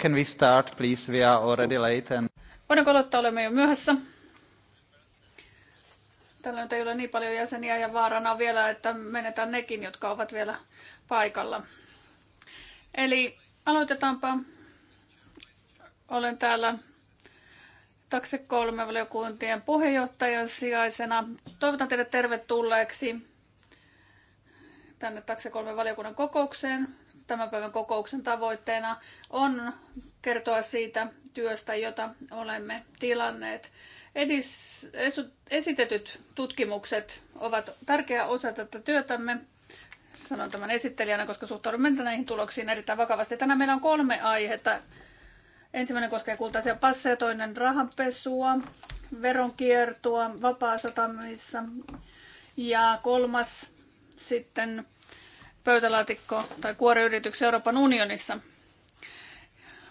Can we start, please? We are already late and... Voidaanko aloittaa? Olemme jo myöhässä. Tällä nyt ei ole niin paljon jäseniä ja vaarana vielä, että menetään nekin, jotka ovat vielä paikalla. Eli aloitetaanpa. Olen täällä Takse 3 valiokuntien puheenjohtajan sijaisena. Toivotan teidät tervetulleeksi tänne Takse 3 valiokunnan kokoukseen tämän päivän kokouksen tavoitteena on kertoa siitä työstä, jota olemme tilanneet. Edis, esitetyt tutkimukset ovat tärkeä osa tätä työtämme. Sanon tämän esittelijänä, koska suhtaudumme näihin tuloksiin erittäin vakavasti. Tänään meillä on kolme aihetta. Ensimmäinen koskee kultaisia passeja, toinen rahanpesua, veronkiertoa vapaasatamissa ja kolmas sitten pöytälaatikko- tai kuoreyrityksiä Euroopan unionissa.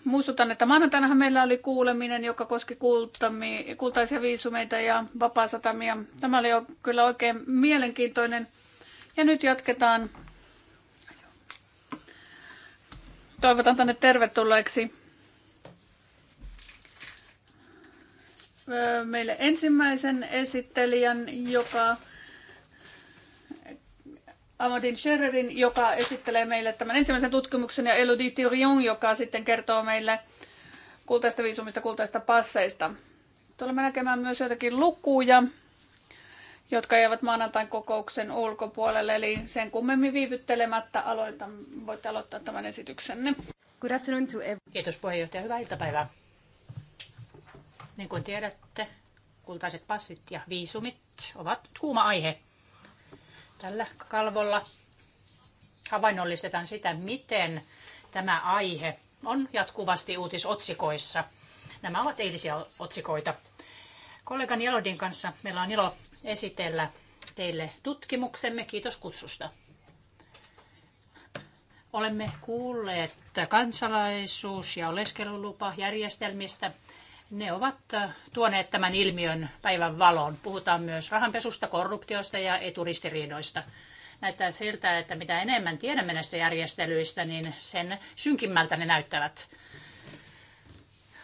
Muistutan, että maanantainahan meillä oli kuuleminen, joka koski kultami, kultaisia viisumeita ja vapaasatamia. Tämä oli jo kyllä oikein mielenkiintoinen. Ja nyt jatketaan. Toivotan tänne tervetulleeksi meille ensimmäisen esittelijän, joka Amadin Sherrerin, joka esittelee meille tämän ensimmäisen tutkimuksen, ja Elodie Thirion, joka sitten kertoo meille kultaista viisumista, kultaista passeista. Tulemme näkemään myös joitakin lukuja, jotka jäävät maanantain kokouksen ulkopuolelle, eli sen kummemmin viivyttelemättä aloitan, voitte aloittaa tämän esityksenne. Good afternoon to Kiitos puheenjohtaja, hyvää iltapäivää. Niin kuin tiedätte, kultaiset passit ja viisumit ovat kuuma aihe Tällä kalvolla havainnollistetaan sitä, miten tämä aihe on jatkuvasti uutisotsikoissa. Nämä ovat eilisiä otsikoita. Kollegan Jalodin kanssa meillä on ilo esitellä teille tutkimuksemme. Kiitos kutsusta. Olemme kuulleet kansalaisuus- ja oleskelulupajärjestelmistä – ne ovat äh, tuoneet tämän ilmiön päivän valoon. Puhutaan myös rahanpesusta, korruptiosta ja eturistiriidoista. Näyttää siltä, että mitä enemmän tiedämme näistä järjestelyistä, niin sen synkimmältä ne näyttävät.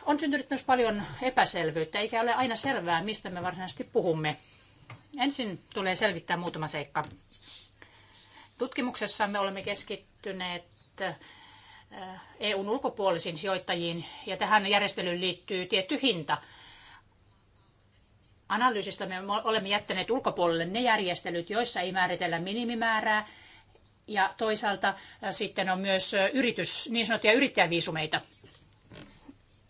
On syntynyt myös paljon epäselvyyttä, eikä ole aina selvää, mistä me varsinaisesti puhumme. Ensin tulee selvittää muutama seikka. Tutkimuksessa me olemme keskittyneet EUn ulkopuolisiin sijoittajiin ja tähän järjestelyyn liittyy tietty hinta. Analyysistä me olemme jättäneet ulkopuolelle ne järjestelyt, joissa ei määritellä minimimäärää ja toisaalta sitten on myös yritys, niin sanottuja yrittäjäviisumeita.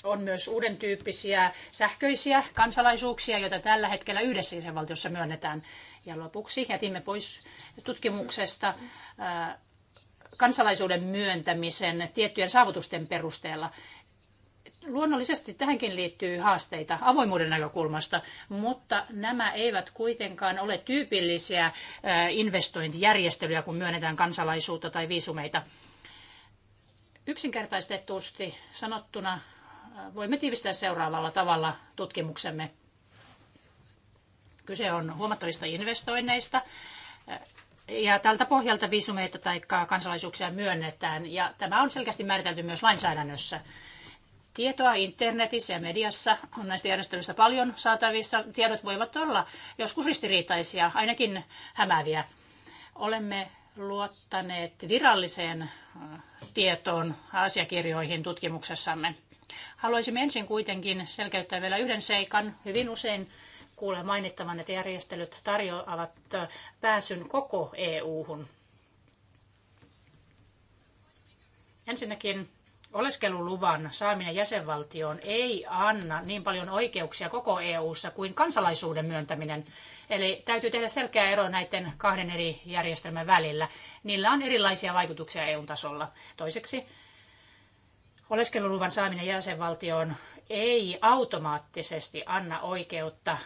On myös uuden tyyppisiä sähköisiä kansalaisuuksia, joita tällä hetkellä yhdessä jäsenvaltiossa myönnetään. Ja lopuksi jätimme pois tutkimuksesta kansalaisuuden myöntämisen tiettyjen saavutusten perusteella. Luonnollisesti tähänkin liittyy haasteita avoimuuden näkökulmasta, mutta nämä eivät kuitenkaan ole tyypillisiä investointijärjestelyjä, kun myönnetään kansalaisuutta tai viisumeita. Yksinkertaistetusti sanottuna voimme tiivistää seuraavalla tavalla tutkimuksemme. Kyse on huomattavista investoinneista, ja tältä pohjalta viisumeita tai kansalaisuuksia myönnetään. Ja tämä on selkeästi määritelty myös lainsäädännössä. Tietoa internetissä ja mediassa on näistä järjestelyistä paljon saatavissa. Tiedot voivat olla joskus ristiriitaisia, ainakin hämäviä. Olemme luottaneet viralliseen äh, tietoon asiakirjoihin tutkimuksessamme. Haluaisimme ensin kuitenkin selkeyttää vielä yhden seikan. Hyvin usein kuulee mainittavan, että järjestelyt tarjoavat pääsyn koko EU-hun. Ensinnäkin oleskeluluvan saaminen jäsenvaltioon ei anna niin paljon oikeuksia koko EU:ssa kuin kansalaisuuden myöntäminen. Eli täytyy tehdä selkeä ero näiden kahden eri järjestelmän välillä. Niillä on erilaisia vaikutuksia eu tasolla. Toiseksi oleskeluluvan saaminen jäsenvaltioon ei automaattisesti anna oikeutta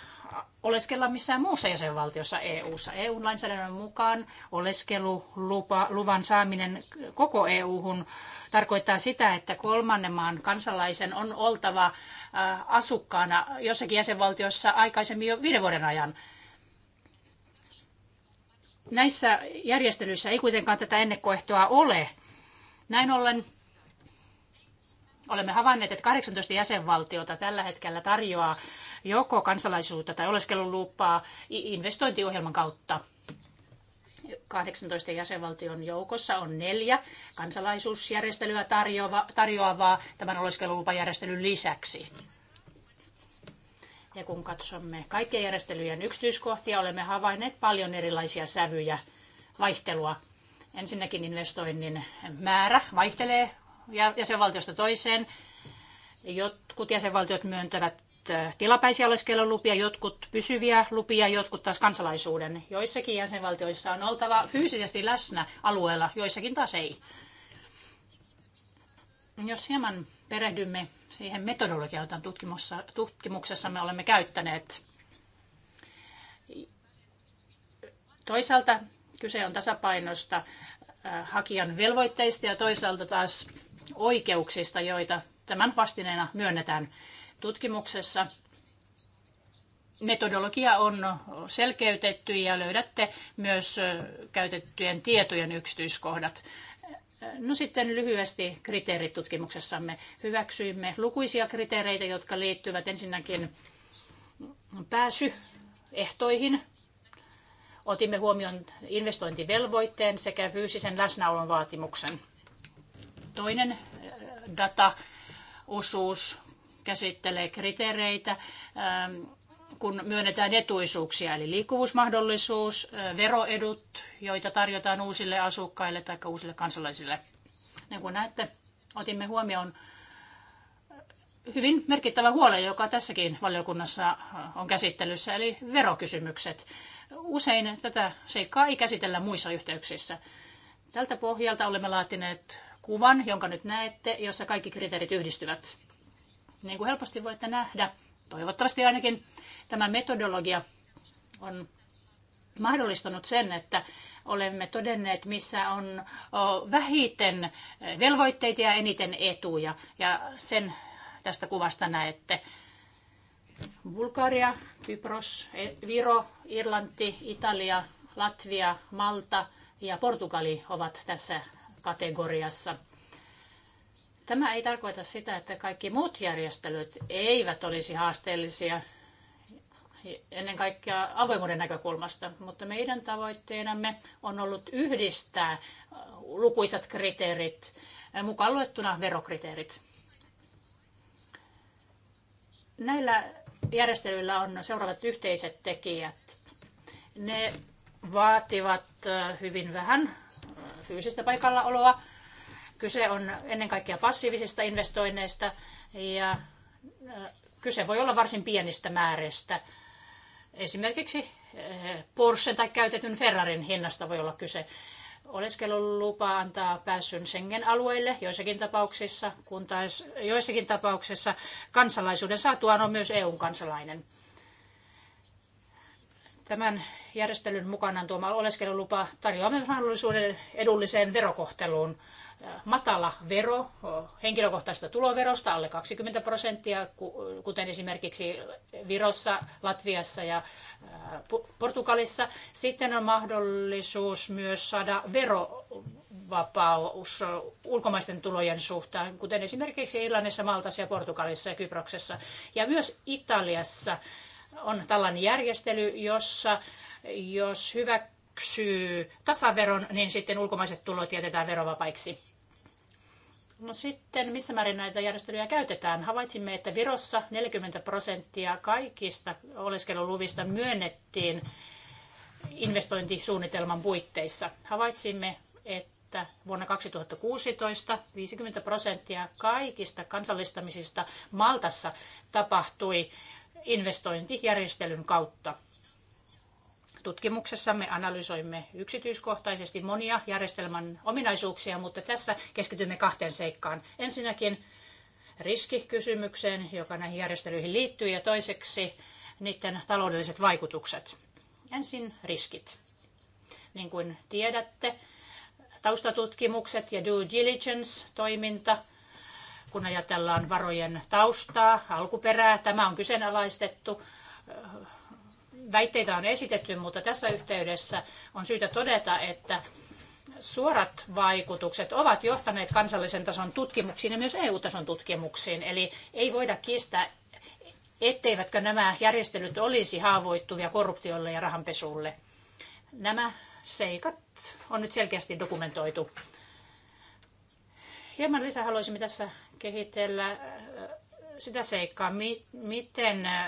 oleskella missään muussa jäsenvaltiossa EU-ssa. EU-lainsäädännön mukaan oleskelulupa, luvan saaminen koko EU-hun tarkoittaa sitä, että kolmannen maan kansalaisen on oltava äh, asukkaana jossakin jäsenvaltiossa aikaisemmin jo viiden vuoden ajan. Näissä järjestelyissä ei kuitenkaan tätä ennekoehtoa ole. Näin ollen olemme havainneet, että 18 jäsenvaltiota tällä hetkellä tarjoaa joko kansalaisuutta tai oleskelulupaa investointiohjelman kautta. 18 jäsenvaltion joukossa on neljä kansalaisuusjärjestelyä tarjoava, tarjoavaa tämän oleskelulupajärjestelyn lisäksi. Ja kun katsomme kaikkien järjestelyjen yksityiskohtia, olemme havainneet paljon erilaisia sävyjä, vaihtelua. Ensinnäkin investoinnin määrä vaihtelee jäsenvaltiosta toiseen. Jotkut jäsenvaltiot myöntävät Äh, tilapäisiä oleskelulupia, jotkut pysyviä lupia, jotkut taas kansalaisuuden. Joissakin jäsenvaltioissa on oltava fyysisesti läsnä alueella, joissakin taas ei. Jos hieman perehdymme siihen metodologiaan, jota tutkimuksessa, tutkimuksessa me olemme käyttäneet. Toisaalta kyse on tasapainosta äh, hakijan velvoitteista ja toisaalta taas oikeuksista, joita tämän vastineena myönnetään tutkimuksessa. Metodologia on selkeytetty ja löydätte myös käytettyjen tietojen yksityiskohdat. No sitten lyhyesti kriteerit tutkimuksessamme. Hyväksyimme lukuisia kriteereitä, jotka liittyvät ensinnäkin pääsyehtoihin. Otimme huomioon investointivelvoitteen sekä fyysisen läsnäolon vaatimuksen. Toinen dataosuus käsittelee kriteereitä, ähm, kun myönnetään etuisuuksia, eli liikkuvuusmahdollisuus, äh, veroedut, joita tarjotaan uusille asukkaille tai uusille kansalaisille. Niin kuin näette, otimme huomioon hyvin merkittävä huole, joka tässäkin valiokunnassa äh, on käsittelyssä, eli verokysymykset. Usein tätä seikkaa ei käsitellä muissa yhteyksissä. Tältä pohjalta olemme laatineet kuvan, jonka nyt näette, jossa kaikki kriteerit yhdistyvät. Niin kuin helposti voitte nähdä, toivottavasti ainakin tämä metodologia on mahdollistanut sen, että olemme todenneet, missä on vähiten velvoitteita ja eniten etuja. Ja sen tästä kuvasta näette. Bulgaria, Kypros, e, Viro, Irlanti, Italia, Latvia, Malta ja Portugali ovat tässä kategoriassa – Tämä ei tarkoita sitä, että kaikki muut järjestelyt eivät olisi haasteellisia ennen kaikkea avoimuuden näkökulmasta, mutta meidän tavoitteenamme on ollut yhdistää lukuisat kriteerit, mukaan luettuna verokriteerit. Näillä järjestelyillä on seuraavat yhteiset tekijät. Ne vaativat äh, hyvin vähän fyysistä paikallaoloa, Kyse on ennen kaikkea passiivisista investoinneista ja äh, kyse voi olla varsin pienistä määristä. Esimerkiksi äh, Porschen tai käytetyn Ferrarin hinnasta voi olla kyse. Oleskelulupa antaa pääsyn Schengen-alueelle joissakin tapauksissa, kun taas joissakin tapauksissa kansalaisuuden saatuaan on myös EU-kansalainen. Tämän järjestelyn mukanaan tuoma oleskelulupa tarjoaa myös mahdollisuuden edulliseen verokohteluun matala vero henkilökohtaisesta tuloverosta alle 20 prosenttia, kuten esimerkiksi Virossa, Latviassa ja Portugalissa. Sitten on mahdollisuus myös saada verovapaus ulkomaisten tulojen suhteen, kuten esimerkiksi Irlannissa, Maltassa ja Portugalissa ja Kyproksessa. Ja myös Italiassa on tällainen järjestely, jossa jos hyväksyy tasaveron, niin sitten ulkomaiset tulot jätetään verovapaiksi. No sitten, missä määrin näitä järjestelyjä käytetään? Havaitsimme, että Virossa 40 prosenttia kaikista oleskeluluvista myönnettiin investointisuunnitelman puitteissa. Havaitsimme, että vuonna 2016 50 prosenttia kaikista kansallistamisista Maltassa tapahtui investointijärjestelyn kautta. Tutkimuksessamme analysoimme yksityiskohtaisesti monia järjestelmän ominaisuuksia, mutta tässä keskitymme kahteen seikkaan. Ensinnäkin riskikysymykseen, joka näihin järjestelyihin liittyy, ja toiseksi niiden taloudelliset vaikutukset. Ensin riskit. Niin kuin tiedätte, taustatutkimukset ja due diligence-toiminta, kun ajatellaan varojen taustaa, alkuperää, tämä on kyseenalaistettu väitteitä on esitetty, mutta tässä yhteydessä on syytä todeta, että suorat vaikutukset ovat johtaneet kansallisen tason tutkimuksiin ja myös EU-tason tutkimuksiin. Eli ei voida kiistää, etteivätkö nämä järjestelyt olisi haavoittuvia korruptiolle ja rahanpesulle. Nämä seikat on nyt selkeästi dokumentoitu. Hieman lisää haluaisimme tässä kehitellä äh, sitä seikkaa, miten äh,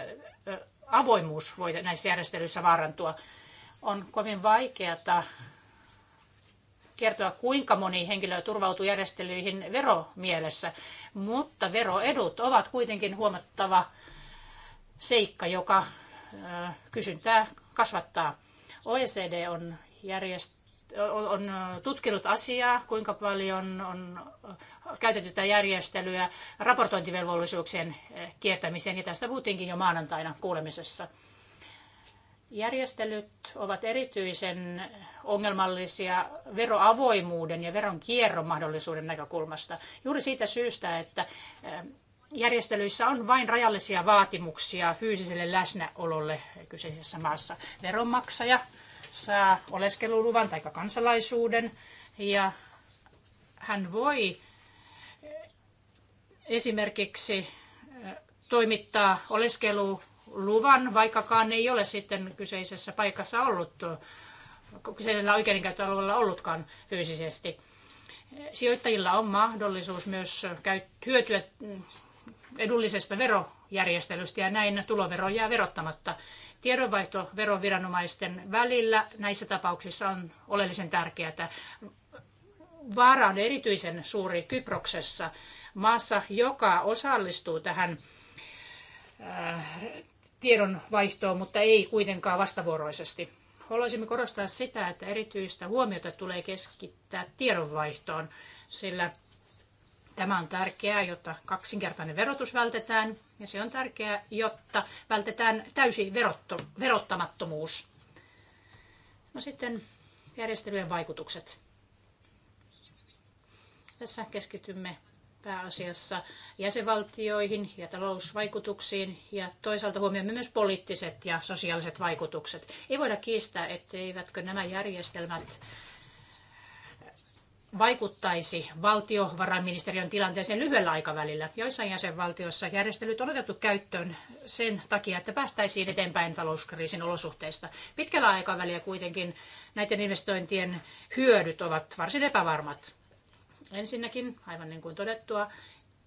avoimuus voi näissä järjestelyissä vaarantua. On kovin vaikeata kertoa, kuinka moni henkilö turvautuu järjestelyihin veromielessä, mutta veroedut ovat kuitenkin huomattava seikka, joka kysyntää kasvattaa. OECD on järjestänyt on tutkinut asiaa, kuinka paljon on käytetty tätä järjestelyä raportointivelvollisuuksien kiertämiseen, ja tästä puhuttiinkin jo maanantaina kuulemisessa. Järjestelyt ovat erityisen ongelmallisia veroavoimuuden ja veron kierron mahdollisuuden näkökulmasta. Juuri siitä syystä, että järjestelyissä on vain rajallisia vaatimuksia fyysiselle läsnäololle kyseisessä maassa. Veronmaksaja saa oleskeluluvan tai kansalaisuuden ja hän voi eh, esimerkiksi eh, toimittaa oleskeluluvan, vaikkakaan ei ole sitten kyseisessä paikassa ollut, eh, kyseisellä oikeudenkäyttöalueella ollutkaan fyysisesti. Sijoittajilla on mahdollisuus myös hyötyä mm, edullisesta verojärjestelystä ja näin tulovero jää verottamatta. Tiedonvaihto veroviranomaisten välillä näissä tapauksissa on oleellisen tärkeää. Vaara on erityisen suuri Kyproksessa, maassa, joka osallistuu tähän äh, tiedonvaihtoon, mutta ei kuitenkaan vastavuoroisesti. Haluaisimme korostaa sitä, että erityistä huomiota tulee keskittää tiedonvaihtoon, sillä Tämä on tärkeää, jotta kaksinkertainen verotus vältetään ja se on tärkeää, jotta vältetään täysi verottamattomuus. No sitten järjestelyjen vaikutukset. Tässä keskitymme pääasiassa jäsenvaltioihin ja talousvaikutuksiin ja toisaalta huomioimme myös poliittiset ja sosiaaliset vaikutukset. Ei voida kiistää, etteivätkö nämä järjestelmät vaikuttaisi valtiovarainministeriön tilanteeseen lyhyellä aikavälillä. Joissain jäsenvaltioissa järjestelyt on otettu käyttöön sen takia, että päästäisiin eteenpäin talouskriisin olosuhteista. Pitkällä aikavälillä kuitenkin näiden investointien hyödyt ovat varsin epävarmat. Ensinnäkin, aivan niin kuin todettua,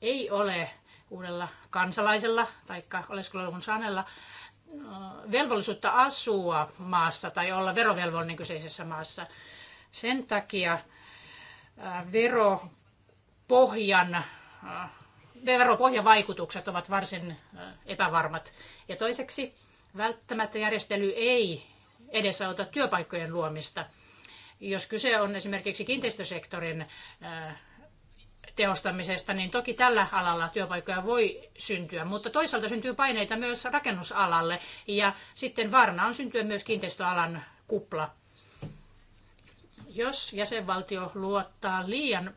ei ole uudella kansalaisella tai oleskeluluvun saanella äh, velvollisuutta asua maassa tai olla verovelvollinen kyseisessä maassa. Sen takia veropohjan veropohjan vaikutukset ovat varsin epävarmat. Ja toiseksi välttämättä järjestely ei edesauta työpaikkojen luomista. Jos kyse on esimerkiksi kiinteistösektorin tehostamisesta, niin toki tällä alalla työpaikkoja voi syntyä, mutta toisaalta syntyy paineita myös rakennusalalle ja sitten varna on syntyä myös kiinteistöalan kupla. Jos jäsenvaltio luottaa liian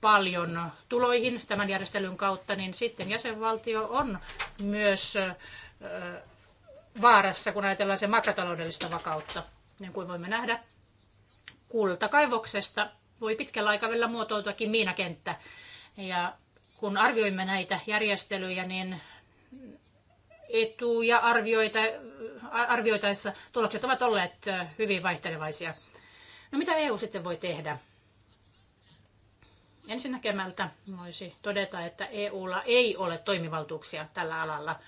paljon tuloihin tämän järjestelyn kautta, niin sitten jäsenvaltio on myös vaarassa, kun ajatellaan sen makrotaloudellista vakautta. Niin kuin voimme nähdä, kultakaivoksesta voi pitkällä aikavälillä muotoutuakin miinakenttä. Ja kun arvioimme näitä järjestelyjä, niin etuja arvioita, arvioitaessa tulokset ovat olleet hyvin vaihtelevaisia. No mitä EU sitten voi tehdä? Ensinnäkemältä voisi todeta, että EUlla ei ole toimivaltuuksia tällä alalla.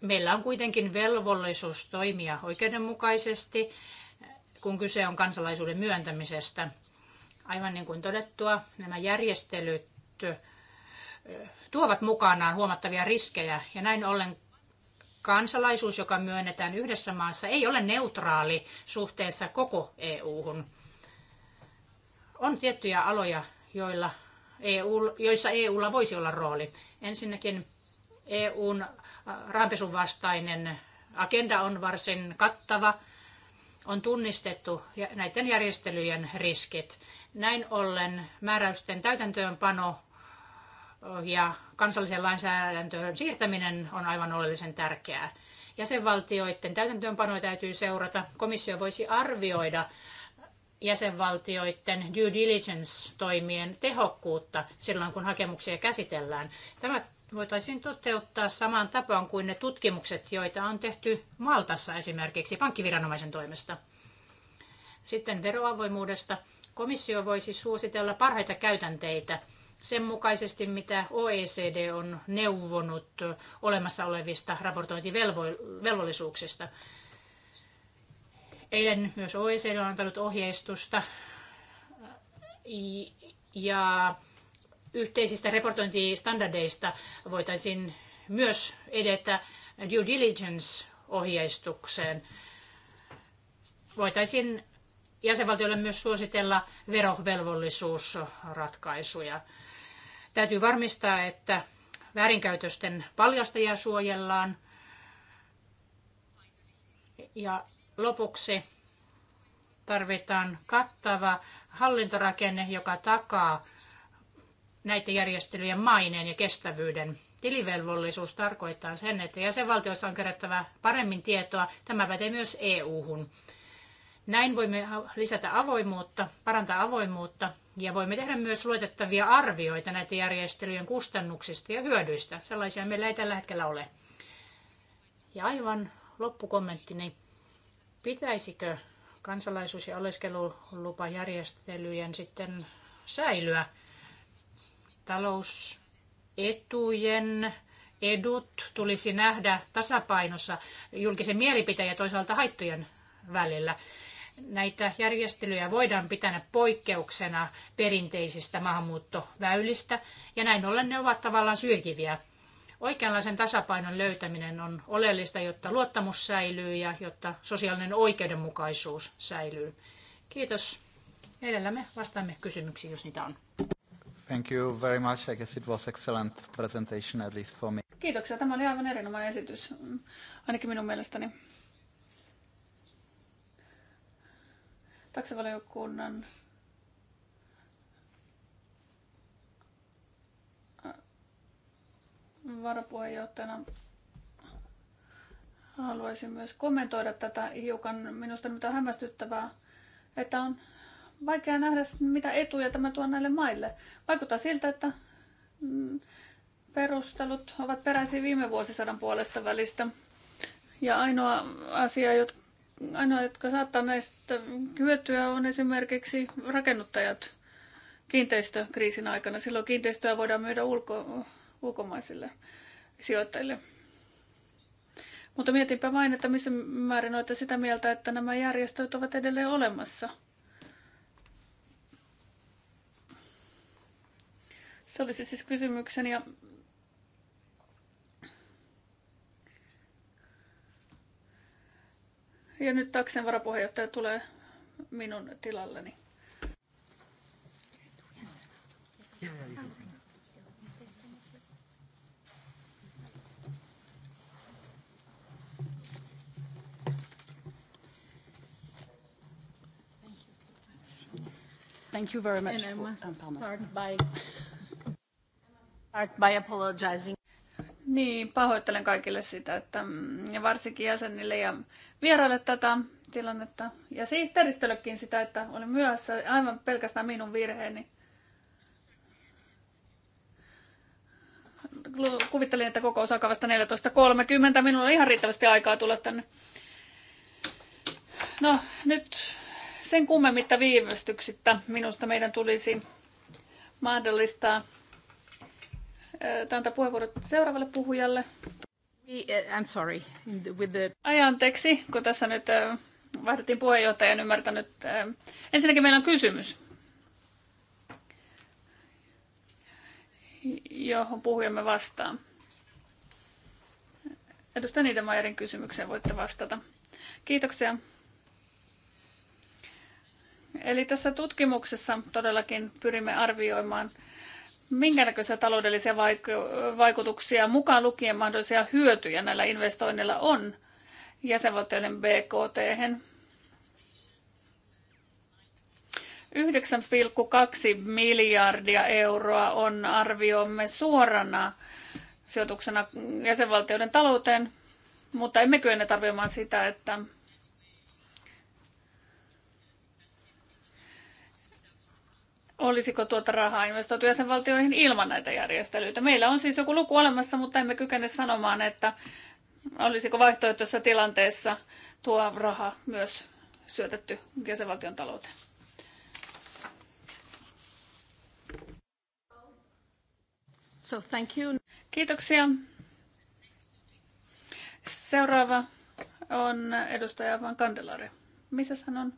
Meillä on kuitenkin velvollisuus toimia oikeudenmukaisesti, kun kyse on kansalaisuuden myöntämisestä. Aivan niin kuin todettua, nämä järjestelyt tuovat mukanaan huomattavia riskejä ja näin ollen kansalaisuus, joka myönnetään yhdessä maassa, ei ole neutraali suhteessa koko EU-hun. On tiettyjä aloja, joilla EU, joissa EUlla voisi olla rooli. Ensinnäkin EUn äh, rahanpesun vastainen agenda on varsin kattava. On tunnistettu näiden järjestelyjen riskit. Näin ollen määräysten täytäntöönpano ja kansalliseen lainsäädäntöön siirtäminen on aivan oleellisen tärkeää. Jäsenvaltioiden täytäntöönpanoa täytyy seurata. Komissio voisi arvioida jäsenvaltioiden due diligence-toimien tehokkuutta silloin, kun hakemuksia käsitellään. Tämä voitaisiin toteuttaa samaan tapaan kuin ne tutkimukset, joita on tehty Maltassa esimerkiksi pankkiviranomaisen toimesta. Sitten veroavoimuudesta. Komissio voisi suositella parhaita käytänteitä – sen mukaisesti, mitä OECD on neuvonut olemassa olevista raportointivelvollisuuksista. Eilen myös OECD on antanut ohjeistusta ja yhteisistä raportointistandardeista voitaisiin myös edetä due diligence-ohjeistukseen. Voitaisiin jäsenvaltioille myös suositella verovelvollisuusratkaisuja. Täytyy varmistaa, että väärinkäytösten paljastajia suojellaan. Ja lopuksi tarvitaan kattava hallintorakenne, joka takaa näiden järjestelyjen maineen ja kestävyyden. Tilivelvollisuus tarkoittaa sen, että jäsenvaltioissa on kerättävä paremmin tietoa. Tämä pätee myös EU-hun. Näin voimme lisätä avoimuutta, parantaa avoimuutta ja voimme tehdä myös luotettavia arvioita näiden järjestelyjen kustannuksista ja hyödyistä. Sellaisia meillä ei tällä hetkellä ole. Ja aivan loppukommenttini. Pitäisikö kansalaisuus- ja oleskelulupajärjestelyjen sitten säilyä? Talousetujen edut tulisi nähdä tasapainossa julkisen mielipiteen ja toisaalta haittojen välillä näitä järjestelyjä voidaan pitää poikkeuksena perinteisistä maahanmuuttoväylistä, ja näin ollen ne ovat tavallaan syrjiviä. Oikeanlaisen tasapainon löytäminen on oleellista, jotta luottamus säilyy ja jotta sosiaalinen oikeudenmukaisuus säilyy. Kiitos. Mielellämme vastaamme kysymyksiin, jos niitä on. Thank you very much. I guess it was excellent presentation, at least for me. Kiitoksia. Tämä oli aivan erinomainen esitys, ainakin minun mielestäni. taksivaliokunnan äh, varapuheenjohtajana haluaisin myös kommentoida tätä hiukan. Minusta nyt on hämmästyttävää, että on vaikea nähdä, mitä etuja tämä tuo näille maille. Vaikuttaa siltä, että mm, perustelut ovat peräisin viime vuosisadan puolesta välistä. Ja ainoa asia, ainoa, jotka saattaa näistä hyötyä, on esimerkiksi rakennuttajat kiinteistökriisin aikana. Silloin kiinteistöä voidaan myydä ulko, ulkomaisille sijoittajille. Mutta mietinpä vain, että missä määrin olette sitä mieltä, että nämä järjestöt ovat edelleen olemassa. Se olisi siis kysymykseni. Ja Ja nyt taksen varapuheenjohtaja tulee minun tilalleni. Thank you very much. And I must start by start by apologizing. Niin, pahoittelen kaikille sitä, että, mm, ja varsinkin jäsenille ja vieraille tätä tilannetta, ja sihteeristöllekin sitä, että olin myöhässä, aivan pelkästään minun virheeni. Kuvittelin, että kokous alkaa vasta 14.30, minulla on ihan riittävästi aikaa tulla tänne. No, nyt sen kummemmitta viivästyksittä minusta meidän tulisi mahdollistaa Äh, antaa puheenvuorot seuraavalle puhujalle. Eh, I'm sorry. With the... Ai anteeksi, kun tässä nyt äh, vaihdettiin puheenjohtajan ymmärtänyt. Äh, ensinnäkin meillä on kysymys, johon puhujamme vastaan. Edustaja Niedemajerin kysymykseen voitte vastata. Kiitoksia. Eli tässä tutkimuksessa todellakin pyrimme arvioimaan minkäännäköisiä taloudellisia vaikutuksia, mukaan lukien mahdollisia hyötyjä näillä investoinneilla on jäsenvaltioiden BKT. 9,2 miljardia euroa on arviomme suorana sijoituksena jäsenvaltioiden talouteen, mutta emme kyenneet arvioimaan sitä, että olisiko tuota rahaa investoitu jäsenvaltioihin ilman näitä järjestelyitä. Meillä on siis joku luku olemassa, mutta emme kykene sanomaan, että olisiko vaihtoehtoisessa tilanteessa tuo raha myös syötetty jäsenvaltion talouteen. So thank you. Kiitoksia. Seuraava on edustaja Van Kandelari. Missä hän on?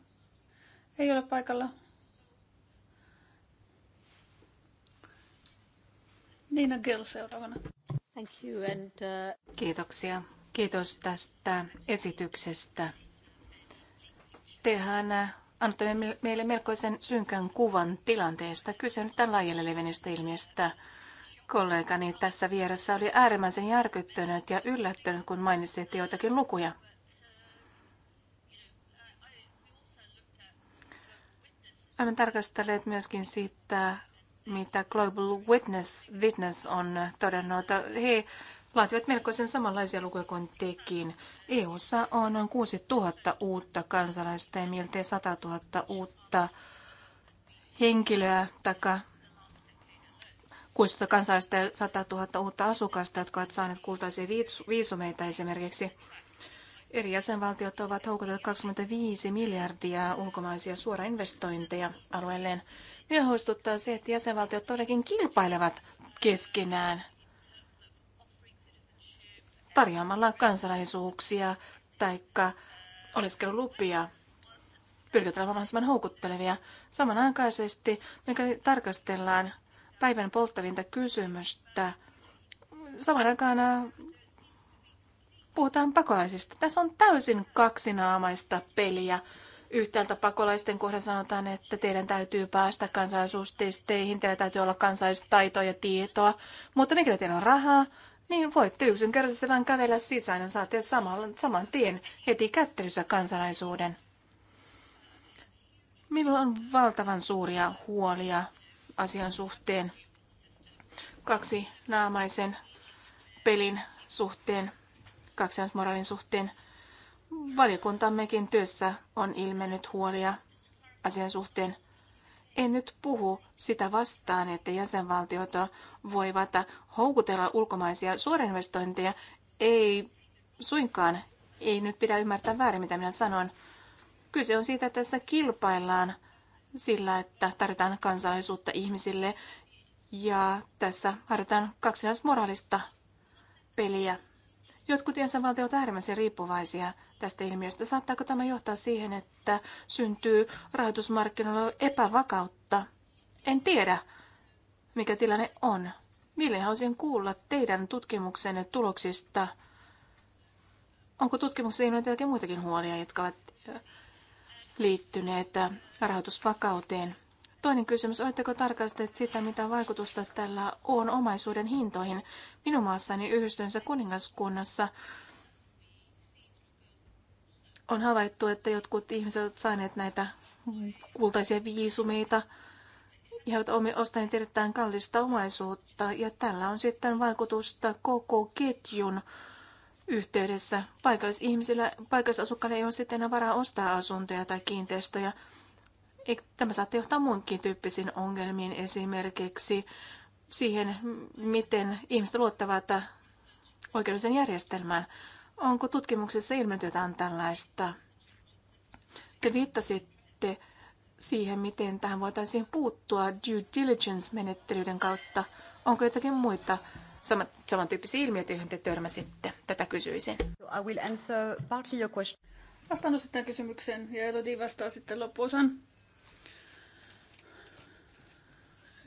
Ei ole paikalla. Nina Gill seuraavana. Thank you and, uh... Kiitoksia. Kiitos tästä esityksestä. Tehän annatte meille melkoisen synkän kuvan tilanteesta. Kyse on nyt tämän laajalle levinneestä ilmiöstä. Kollegani tässä vieressä oli äärimmäisen järkyttynyt ja yllättynyt, kun mainitsitte joitakin lukuja. Olemme tarkastelleet myöskin sitä mitä Global Witness, Witness on todennut. He laativat melkoisen samanlaisia lukuja kuin tekin. EU:ssa on noin 6 000 uutta kansalaista ja miltei 100 000 uutta henkilöä taka 600 kansalaista ja 100 000 uutta asukasta, jotka ovat saaneet kultaisia viisumeita esimerkiksi. Eri jäsenvaltiot ovat houkutelleet 25 miljardia ulkomaisia suorainvestointeja alueelleen. Minä huistuttaa se, että jäsenvaltiot todellakin kilpailevat keskenään tarjoamalla kansalaisuuksia tai oleskelulupia pyrkivät olemaan mahdollisimman houkuttelevia. Samanaikaisesti, mikäli tarkastellaan päivän polttavinta kysymystä, saman aikaan puhutaan pakolaisista. Tässä on täysin kaksinaamaista peliä. Yhtäältä pakolaisten kohdan sanotaan, että teidän täytyy päästä kansalaisuustesteihin, teillä täytyy olla kansalaistaitoa ja tietoa, mutta mikä teillä on rahaa, niin voitte yksinkertaisesti vain kävellä sisään ja saatte saman, saman tien heti kättelyssä kansalaisuuden. Minulla on valtavan suuria huolia asian suhteen, kaksi naamaisen pelin suhteen kaksiansmoraalin suhteen. Valiokuntammekin työssä on ilmennyt huolia asian suhteen. En nyt puhu sitä vastaan, että jäsenvaltiot voivat houkutella ulkomaisia suorinvestointeja. Ei suinkaan, ei nyt pidä ymmärtää väärin, mitä minä sanon. Kyse on siitä, että tässä kilpaillaan sillä, että tarjotaan kansalaisuutta ihmisille ja tässä harjoitetaan kaksinaismoraalista peliä. Jotkut jäsenvaltiot ovat äärimmäisen riippuvaisia tästä ilmiöstä. Saattaako tämä johtaa siihen, että syntyy rahoitusmarkkinoilla epävakautta? En tiedä, mikä tilanne on. Mielen haluaisin kuulla teidän tutkimuksenne tuloksista. Onko tutkimuksessa ilmennyt jotakin muitakin huolia, jotka ovat liittyneet rahoitusvakauteen? Toinen kysymys, oletteko tarkastaneet sitä, mitä vaikutusta tällä on omaisuuden hintoihin? Minun maassani yhdistyneessä kuningaskunnassa on havaittu, että jotkut ihmiset ovat saaneet näitä kultaisia viisumeita ja ovat ostaneet erittäin kallista omaisuutta. Ja tällä on sitten vaikutusta koko ketjun yhteydessä. Paikallisihmisillä, paikallisasukkailla ei ole sitten enää varaa ostaa asuntoja tai kiinteistöjä – Tämä saattaa johtaa muunkin tyyppisiin ongelmiin, esimerkiksi siihen, miten ihmiset luottavat oikeudellisen järjestelmään. Onko tutkimuksessa ilmennyt jotain tällaista? Te viittasitte siihen, miten tähän voitaisiin puuttua due diligence-menettelyiden kautta. Onko jotakin muita samantyyppisiä ilmiöitä, joihin te törmäsitte? Tätä kysyisin. I will answer partly your question. Vastaan osittain kysymykseen ja Elodie vastaa sitten loppuosan.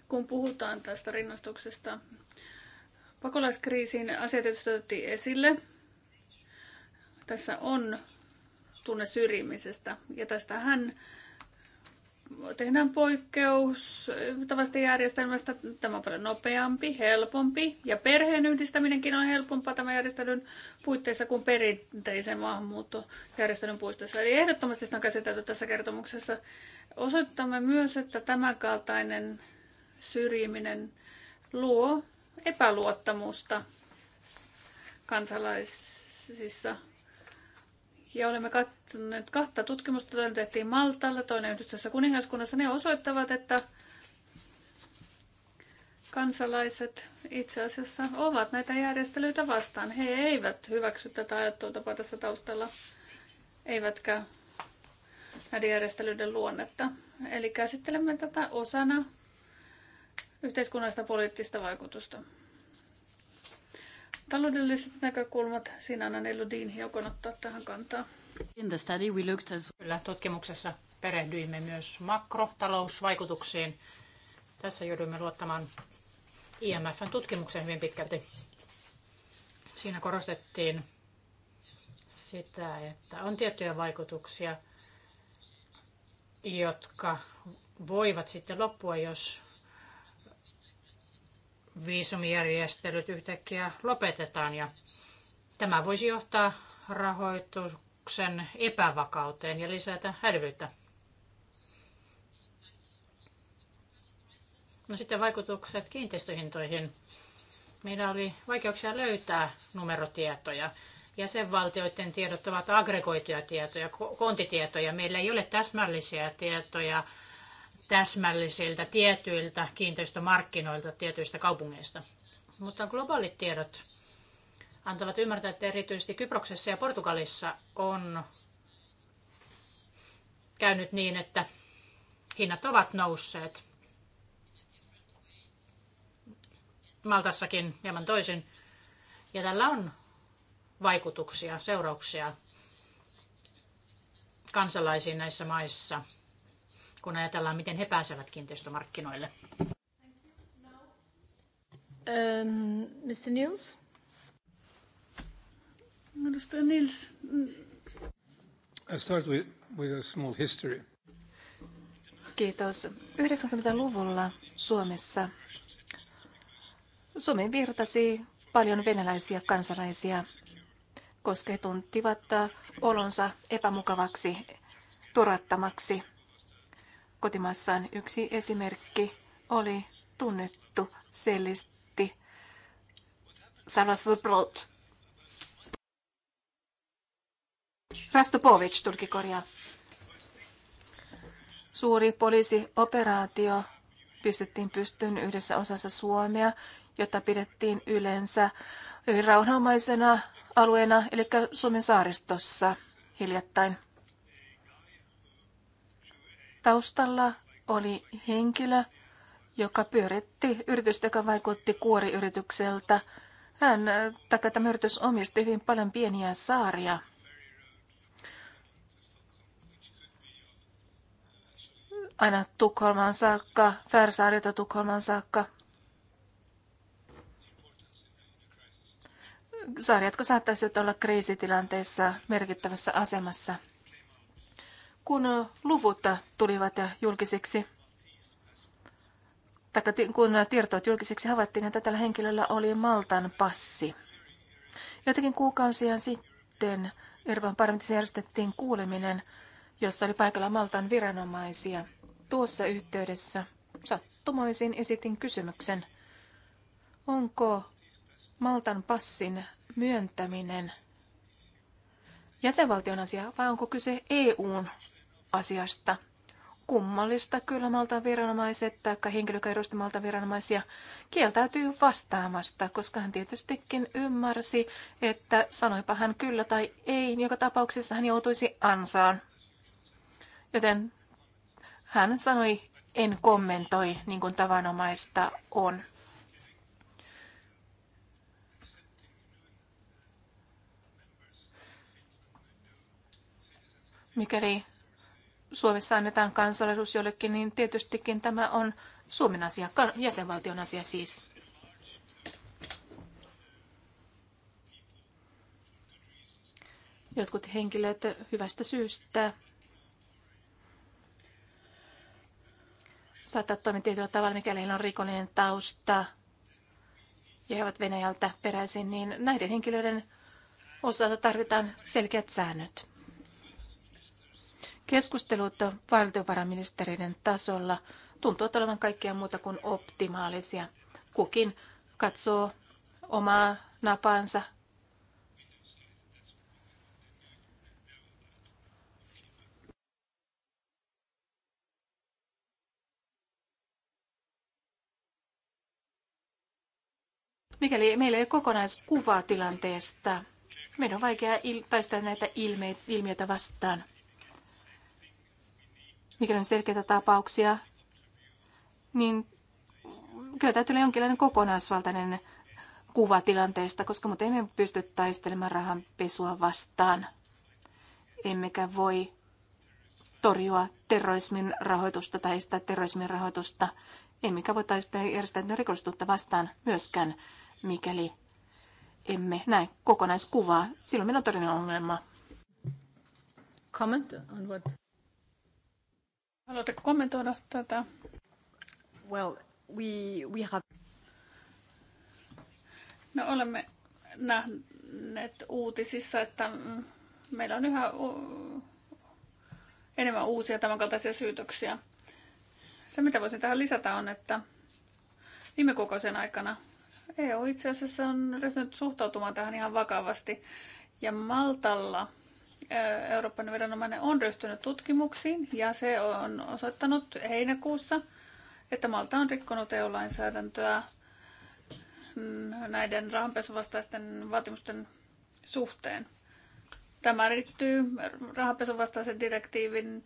kun puhutaan tästä rinnastuksesta pakolaiskriisiin, asiat, otettiin esille. Tässä on tunne syrjimisestä ja tästähän tehdään poikkeus tavasta järjestelmästä. Tämä on paljon nopeampi, helpompi ja perheen yhdistäminenkin on helpompaa tämän järjestelyn puitteissa kuin perinteisen maahanmuuttojärjestelyn puitteissa. Eli ehdottomasti sitä on käsitelty tässä kertomuksessa. Osoittamme myös, että tämänkaltainen kaltainen syrjiminen luo epäluottamusta kansalaisissa. Ja olemme katsoneet kahta tutkimusta, toinen tehtiin Maltalla, toinen yhdistössä kuningaskunnassa. Ne osoittavat, että kansalaiset itse asiassa ovat näitä järjestelyitä vastaan. He eivät hyväksy tätä ajattelutapaa tässä taustalla, eivätkä näiden järjestelyiden luonnetta. Eli käsittelemme tätä osana yhteiskunnallista poliittista vaikutusta. Taloudelliset näkökulmat, siinä annan Elodin hiukan ottaa tähän kantaa. In the study we looked as... Kyllä, tutkimuksessa perehdyimme myös makrotalousvaikutuksiin. Tässä joudumme luottamaan IMFn tutkimukseen hyvin pitkälti. Siinä korostettiin sitä, että on tiettyjä vaikutuksia, jotka voivat sitten loppua, jos viisumijärjestelyt yhtäkkiä lopetetaan ja tämä voisi johtaa rahoituksen epävakauteen ja lisätä hälvyyttä. No sitten vaikutukset kiinteistöhintoihin. Meillä oli vaikeuksia löytää numerotietoja. Jäsenvaltioiden tiedot ovat aggregoituja tietoja, kontitietoja. Meillä ei ole täsmällisiä tietoja täsmällisiltä tietyiltä kiinteistömarkkinoilta tietyistä kaupungeista. Mutta globaalit tiedot antavat ymmärtää, että erityisesti Kyproksessa ja Portugalissa on käynyt niin, että hinnat ovat nousseet. Maltassakin hieman toisin. Ja tällä on vaikutuksia, seurauksia kansalaisiin näissä maissa – kun ajatellaan, miten he pääsevät kiinteistömarkkinoille. Um, Mr. Niels? Mr. Niels. I start with, with a small history. Kiitos. 90-luvulla Suomessa Suomeen virtasi paljon venäläisiä kansalaisia, koska he tuntivat olonsa epämukavaksi, turvattomaksi Kotimassaan yksi esimerkki oli tunnettu sellisti Saras Brot. Rastopovic tulki korjaa. Suuri poliisioperaatio pistettiin pystyyn yhdessä osassa Suomea, jota pidettiin yleensä hyvin rauhanomaisena alueena, eli Suomen saaristossa hiljattain. Taustalla oli henkilö, joka pyöritti yritystä, joka vaikutti kuoriyritykseltä. Hän, äh, taikka tämä yritys omisti hyvin paljon pieniä saaria. Aina Tukholman saakka, Färsaarilta Tukholman saakka. Saari, saattaisivat olla kriisitilanteessa merkittävässä asemassa kun luvut tulivat julkiseksi, tai kun tiedot julkiseksi havaittiin, että tällä henkilöllä oli Maltan passi. Jotakin kuukausia sitten Ervan parlamentissa järjestettiin kuuleminen, jossa oli paikalla Maltan viranomaisia. Tuossa yhteydessä sattumoisin esitin kysymyksen, onko Maltan passin myöntäminen jäsenvaltion asia vai onko kyse EUn asiasta. Kummallista kyllä malta viranomaiset tai henkilö, joka viranomaisia, kieltäytyy vastaamasta, koska hän tietystikin ymmärsi, että sanoipa hän kyllä tai ei, niin joka tapauksessa hän joutuisi ansaan. Joten hän sanoi, en kommentoi, niin kuin tavanomaista on. Mikäli Suomessa annetaan kansalaisuus jollekin, niin tietystikin tämä on Suomen asia, jäsenvaltion asia siis. Jotkut henkilöt hyvästä syystä saattaa toimia tietyllä tavalla, mikäli heillä on rikollinen tausta ja he ovat Venäjältä peräisin, niin näiden henkilöiden osalta tarvitaan selkeät säännöt. Keskustelut valtiovarainministeriöiden tasolla tuntuvat olevan kaikkea muuta kuin optimaalisia. Kukin katsoo omaa napaansa. Mikäli meillä ei kokonaiskuvaa tilanteesta, meidän on vaikea taistella näitä ilmeitä vastaan mikäli on selkeitä tapauksia, niin kyllä täytyy olla jonkinlainen kokonaisvaltainen kuva tilanteesta, koska muuten emme pysty taistelemaan pesua vastaan. Emmekä voi torjua terrorismin rahoitusta tai estää terrorismin rahoitusta. Emmekä voi taistella järjestäytyä rikollisuutta vastaan myöskään, mikäli emme näe kokonaiskuvaa. Silloin meillä on todellinen ongelma. Comment on what? Haluatteko kommentoida tätä? Well, we, we have... No olemme nähneet uutisissa, että mm, meillä on yhä enemmän uusia tämänkaltaisia syytöksiä. Se, mitä voisin tähän lisätä, on, että viime kuukausien aikana EU itse asiassa on ryhtynyt suhtautumaan tähän ihan vakavasti. Ja Maltalla Euroopan viranomainen on ryhtynyt tutkimuksiin ja se on osoittanut heinäkuussa, että Malta on rikkonut EU-lainsäädäntöä näiden rahanpesuvastaisten vaatimusten suhteen. Tämä liittyy rahanpesuvastaisen direktiivin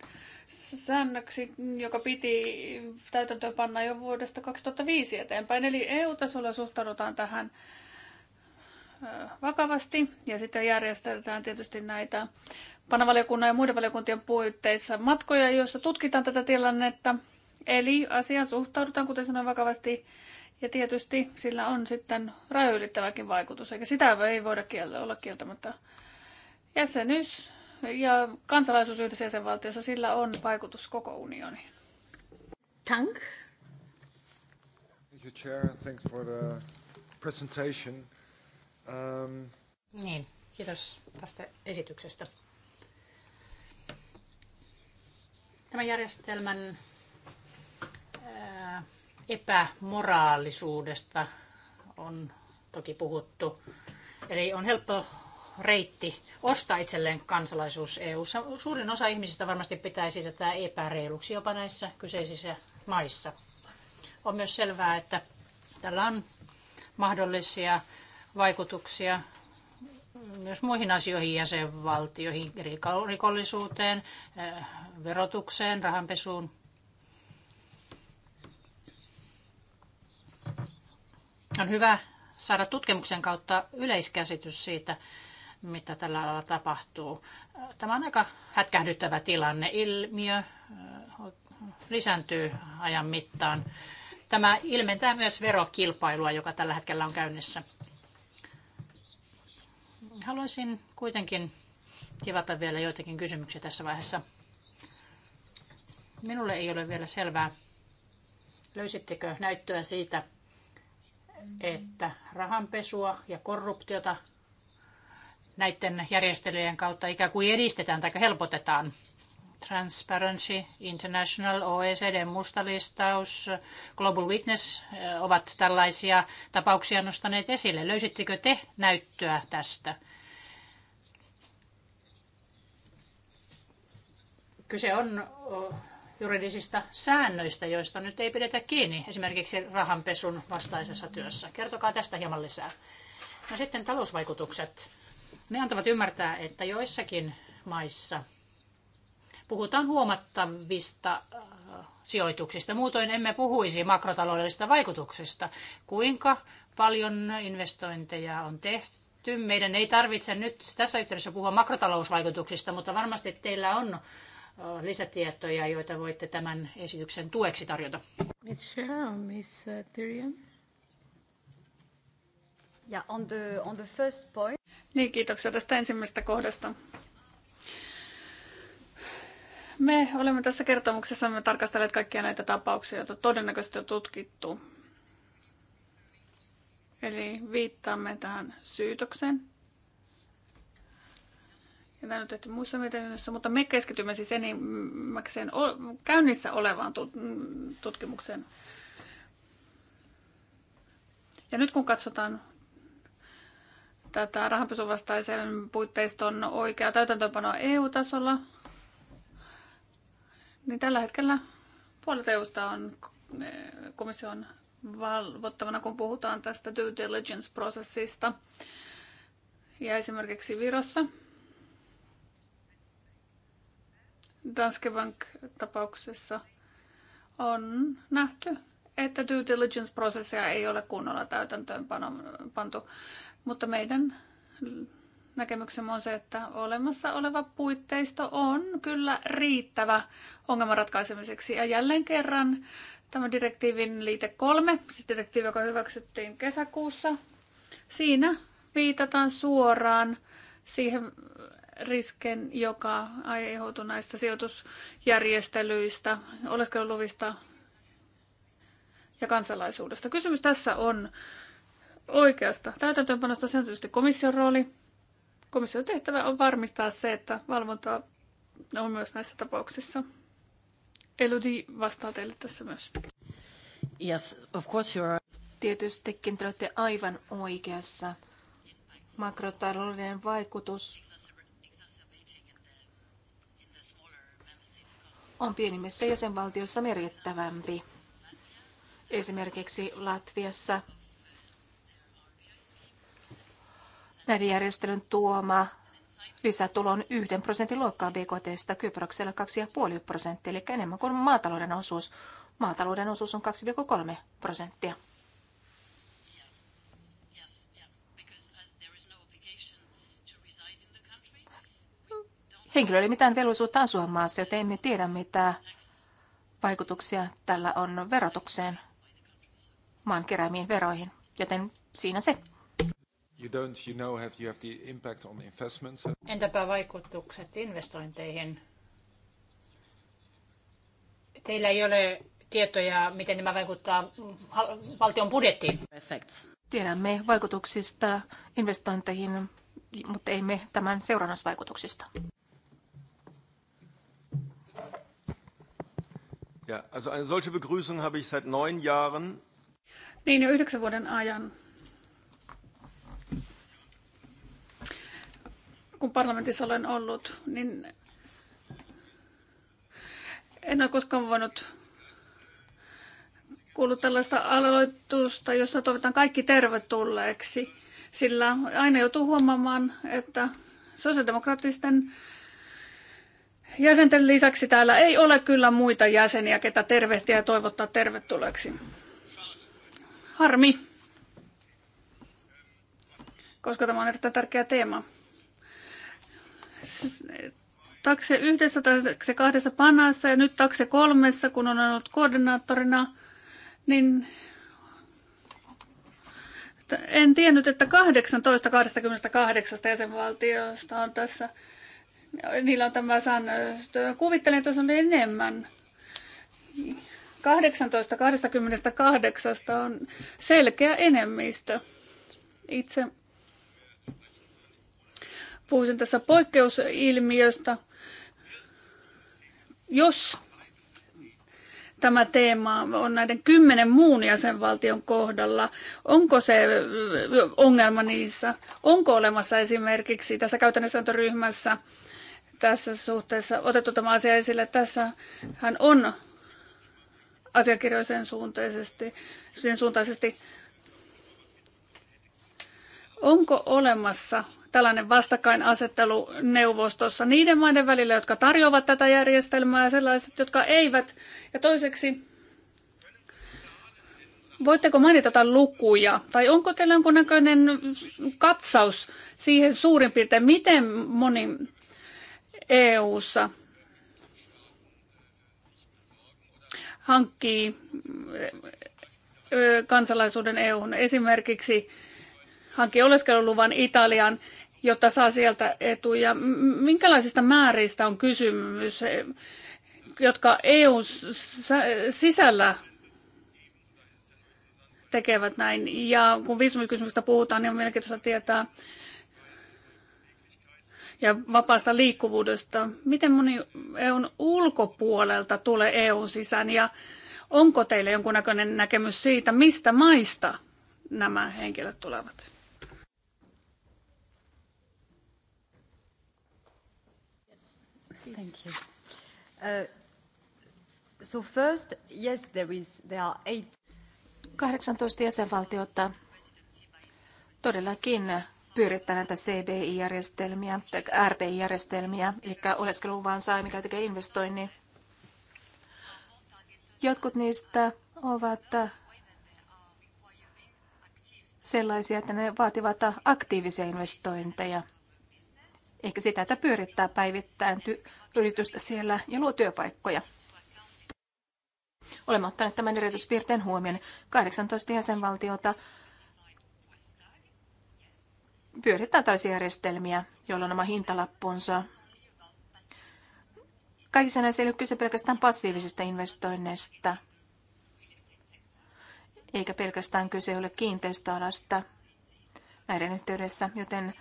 säännöksi, joka piti täytäntöönpanna jo vuodesta 2005 eteenpäin. Eli EU-tasolla suhtaudutaan tähän vakavasti ja sitten järjestetään tietysti näitä panavaliokunnan ja muiden valiokuntien puitteissa matkoja, joissa tutkitaan tätä tilannetta. Eli asiaan suhtaudutaan, kuten sanoin, vakavasti ja tietysti sillä on sitten rajoylittäväkin vaikutus, eikä sitä ei voida kiel- olla kieltämättä. Jäsenyys ja kansalaisuus yhdessä jäsenvaltiossa, sillä on vaikutus koko unioniin. Tank. Thank you, Chair. Thanks for the presentation. Um... Niin, kiitos tästä esityksestä. Tämän järjestelmän epämoraalisuudesta on toki puhuttu. Eli on helppo reitti ostaa itselleen kansalaisuus eu Suurin osa ihmisistä varmasti pitäisi tätä epäreiluksi jopa näissä kyseisissä maissa. On myös selvää, että tällä on mahdollisia vaikutuksia myös muihin asioihin jäsenvaltioihin, rikollisuuteen, eh, verotukseen, rahanpesuun. On hyvä saada tutkimuksen kautta yleiskäsitys siitä, mitä tällä alalla tapahtuu. Tämä on aika hätkähdyttävä tilanne. Ilmiö eh, lisääntyy ajan mittaan. Tämä ilmentää myös verokilpailua, joka tällä hetkellä on käynnissä. Haluaisin kuitenkin tivata vielä joitakin kysymyksiä tässä vaiheessa. Minulle ei ole vielä selvää, löysittekö näyttöä siitä, että rahanpesua ja korruptiota näiden järjestelyjen kautta ikään kuin edistetään tai helpotetaan. Transparency International, OECD, mustalistaus, Global Witness eh, ovat tällaisia tapauksia nostaneet esille. Löysittekö te näyttöä tästä? Kyse on juridisista säännöistä, joista nyt ei pidetä kiinni esimerkiksi rahanpesun vastaisessa työssä. Kertokaa tästä hieman lisää. No sitten talousvaikutukset. Ne antavat ymmärtää, että joissakin maissa puhutaan huomattavista sijoituksista. Muutoin emme puhuisi makrotaloudellisista vaikutuksista. Kuinka paljon investointeja on tehty? Meidän ei tarvitse nyt tässä yhteydessä puhua makrotalousvaikutuksista, mutta varmasti teillä on Äh, lisätietoja, joita voitte tämän esityksen tueksi tarjota. Yeah, äh, on the, on the first point. Niin, kiitoksia tästä ensimmäisestä kohdasta. Me olemme tässä kertomuksessa me tarkastelleet kaikkia näitä tapauksia, joita todennäköisesti on tutkittu. Eli viittaamme tähän syytökseen, ja näin on tehty muissa mietinnöissä, mutta me keskitymme siis enimmäkseen käynnissä olevaan tutkimukseen. Ja nyt kun katsotaan tätä rahanpesuvastaisen puitteiston oikeaa täytäntöönpanoa EU-tasolla, niin tällä hetkellä puolet EUsta on komission valvottavana, kun puhutaan tästä due diligence-prosessista. Ja esimerkiksi Virossa Danske Bank-tapauksessa on nähty, että due diligence-prosessia ei ole kunnolla täytäntöön pantu. Mutta meidän näkemyksemme on se, että olemassa oleva puitteisto on kyllä riittävä ongelman ratkaisemiseksi. Ja jälleen kerran tämä direktiivin liite kolme, siis direktiivi, joka hyväksyttiin kesäkuussa, siinä viitataan suoraan siihen riskin, joka aiheutui näistä sijoitusjärjestelyistä, oleskeluluvista ja kansalaisuudesta. Kysymys tässä on oikeasta täytäntöönpanosta. Se on tietysti komission rooli. Komission tehtävä on varmistaa se, että valvonta on myös näissä tapauksissa. Eludi vastaa teille tässä myös. Yes, of course are. Tietystikin te olette aivan oikeassa. Makrotaloudellinen vaikutus on pienimmissä jäsenvaltioissa merkittävämpi. Esimerkiksi Latviassa näiden järjestelyn tuoma lisätulon 1 prosentin luokkaa BKTstä, Kyproksella 2,5 prosenttia, eli enemmän kuin maatalouden osuus. Maatalouden osuus on 2,3 prosenttia. Henkilö ei mitään velvollisuutta asua maassa, joten emme tiedä, mitä vaikutuksia tällä on verotukseen, maan keräämiin veroihin. Joten siinä se. Entäpä vaikutukset investointeihin? Teillä ei ole tietoja, miten nämä vaikuttaa valtion budjettiin. Tiedämme vaikutuksista investointeihin, mutta emme tämän seurannusvaikutuksista. Ja, also eine solche Begrüßung habe ich seit neun Jahren. Niin jo yhdeksän vuoden ajan. Kun parlamentissa olen ollut, niin en ole koskaan voinut kuulla tällaista aloitusta, jossa toivotan kaikki tervetulleeksi. Sillä aina joutuu huomaamaan, että sosiaalidemokraattisten jäsenten lisäksi täällä ei ole kyllä muita jäseniä, ketä tervehtiä ja toivottaa tervetulleeksi. Harmi, koska tämä on erittäin tärkeä teema. Takse yhdessä, takse kahdessa panassa ja nyt takse kolmessa, kun on ollut koordinaattorina, niin en tiennyt, että 18 28 jäsenvaltiosta on tässä niillä on tämä säännöstö. Kuvittelen, että se on enemmän. 18-28 on selkeä enemmistö. Itse puhuisin tässä poikkeusilmiöstä. Jos tämä teema on näiden kymmenen muun jäsenvaltion kohdalla? Onko se ongelma niissä? Onko olemassa esimerkiksi tässä käytännössääntöryhmässä tässä suhteessa otettu tämä asia esille. Tässä hän on asiakirjoisen suuntaisesti, sen suuntaisesti. Onko olemassa tällainen vastakkainasettelu neuvostossa niiden maiden välillä, jotka tarjoavat tätä järjestelmää ja sellaiset, jotka eivät? Ja toiseksi, voitteko mainita lukuja, tai onko teillä jonkunnäköinen katsaus siihen suurin piirtein, miten moni EU-ssa hankkii kansalaisuuden EU:hun esimerkiksi hankkii oleskeluluvan Italian, jotta saa sieltä etuja. Minkälaisista määristä on kysymys, jotka EU sisällä tekevät näin? Ja kun viisumikysymyksestä puhutaan, niin on mielenkiintoista tietää, ja vapaasta liikkuvuudesta. Miten moni EUn ulkopuolelta tulee EUn sisään ja onko teillä jonkunnäköinen näkemys siitä, mistä maista nämä henkilöt tulevat? Thank you. Uh, so first, yes, there is, there are eight. 18 jäsenvaltiota todellakin pyörittää näitä CBI-järjestelmiä tai RBI-järjestelmiä, eli oleskeluvan saa, mikä tekee investoinnin. Jotkut niistä ovat sellaisia, että ne vaativat aktiivisia investointeja. Ehkä sitä, että pyörittää päivittäin yritystä siellä ja luo työpaikkoja. Olemme ottaneet tämän erityispiirteen huomioon. 18 jäsenvaltiota pyörittää tällaisia järjestelmiä, joilla on oma hintalappunsa. Kaikissa näissä ei ole kyse pelkästään passiivisista investoinneista, eikä pelkästään kyse ole kiinteistöalasta näiden yhteydessä, joten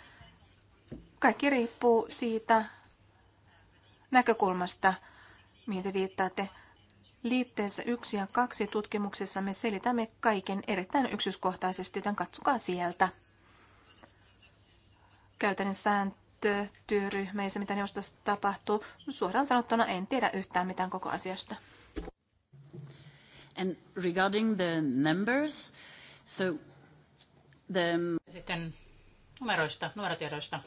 kaikki riippuu siitä näkökulmasta, mihin te viittaatte. Liitteessä 1 ja 2 tutkimuksessa me selitämme kaiken erittäin yksityiskohtaisesti, joten katsokaa sieltä käytännön sääntötyöryhmä ja se, mitä neuvostossa tapahtuu. Suoraan sanottuna en tiedä yhtään mitään koko asiasta. And regarding the numbers, so the... Sitten numeroista, numerotiedoista.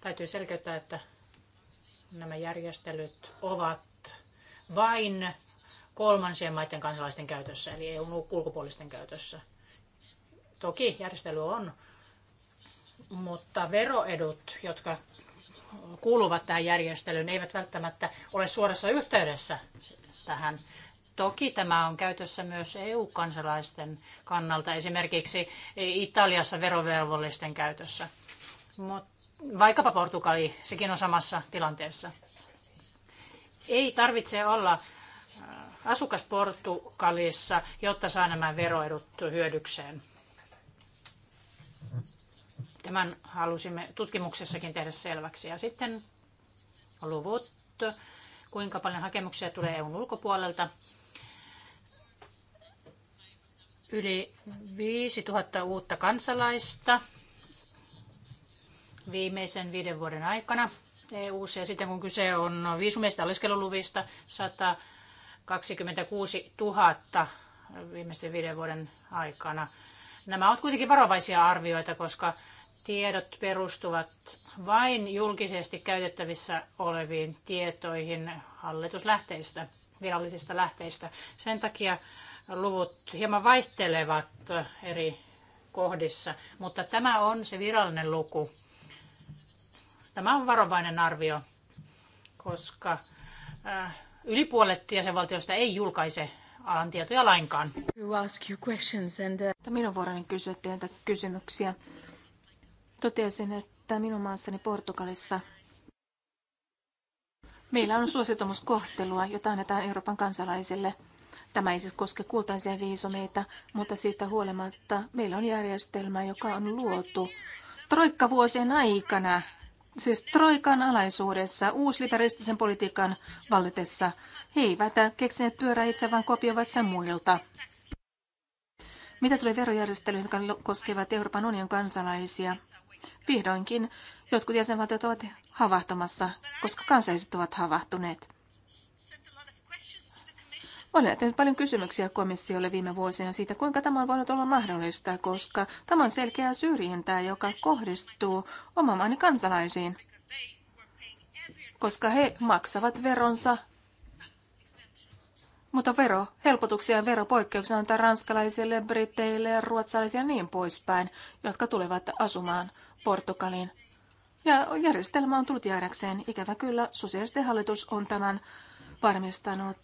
Täytyy selkeyttää, että nämä järjestelyt ovat vain kolmansien maiden kansalaisten käytössä, eli eu ulkopuolisten käytössä. Toki järjestely on mutta veroedut, jotka kuuluvat tähän järjestelyyn, eivät välttämättä ole suorassa yhteydessä tähän. Toki tämä on käytössä myös EU-kansalaisten kannalta, esimerkiksi Italiassa verovelvollisten käytössä. Mutta vaikkapa Portugali, sekin on samassa tilanteessa. Ei tarvitse olla äh, asukas Portugalissa, jotta saa nämä veroedut hyödykseen. Tämän halusimme tutkimuksessakin tehdä selväksi. Ja sitten luvut, kuinka paljon hakemuksia tulee EUn ulkopuolelta. Yli 5000 uutta kansalaista viimeisen viiden vuoden aikana eu ja sitten kun kyse on viisumeista oleskeluluvista, 126 000 viimeisten viiden vuoden aikana. Nämä ovat kuitenkin varovaisia arvioita, koska tiedot perustuvat vain julkisesti käytettävissä oleviin tietoihin hallituslähteistä, virallisista lähteistä. Sen takia luvut hieman vaihtelevat eri kohdissa, mutta tämä on se virallinen luku. Tämä on varovainen arvio, koska äh, yli puolet jäsenvaltioista ei julkaise alan tietoja lainkaan. Uh, minun vuoroni kysyä teiltä kysymyksiä. Totesin, että minun maassani Portugalissa meillä on suositumuskohtelua, jota annetaan Euroopan kansalaisille. Tämä ei siis koske kultaisia viisumeita, mutta siitä huolimatta meillä on järjestelmä, joka on luotu troikkavuosien aikana, siis troikan alaisuudessa, uusliberistisen politiikan vallitessa. He eivät keksineet pyörää itse, vaan kopioivat sen muilta. Mitä tulee verojärjestelyihin, jotka koskevat Euroopan unionin kansalaisia? Vihdoinkin jotkut jäsenvaltiot ovat havahtumassa, koska kansalaiset ovat havahtuneet. Olen jättänyt paljon kysymyksiä komissiolle viime vuosina siitä, kuinka tämä on voinut olla mahdollista, koska tämä on selkeää syrjintää, joka kohdistuu oman maani kansalaisiin, koska he maksavat veronsa mutta helpotuksia ja veropoikkeuksia antaa ranskalaisille, ja ruotsalaisille ja niin poispäin, jotka tulevat asumaan Portugaliin. Ja järjestelmä on tullut jäädäkseen. Ikävä kyllä, sosiaalisten hallitus on tämän varmistanut.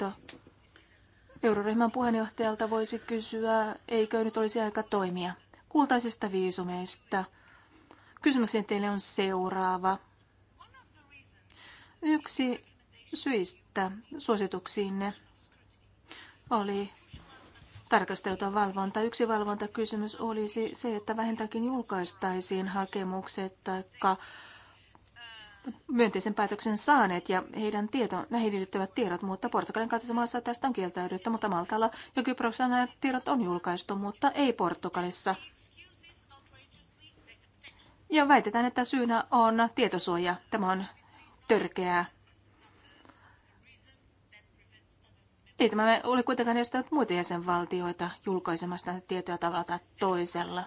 Euroryhmän puheenjohtajalta voisi kysyä, eikö nyt olisi aika toimia. Kultaisista viisumeista. Kysymykseni teille on seuraava. Yksi syistä suosituksiinne oli tarkasteltua valvonta. Yksi valvontakysymys olisi se, että vähintäänkin julkaistaisiin hakemukset tai myönteisen päätöksen saaneet ja heidän tieto, näihin liittyvät tiedot, mutta Portugalin kanssa maassa tästä on kieltäydytty, mutta Maltalla ja Kyproksella nämä tiedot on julkaistu, mutta ei Portugalissa. Ja väitetään, että syynä on tietosuoja. Tämä on törkeää Ei tämä ole kuitenkaan estänyt muita jäsenvaltioita julkaisemasta tietoja tavalla tai toisella.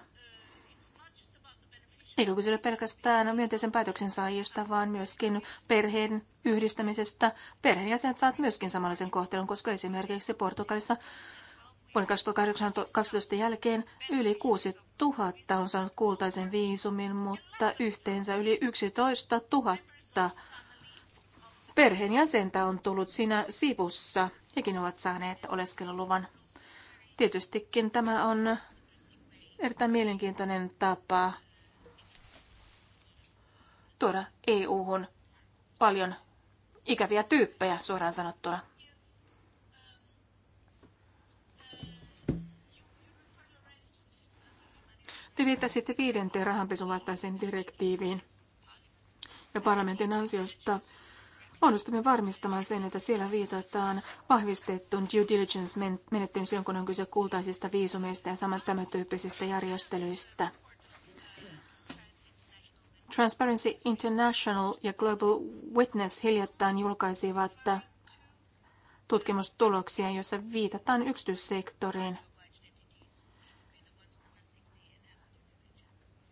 Eikä kysyä pelkästään myönteisen päätöksen saajista, vaan myöskin perheen yhdistämisestä. Perheenjäsenet saavat myöskin samanlaisen kohtelun, koska esimerkiksi Portugalissa vuoden 2018 jälkeen yli 6 000 on saanut kultaisen viisumin, mutta yhteensä yli 11 000 perheenjäsentä on tullut siinä sivussa hekin ovat saaneet oleskeluluvan. Tietystikin tämä on erittäin mielenkiintoinen tapa tuoda EU-hun paljon ikäviä tyyppejä suoraan sanottuna. Te viittasitte viidenteen rahanpesuvastaiseen direktiiviin ja parlamentin ansiosta Onnistumme varmistamaan sen, että siellä viitataan vahvistettuun due diligence-menettelyyn silloin, kun on kyse kultaisista viisumeista ja saman tämän tyyppisistä järjestelyistä. Transparency International ja Global Witness hiljattain julkaisivat tutkimustuloksia, joissa viitataan yksityissektoriin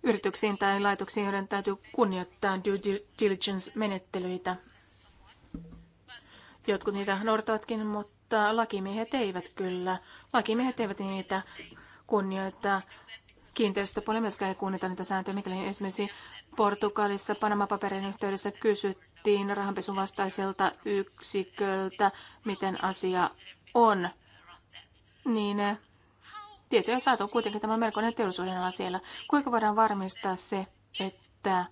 yrityksiin tai laitoksiin, joiden täytyy kunnioittaa due diligence-menettelyitä Jotkut niitä noudattavatkin, mutta lakimiehet eivät kyllä. Lakimiehet eivät niitä kunnioita. Kiinteistöpuolella myöskään ei kunnioita niitä sääntöjä, mikäli esimerkiksi Portugalissa Panama-paperin yhteydessä kysyttiin rahanpesun vastaiselta yksiköltä, miten asia on. Niin eh, tietoja saatu kuitenkin tämä melkoinen teollisuuden ala siellä. Kuinka voidaan varmistaa se, että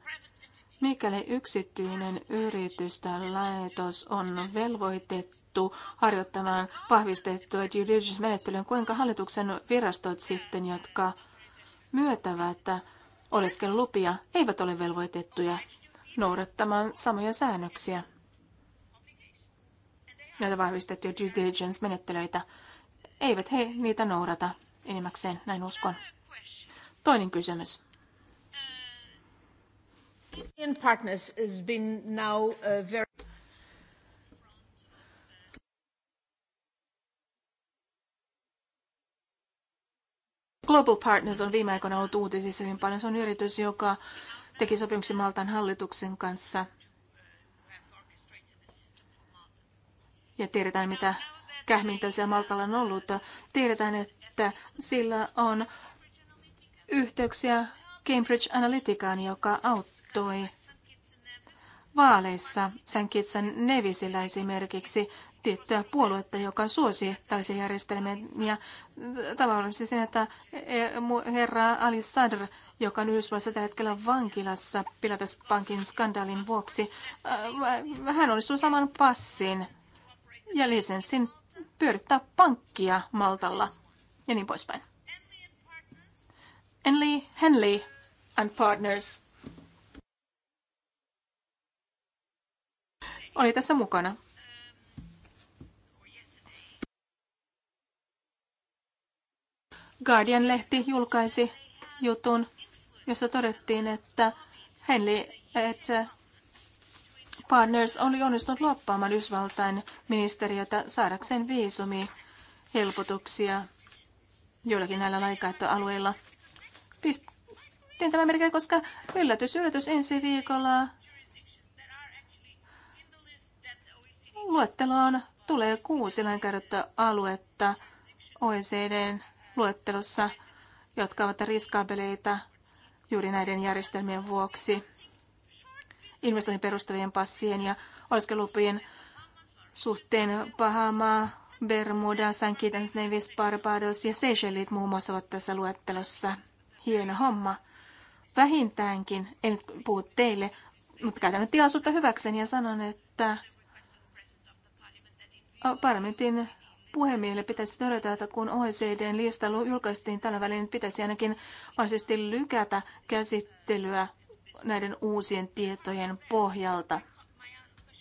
Mikäli yksityinen yritys tai laitos on velvoitettu harjoittamaan vahvistettua due diligence-menettelyä, kuinka hallituksen virastot sitten, jotka myötävät oleskelulupia, eivät ole velvoitettuja noudattamaan samoja säännöksiä näitä vahvistettuja due diligence-menettelyitä. Eivät he niitä noudata enimmäkseen, näin uskon. Toinen kysymys. Uh, Global Partners on viime aikoina ollut uutisissa hyvin paljon. Se on yritys, joka teki sopimuksen Maltan hallituksen kanssa. Ja tiedetään, mitä kähmintöä siellä Maltalla on ollut. Tiedetään, että sillä on yhteyksiä Cambridge Analyticaan, joka auttaa muuttui. Vaaleissa Sänkitsen Nevisillä esimerkiksi tiettyä puoluetta, joka suosi tällaisia järjestelmiä. Tavallaan sen, siis niin, että e- herra Ali Sadr, joka on Yhdysvalloissa tällä hetkellä vankilassa Pilates-pankin skandaalin vuoksi, äh, hän onnistui saman passin ja lisenssin pyörittää pankkia Maltalla ja niin poispäin. Henley, Henley and Partners oli tässä mukana. Guardian-lehti julkaisi jutun, jossa todettiin, että Henley, että Partners oli onnistunut loppaamaan Yhdysvaltain ministeriötä saadakseen viisumi helpotuksia joillakin näillä laikaittoalueilla. Pistin Tämä merkin, koska yllätys, yllätys ensi viikolla Luetteloon tulee kuusi lainkäyttöaluetta OECDn luettelossa, jotka ovat riskaabeleita juuri näiden järjestelmien vuoksi. Investoinnin perustuvien passien ja oleskelupien suhteen Bahamaa, Bermuda, San Kitts, Nevis, Barbados ja Seychellit muun muassa ovat tässä luettelossa. Hieno homma. Vähintäänkin, en puhu teille, mutta käytän nyt tilaisuutta hyväkseni ja sanon, että Parlamentin puhemiehelle pitäisi todeta, että kun OECDn lista julkaistiin tällä välin, pitäisi ainakin mahdollisesti lykätä käsittelyä näiden uusien tietojen pohjalta.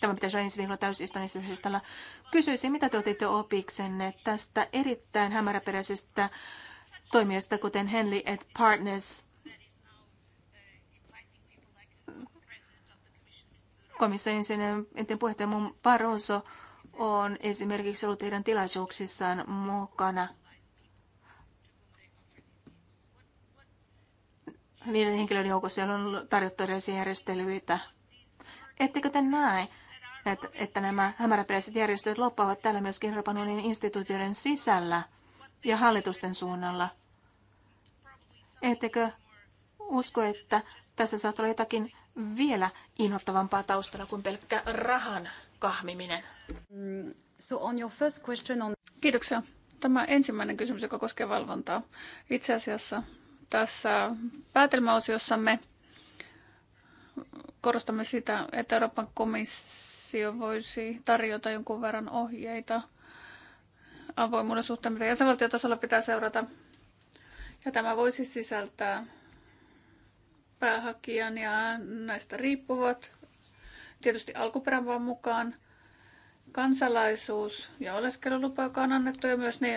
Tämä pitäisi olla ensi viikolla täysistunnissa Kysyisin, mitä te otitte opiksenne tästä erittäin hämäräperäisestä toimijasta, kuten Henley et Partners, komission entinen puheenjohtaja Barroso, on esimerkiksi ollut teidän tilaisuuksissaan mukana. Niiden henkilöiden joukossa, siellä on tarjottu erilaisia järjestelyitä. Ettekö te näe, että, että nämä hämäräperäiset järjestöt loppaavat täällä myöskin Euroopan unionin instituutioiden sisällä ja hallitusten suunnalla? Ettekö usko, että tässä saattaa olla jotakin vielä inhottavampaa taustalla kuin pelkkä rahan kahmiminen? So on your first question on... Kiitoksia. Tämä ensimmäinen kysymys, joka koskee valvontaa. Itse asiassa tässä päätelmäosiossamme korostamme sitä, että Euroopan komissio voisi tarjota jonkun verran ohjeita avoimuuden suhteen, mitä jäsenvaltiotasolla pitää seurata. Ja tämä voisi sisältää päähakijan ja näistä riippuvat, tietysti alkuperävaan mukaan, kansalaisuus ja oleskelulupa, joka on annettu, ja myös ne,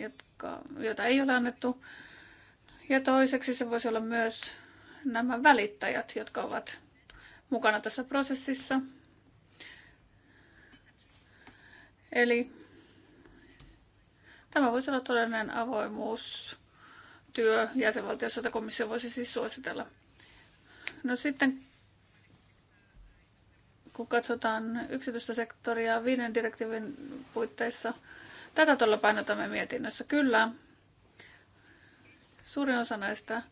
jotka, joita ei ole annettu. Ja toiseksi se voisi olla myös nämä välittäjät, jotka ovat mukana tässä prosessissa. Eli tämä voisi olla todellinen avoimuustyö jäsenvaltiossa, jota komissio voisi siis suositella. No sitten kun katsotaan yksityistä sektoria viiden direktiivin puitteissa. Tätä tuolla painotamme mietinnössä. Kyllä, suurin osa näistä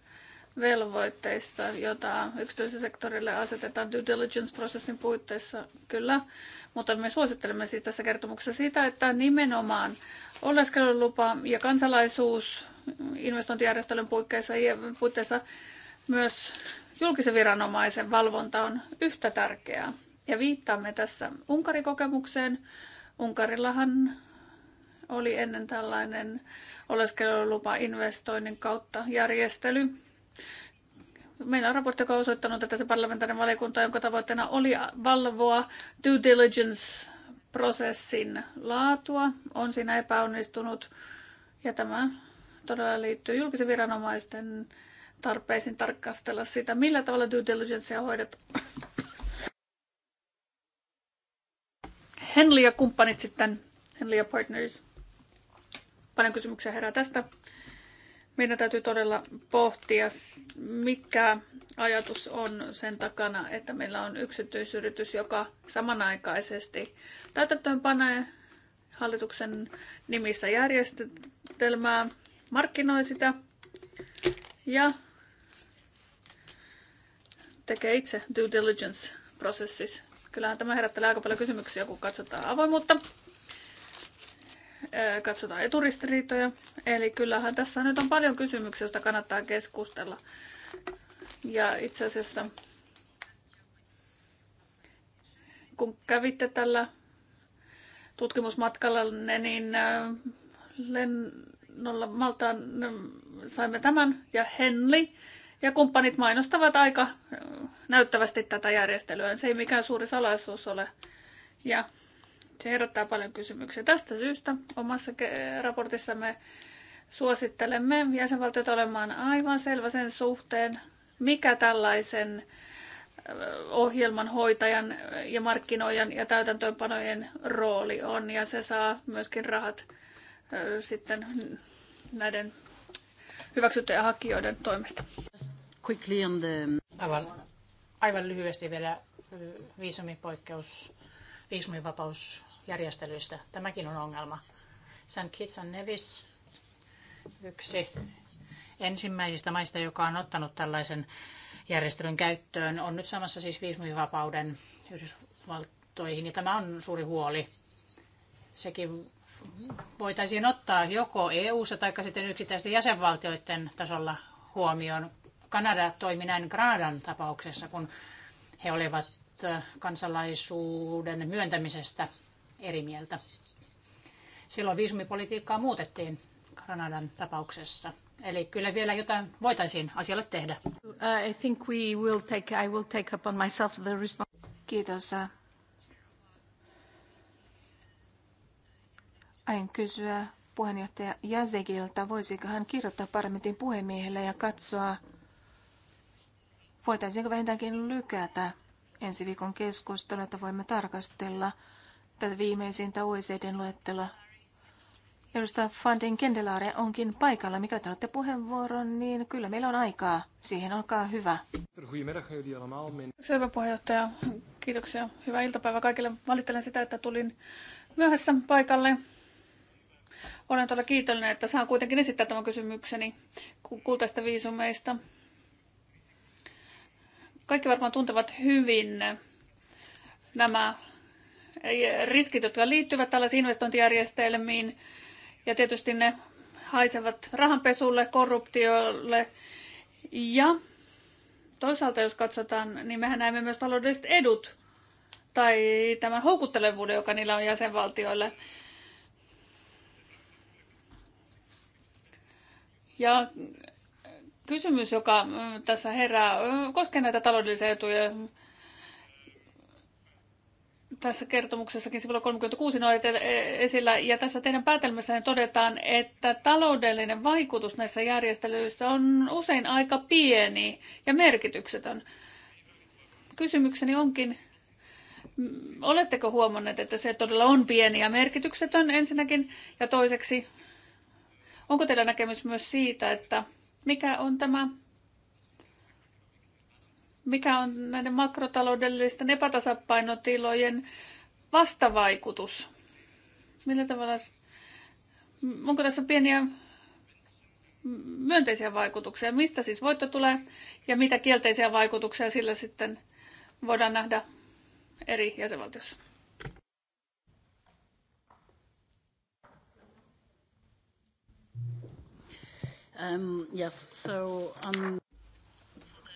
velvoitteista, joita yksityisen sektorille asetetaan due diligence-prosessin puitteissa, kyllä. Mutta me suosittelemme siis tässä kertomuksessa sitä, että nimenomaan oleskelulupa ja kansalaisuus investointijärjestelyn puitteissa, e puitteissa myös julkisen viranomaisen valvonta on yhtä tärkeää. Ja viittaamme tässä Unkarin kokemukseen. Unkarillahan oli ennen tällainen oleskelulupa investoinnin kautta järjestely. Meillä on raportti, joka on osoittanut, että se parlamentaarinen valiokunta, jonka tavoitteena oli valvoa due diligence-prosessin laatua, on siinä epäonnistunut. Ja tämä todella liittyy julkisen viranomaisten tarpeisiin tarkastella sitä, millä tavalla due on hoidetaan Henley ja kumppanit sitten, Henley ja Partners. Paljon kysymyksiä herää tästä. Meidän täytyy todella pohtia, mikä ajatus on sen takana, että meillä on yksityisyritys, joka samanaikaisesti täytäntöön panee hallituksen nimissä järjestelmää, markkinoi sitä ja tekee itse due diligence-prosessissa Kyllähän tämä herättelee aika paljon kysymyksiä, kun katsotaan avoimuutta. Katsotaan eturistiriitoja. Eli kyllähän tässä nyt on paljon kysymyksiä, joista kannattaa keskustella. Ja itse asiassa, kun kävitte tällä tutkimusmatkalla, niin lennolla Maltaan saimme tämän ja Henli ja kumppanit mainostavat aika äh, näyttävästi tätä järjestelyä. Se ei mikään suuri salaisuus ole. Ja se herättää paljon kysymyksiä. Tästä syystä omassa raportissamme suosittelemme jäsenvaltiot olemaan aivan selvä sen suhteen, mikä tällaisen äh, ohjelman hoitajan ja markkinoijan ja täytäntöönpanojen rooli on. Ja se saa myöskin rahat äh, sitten näiden hyväksyttyjen hakijoiden toimesta. Quickly on the... aivan, aivan lyhyesti vielä viisumipoikkeus, viisumivapausjärjestelyistä. Tämäkin on ongelma. St. Kitts and Nevis, yksi ensimmäisistä maista, joka on ottanut tällaisen järjestelyn käyttöön, on nyt samassa siis viisumivapauden Yhdysvaltoihin. Ja tämä on suuri huoli. Sekin voitaisiin ottaa joko EU-ssa tai sitten yksittäisten jäsenvaltioiden tasolla huomioon. Kanada toimi näin Kanadan tapauksessa, kun he olivat äh, kansalaisuuden myöntämisestä eri mieltä. Silloin viisumipolitiikkaa muutettiin Kanadan tapauksessa. Eli kyllä vielä jotain voitaisiin asialle tehdä. Uh, Kiitos. Aion kysyä puheenjohtaja Jazegilta, voisiko hän kirjoittaa parlamentin puhemiehelle ja katsoa, voitaisiinko vähintäänkin lykätä ensi viikon keskustelua, että voimme tarkastella tätä viimeisintä OECDn luettelua. Edustaja Fandin Kendelaare onkin paikalla. Mikä te olette puheenvuoron, niin kyllä meillä on aikaa. Siihen olkaa hyvä. Hyvä puheenjohtaja. Kiitoksia. Hyvää iltapäivää kaikille. Valittelen sitä, että tulin myöhässä paikalle. Olen todella kiitollinen, että saan kuitenkin esittää tämän kysymykseni kultaista viisumeista. Kaikki varmaan tuntevat hyvin nämä riskit, jotka liittyvät tällaisiin investointijärjestelmiin. Ja tietysti ne haisevat rahanpesulle, korruptiolle. Ja toisaalta, jos katsotaan, niin mehän näemme myös taloudelliset edut tai tämän houkuttelevuuden, joka niillä on jäsenvaltioille. Ja äh, kysymys, joka äh, tässä herää, äh, koskee näitä taloudellisia etuja. Tässä kertomuksessakin sivulla 36 on e-, esillä, ja tässä teidän päätelmässä todetaan, että taloudellinen vaikutus näissä järjestelyissä on usein aika pieni ja merkityksetön. Kysymykseni onkin, mm, oletteko huomanneet, että se todella on pieni ja merkityksetön ensinnäkin, ja toiseksi, Onko teillä näkemys myös siitä, että mikä on tämä mikä on näiden makrotaloudellisten epätasapainotilojen vastavaikutus? Millä tavalla, onko tässä pieniä myönteisiä vaikutuksia? Mistä siis voitto tulee ja mitä kielteisiä vaikutuksia sillä sitten voidaan nähdä eri jäsenvaltiossa? Um, um,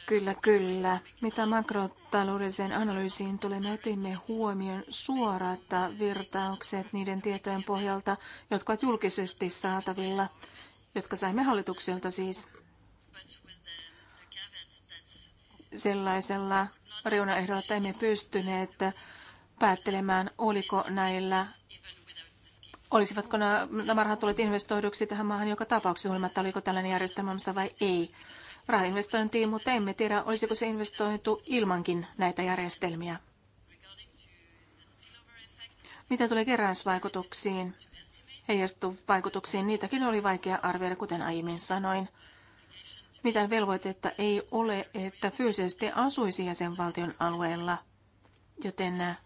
kyllä, kyllä. Mitä makrotaloudelliseen analyysiin tulee, me otimme huomioon suorat virtaukset niiden tietojen pohjalta, jotka ovat julkisesti saatavilla, jotka saimme hallitukselta siis sellaisella reunaehdolla, että emme pystyneet päättelemään, oliko näillä Olisivatko nämä, nämä rahat tulleet investoiduksi tähän maahan joka tapauksessa huolimatta, oliko tällainen järjestelmässä vai ei? Rahainvestointiin, mutta emme tiedä, olisiko se investoitu ilmankin näitä järjestelmiä. Mitä tulee keräysvaikutuksiin, heijastuvaikutuksiin, niitäkin oli vaikea arvioida, kuten aiemmin sanoin. Mitään velvoitetta ei ole, että fyysisesti asuisi jäsenvaltion alueella, joten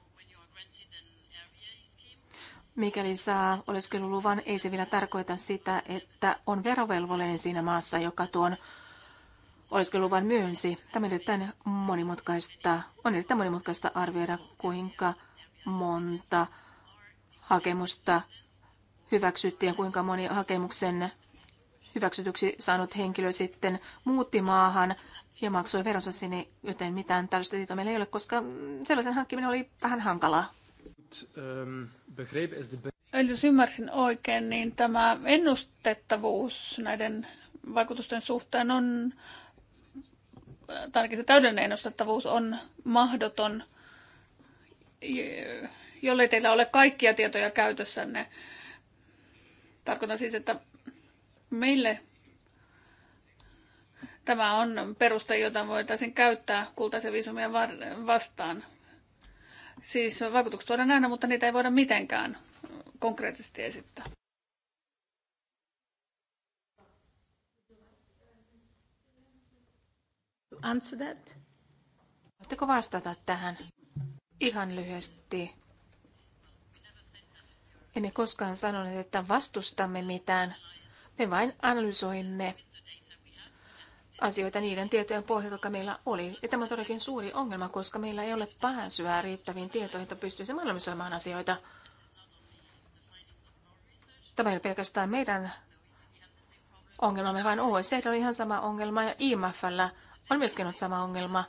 Mikäli saa oleskeluluvan, ei se vielä tarkoita sitä, että on verovelvollinen siinä maassa, joka tuon oleskeluluvan myönsi. Tämä on erittäin monimutkaista, on erittäin monimutkaista arvioida, kuinka monta hakemusta hyväksyttiin ja kuinka moni hakemuksen hyväksytyksi saanut henkilö sitten muutti maahan ja maksoi veronsa sinne, joten mitään tällaista tietoa meillä ei ole, koska sellaisen hankkiminen oli vähän hankalaa. Ehm, jos ymmärsin oikein, niin tämä ennustettavuus näiden vaikutusten suhteen on, tai ainakin se täydellinen ennustettavuus on mahdoton, jollei teillä ole kaikkia tietoja käytössänne. Tarkoitan siis, että meille tämä on peruste, jota voitaisiin käyttää kultaisen viisumia vastaan. Siis vaikutukset voidaan nähdä, mutta niitä ei voida mitenkään konkreettisesti esittää. Answer that. Voitteko vastata tähän ihan lyhyesti? Emme koskaan sanoneet, että vastustamme mitään. Me vain analysoimme asioita niiden tietojen pohjalta, jotka meillä oli. Ja tämä on todellakin suuri ongelma, koska meillä ei ole pääsyä riittäviin tietoihin, että pystyisi analysoimaan asioita. Tämä ei ole pelkästään meidän ongelmamme, vaan OECD on ihan sama ongelma ja IMFllä on myöskin ollut sama ongelma.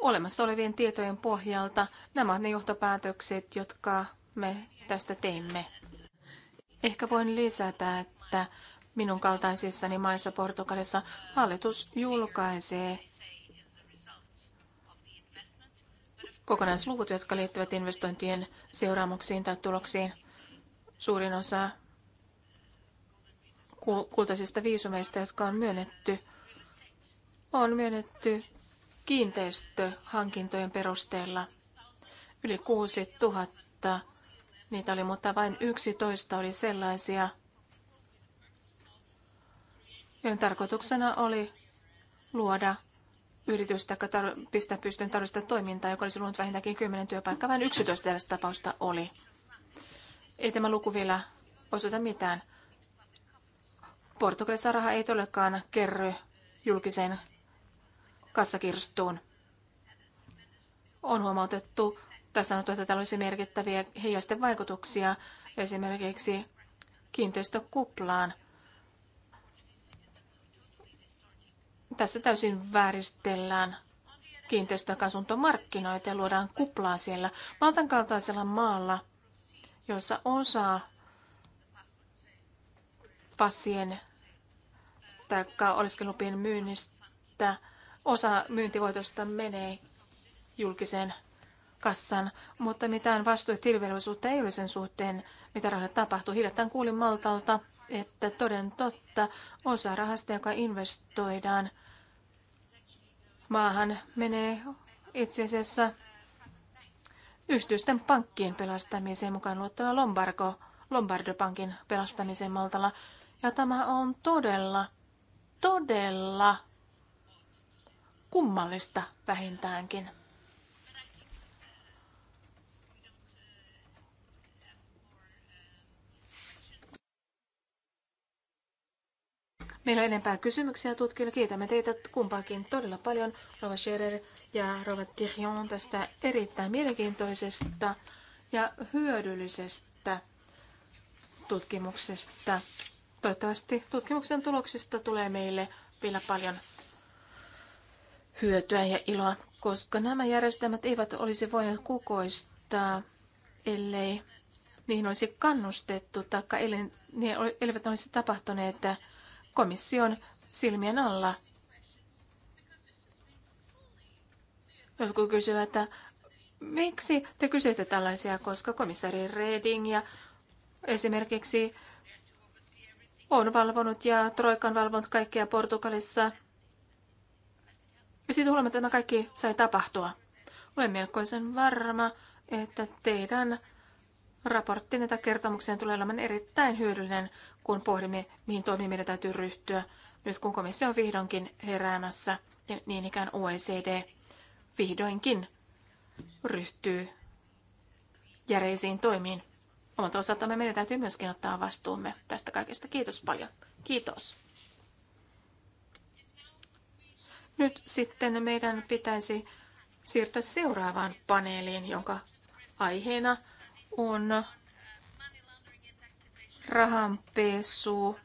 Olemassa olevien tietojen pohjalta nämä ovat ne johtopäätökset, jotka me tästä teimme. Ehkä voin lisätä, että minun kaltaisissani maissa Portugalissa hallitus julkaisee kokonaisluvut, jotka liittyvät investointien seuraamuksiin tai tuloksiin. Suurin osa kultaisista viisumeista, jotka on myönnetty, on myönnetty kiinteistöhankintojen perusteella. Yli 6000 niitä oli, mutta vain 11 oli sellaisia, joiden tarkoituksena oli luoda yritystä, pistää pystyyn taloudellista toimintaa, joka olisi luonut vähintäänkin 10 työpaikkaa, vain 11 tällaista tapausta oli. Ei tämä luku vielä osoita mitään. Portugalissa raha ei todellakaan kerry julkiseen kassakirstuun. On huomautettu tai sanottu, että täällä olisi merkittäviä heijasten vaikutuksia esimerkiksi kiinteistökuplaan – Tässä täysin vääristellään kiinteistökasuntomarkkinoita ja luodaan kuplaa siellä. Maltan kaltaisella maalla, jossa osa passien tai oleskelupien myynnistä, osa myyntivoitosta menee julkiseen kassan, mutta mitään vastuutilvelvollisuutta ei ole sen suhteen, mitä rahoja tapahtuu. Hiljattain kuulin Maltalta, että toden totta osa rahasta, joka investoidaan maahan menee itse asiassa yksityisten pankkien pelastamiseen mukaan luettuna Lombardo, Lombardo-pankin pelastamiseen Maltalla. Ja tämä on todella, todella kummallista vähintäänkin. Meillä on enempää kysymyksiä tutkijoille. Kiitämme teitä kumpaakin todella paljon, Rova Scherer ja Rova Tirion, tästä erittäin mielenkiintoisesta ja hyödyllisestä tutkimuksesta. Toivottavasti tutkimuksen tuloksista tulee meille vielä paljon hyötyä ja iloa, koska nämä järjestelmät eivät olisi voineet kukoistaa, ellei niihin olisi kannustettu, taikka ellei ne olisi tapahtuneet komission silmien alla. Jotkut kysyvät, että miksi te kysytte tällaisia, koska komissaari Reding ja esimerkiksi on valvonut ja Troikan valvonut kaikkea Portugalissa. Ja siitä huolimatta tämä kaikki sai tapahtua. Olen melkoisen varma, että teidän raporttiin tai kertomukseen tulee olemaan erittäin hyödyllinen, kun pohdimme, mihin toimiin meidän täytyy ryhtyä, nyt kun komissio on vihdoinkin heräämässä ja niin ikään OECD vihdoinkin ryhtyy järeisiin toimiin. Omalta osaltamme meidän täytyy myöskin ottaa vastuumme tästä kaikesta. Kiitos paljon. Kiitos. Nyt sitten meidän pitäisi siirtyä seuraavaan paneeliin, jonka aiheena on rahanpesu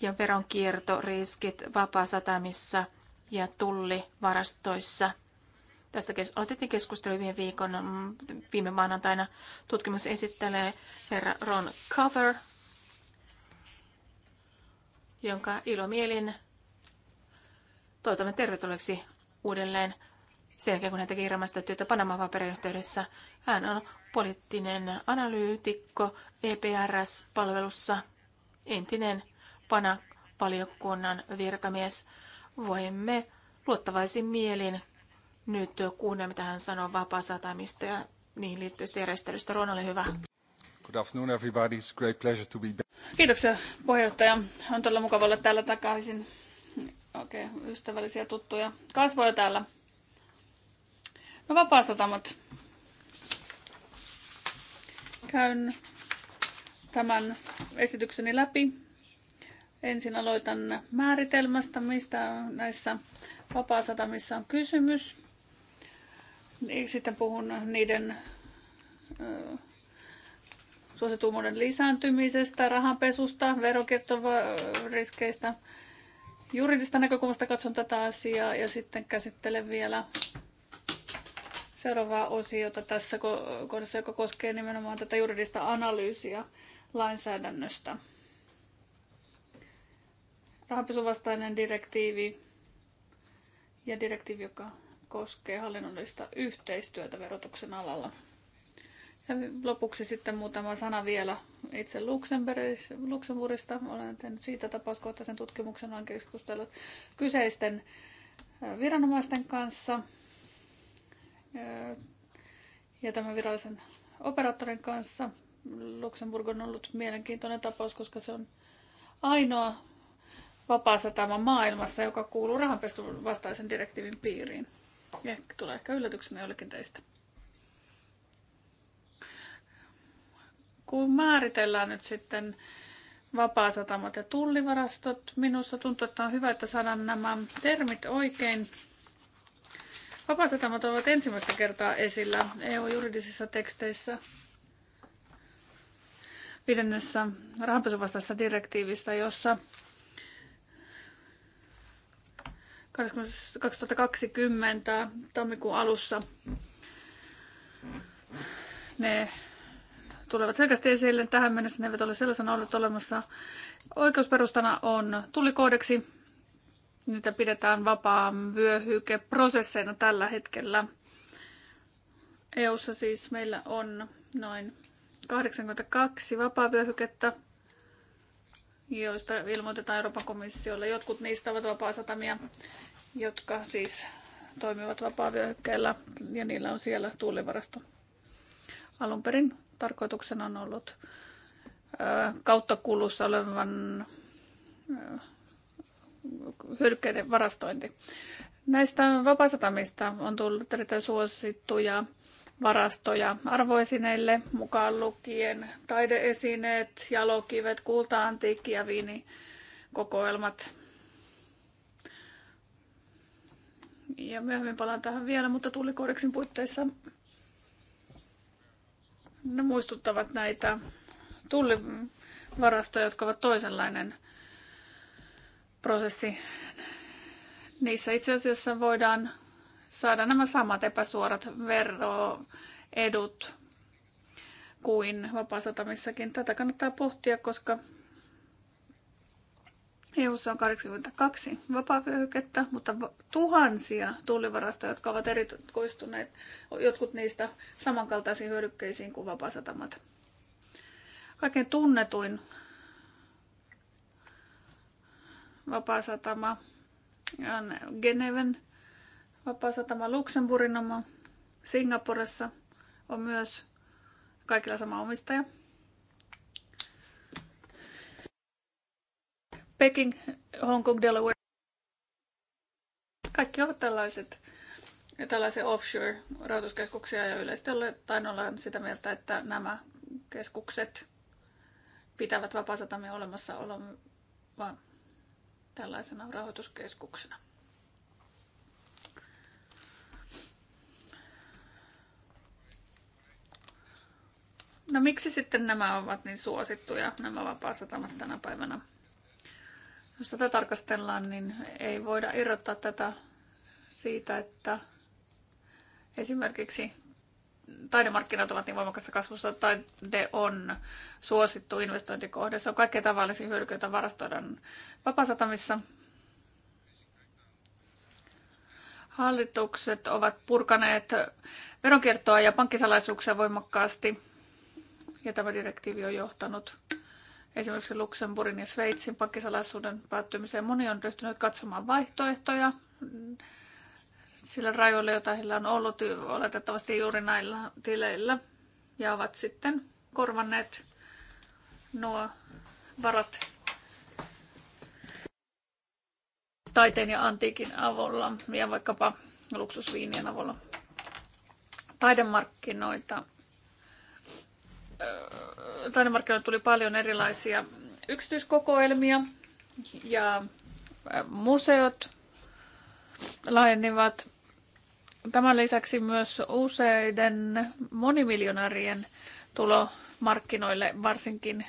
ja veronkiertoriskit vapaasatamissa ja tullivarastoissa. Tästä otettiin keskustelu viime viikon mm, viime maanantaina. Tutkimus esittelee herra Ron Cover, jonka ilomielin toivotamme tervetulleeksi uudelleen sen jälkeen, kun hän teki ilmaista työtä Panaman paperin yhteydessä. Hän on poliittinen analyytikko EPRS-palvelussa, entinen PANA-valiokunnan virkamies. Voimme luottavaisin mielin nyt kuunnella, mitä hän sanoo vapaasatamista ja niihin liittyvistä järjestelyistä. Ruona ole hyvä. Good afternoon everybody. It's great pleasure to be back. Kiitoksia puheenjohtaja. On todella mukava olla täällä takaisin. Okei, okay, ystävällisiä tuttuja. Kasvoja täällä. No vapaasatamat. Käyn tämän esitykseni läpi. Ensin aloitan määritelmästä, mistä näissä vapaasatamissa on kysymys. Niin sitten puhun niiden suosituumuuden lisääntymisestä, rahanpesusta, veronkiertoriskeistä. Juridista näkökulmasta katson tätä asiaa ja sitten käsittelen vielä seuraavaa osiota tässä kohdassa, joka koskee nimenomaan tätä juridista analyysiä lainsäädännöstä. Rahanpesuvastainen direktiivi ja direktiivi, joka koskee hallinnollista yhteistyötä verotuksen alalla. Ja lopuksi sitten muutama sana vielä itse Luxemburgista. Olen tehnyt siitä tapauskohtaisen tutkimuksen, olen keskustellut kyseisten viranomaisten kanssa ja tämän virallisen operaattorin kanssa. Luxemburg on ollut mielenkiintoinen tapaus, koska se on ainoa vapaa satama maailmassa, joka kuuluu rahanpestun vastaisen direktiivin piiriin. Ja tulee ehkä yllätyksenä jollekin teistä. Kun määritellään nyt sitten vapaasatamat ja tullivarastot, minusta tuntuu, että on hyvä, että saadaan nämä termit oikein Vapaasatamat ovat ensimmäistä kertaa esillä EU-juridisissa teksteissä viidennessä rahanpesuvastaisessa direktiivistä, jossa 2020 tammikuun alussa ne tulevat selkeästi esille. Tähän mennessä ne eivät ole sellaisena olleet olemassa. Oikeusperustana on tullikoodeksi, Niitä pidetään vapaan vyöhykeprosesseina tällä hetkellä. EUssa siis meillä on noin 82 vapaavyöhykettä, joista ilmoitetaan Euroopan komissiolle. Jotkut niistä ovat vapaasatamia, jotka siis toimivat vyöhykkeellä ja niillä on siellä tuulivarasto. Alun perin tarkoituksena on ollut kautta kulussa olevan hyödykkeiden varastointi. Näistä vapasatamista on tullut erittäin suosittuja varastoja arvoesineille, mukaan lukien taideesineet, jalokivet, kulta-antiikki ja viinikokoelmat. Ja myöhemmin palaan tähän vielä, mutta tulikodeksin puitteissa ne muistuttavat näitä tullivarastoja, jotka ovat toisenlainen – prosessi. Niissä itse asiassa voidaan saada nämä samat epäsuorat veroedut kuin vapaasatamissakin. Tätä kannattaa pohtia, koska EU:ssa on 82 vapaa mutta tuhansia tuulivarastoja, jotka ovat erikoistuneet, jotkut niistä samankaltaisiin hyödykkeisiin kuin vapaasatamat. Kaikkein tunnetuin vapaasatama, on Geneven vapaasatama, Luxemburgin oma, Singaporessa on myös kaikilla sama omistaja. Peking, Hong Kong, Delaware. Kaikki ovat tällaiset, tällaisia offshore-rahoituskeskuksia ja yleisesti ottaen ollaan sitä mieltä, että nämä keskukset pitävät vapaasatamien olemassaolon vaan tällaisena rahoituskeskuksena. No miksi sitten nämä ovat niin suosittuja, nämä vapaasatamat tänä päivänä? Jos tätä tarkastellaan, niin ei voida irrottaa tätä siitä, että esimerkiksi taidemarkkinat ovat niin voimakkaassa kasvussa, taide on suosittu investointikohde. Se on kaikkein tavallisin hyödyke, jota varastoidaan vapasatamissa. Hallitukset ovat purkaneet veronkiertoa ja pankkisalaisuuksia voimakkaasti, ja tämä direktiivi on johtanut esimerkiksi Luxemburgin ja Sveitsin pankkisalaisuuden päättymiseen. Moni on ryhtynyt katsomaan vaihtoehtoja sillä rajoilla, joita heillä on ollut oletettavasti juuri näillä tileillä. Ja ovat sitten korvanneet nuo varat taiteen ja antiikin avulla ja vaikkapa luksusviinien avulla taidemarkkinoita. Öö, Taidemarkkinoilla tuli paljon erilaisia yksityiskokoelmia ja museot laajenivat Tämän lisäksi myös useiden monimiljonäärien tulo markkinoille, varsinkin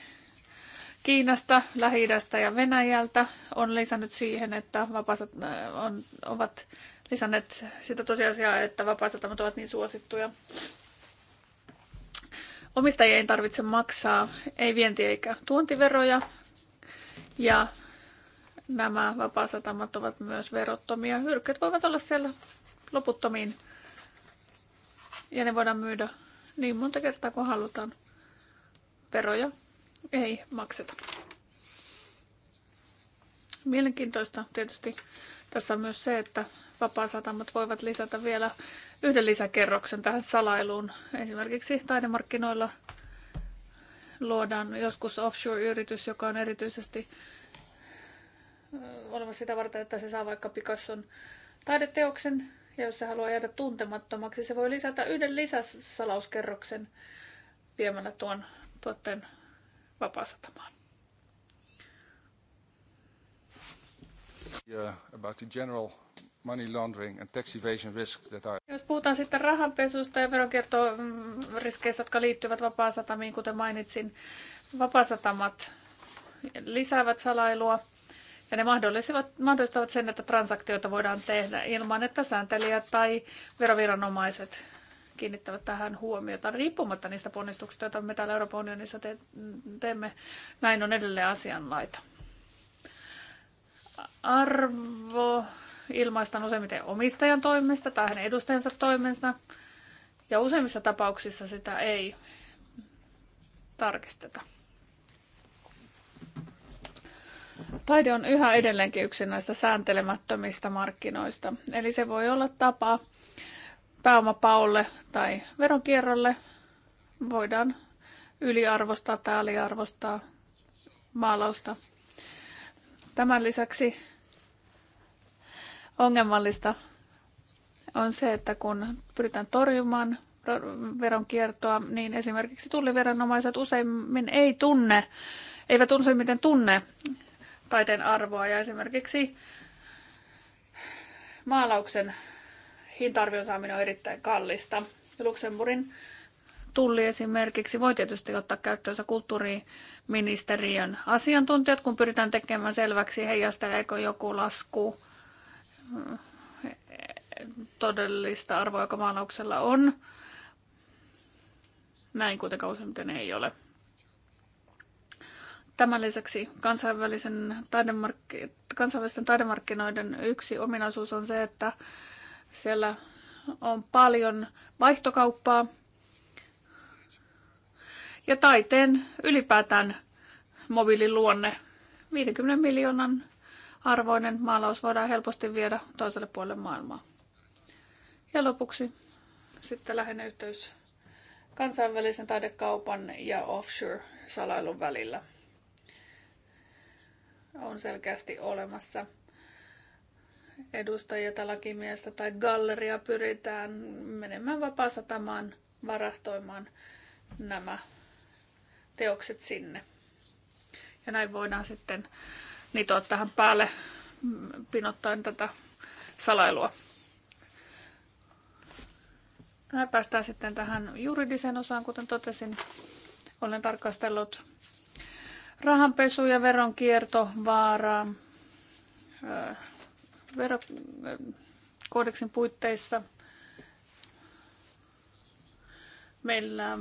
Kiinasta, lähi ja Venäjältä, on lisännyt siihen, että vapaasat äh, on, ovat lisänneet sitä tosiasiaa, että vapaasatamat ovat niin suosittuja. Omistajien ei tarvitse maksaa ei vienti- eikä tuontiveroja. Ja nämä vapaasatamat ovat myös verottomia. Hyrkyt voivat olla siellä loputtomiin. Ja ne voidaan myydä niin monta kertaa kuin halutaan. Veroja ei makseta. Mielenkiintoista tietysti tässä on myös se, että vapaasatamat voivat lisätä vielä yhden lisäkerroksen tähän salailuun. Esimerkiksi taidemarkkinoilla luodaan joskus offshore-yritys, joka on erityisesti olemassa sitä varten, että se saa vaikka Picasson taideteoksen ja jos se haluaa jäädä tuntemattomaksi, se voi lisätä yhden lisäsalauskerroksen viemällä tuon tuotteen vapaasatamaan. Yeah, about the general money laundering and tax evasion risks that are... Jos puhutaan sitten rahanpesusta ja veronkiertoriskeistä, jotka liittyvät vapaasatamiin, kuten mainitsin, vapaasatamat lisäävät salailua ja ne mahdollistavat, sen, että transaktioita voidaan tehdä ilman, että sääntelijät tai veroviranomaiset kiinnittävät tähän huomiota, riippumatta niistä ponnistuksista, joita me täällä Euroopan unionissa te- teemme. Näin on edelleen asianlaita. Arvo ilmaistaan useimmiten omistajan toimesta tai hänen edustajansa toimesta, ja useimmissa tapauksissa sitä ei tarkisteta. Taide on yhä edelleenkin yksi näistä sääntelemättömistä markkinoista. Eli se voi olla tapa pääomapaulle tai veronkierrolle. Voidaan yliarvostaa tai aliarvostaa maalausta. Tämän lisäksi ongelmallista on se, että kun pyritään torjumaan veronkiertoa, niin esimerkiksi tulliviranomaiset useimmin ei tunne, eivät useimmiten tunne taiteen arvoa ja esimerkiksi maalauksen hintarvion saaminen on erittäin kallista. Luxemburgin tulli esimerkiksi voi tietysti ottaa käyttöönsä kulttuuriministeriön asiantuntijat, kun pyritään tekemään selväksi, heijasteleeko joku lasku mm, todellista arvoa, joka maalauksella on. Näin kuitenkaan useimmiten ei ole. Tämän lisäksi kansainvälisen taidemark- kansainvälisten taidemarkkinoiden yksi ominaisuus on se, että siellä on paljon vaihtokauppaa ja taiteen ylipäätään mobiililuonne. 50 miljoonan arvoinen maalaus voidaan helposti viedä toiselle puolelle maailmaa. Ja lopuksi sitten lähinnä yhteys kansainvälisen taidekaupan ja offshore-salailun välillä on selkeästi olemassa. Edustajia tai lakimiestä tai galleria pyritään menemään vapaasatamaan varastoimaan nämä teokset sinne. Ja näin voidaan sitten nitoa tähän päälle mm, pinottaen tätä salailua. Näin päästään sitten tähän juridiseen osaan, kuten totesin. Olen tarkastellut rahanpesu ja veronkierto vaaraa verokodeksin puitteissa. Meillä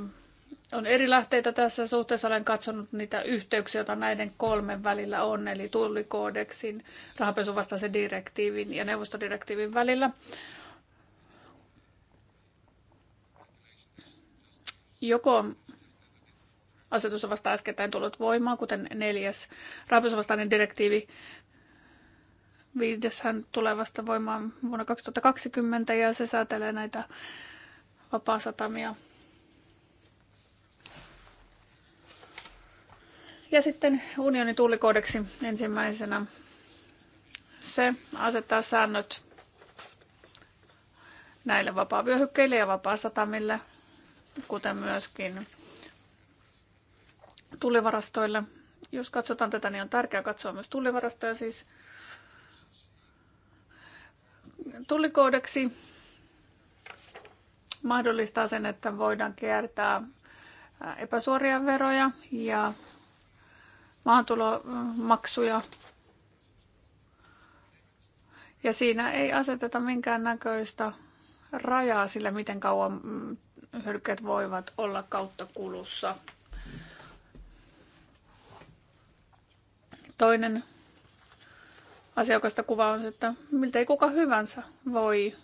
on eri lähteitä tässä suhteessa. Olen katsonut niitä yhteyksiä, joita näiden kolmen välillä on, eli tullikoodeksin, rahanpesuvastaisen direktiivin ja neuvostodirektiivin välillä. Joko Asetus on vasta äskettäin tullut voimaan, kuten neljäs rahoitusvastainen direktiivi. hän tulee vasta voimaan vuonna 2020 ja se säätelee näitä vapaasatamia. Ja sitten unionin tullikoodeksi ensimmäisenä. Se asettaa säännöt näille vapaavyöhykkeille ja vapaasatamille, kuten myöskin tullivarastoille. Jos katsotaan tätä, niin on tärkeää katsoa myös tullivarastoja siis. Tullikoodeksi mahdollistaa sen, että voidaan kiertää epäsuoria veroja ja maantulomaksuja. Ja siinä ei aseteta minkään näköistä rajaa sille, miten kauan mm, hylkeet voivat olla kautta kulussa. Toinen asiakasta kuva on, että miltei kuka hyvänsä voi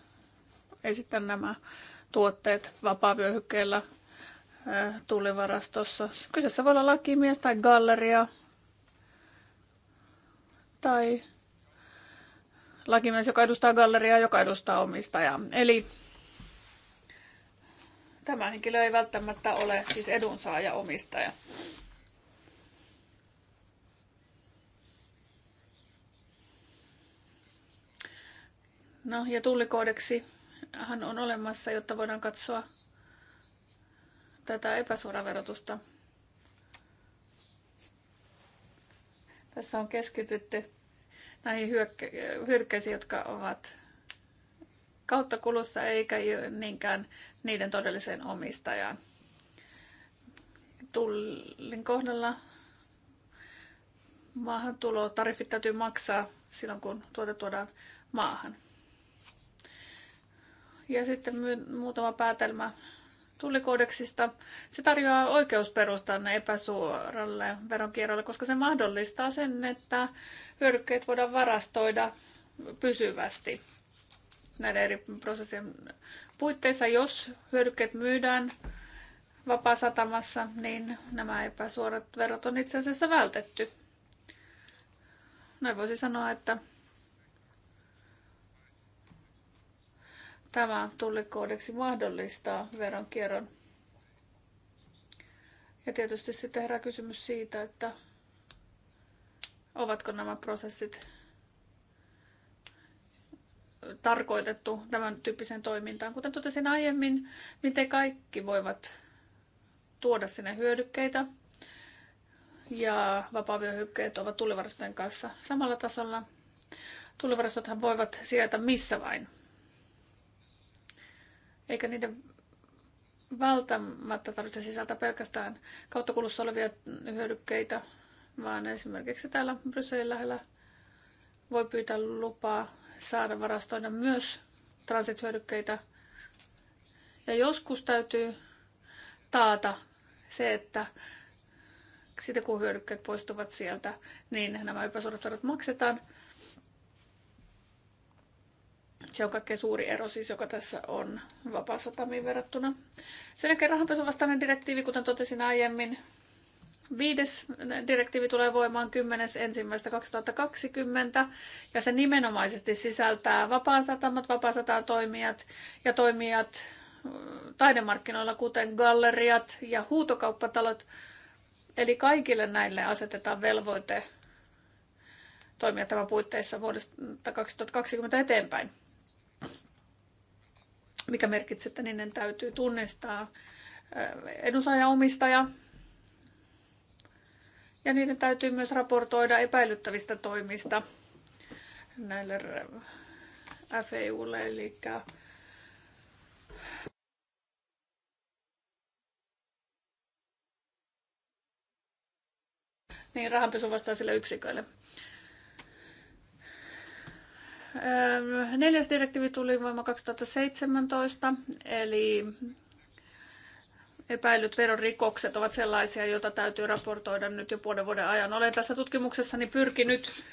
esittää nämä tuotteet vapaavyöhykkeellä äh, tuulivarastossa. Kyseessä voi olla lakimies tai galleria tai lakimies, joka edustaa galleriaa, joka edustaa omistajaa. Eli tämä henkilö ei välttämättä ole siis edunsaaja omistaja. No ja tullikoodeksi hän on olemassa, jotta voidaan katsoa tätä epäsuoraverotusta. Tässä on keskitytty näihin hyökkäisiin, jotka ovat kautta kulussa eikä niinkään niiden todelliseen omistajaan. Tullin kohdalla maahantulo tariffit täytyy maksaa silloin, kun tuote tuodaan maahan ja sitten muutama päätelmä tullikoodeksista. Se tarjoaa oikeusperustan epäsuoralle veronkierrolle, koska se mahdollistaa sen, että hyödykkeet voidaan varastoida pysyvästi näiden eri prosessien puitteissa. Jos hyödykkeet myydään vapaasatamassa, niin nämä epäsuorat verot on itse asiassa vältetty. Näin voisi sanoa, että tämä tullikoodeksi mahdollistaa veronkierron. Ja tietysti sitten herää kysymys siitä, että ovatko nämä prosessit tarkoitettu tämän tyyppiseen toimintaan. Kuten totesin aiemmin, miten kaikki voivat tuoda sinne hyödykkeitä ja vapaavyöhykkeet ovat tulivarastojen kanssa samalla tasolla. Tulivarastothan voivat sijaita missä vain eikä niiden välttämättä tarvitse sisältää pelkästään kauttakulussa olevia hyödykkeitä, vaan esimerkiksi täällä Brysselin lähellä voi pyytää lupaa saada varastoida myös transithyödykkeitä. Ja joskus täytyy taata se, että sitten kun hyödykkeet poistuvat sieltä, niin nämä epäsuorat maksetaan – se on kaikkein suuri ero siis, joka tässä on vapaasatamiin verrattuna. Sen jälkeen vastainen direktiivi, kuten totesin aiemmin, viides direktiivi tulee voimaan 10.1.2020 ja se nimenomaisesti sisältää vapaasatamat, vapaasataa-toimijat ja toimijat äh, taidemarkkinoilla, kuten galleriat ja huutokauppatalot. Eli kaikille näille asetetaan velvoite toimia tämän puitteissa vuodesta 2020 eteenpäin mikä merkitsee, että niiden täytyy tunnistaa eh, edunsaaja-omistaja. Ja niiden täytyy myös raportoida epäilyttävistä toimista näille FEUlle, eli niin rahanpesuvastaisille yksiköille. Öö, neljäs direktiivi tuli voima 2017, eli epäilyt verorikokset ovat sellaisia, joita täytyy raportoida nyt jo puolen vuoden ajan. Olen tässä tutkimuksessani pyrkinyt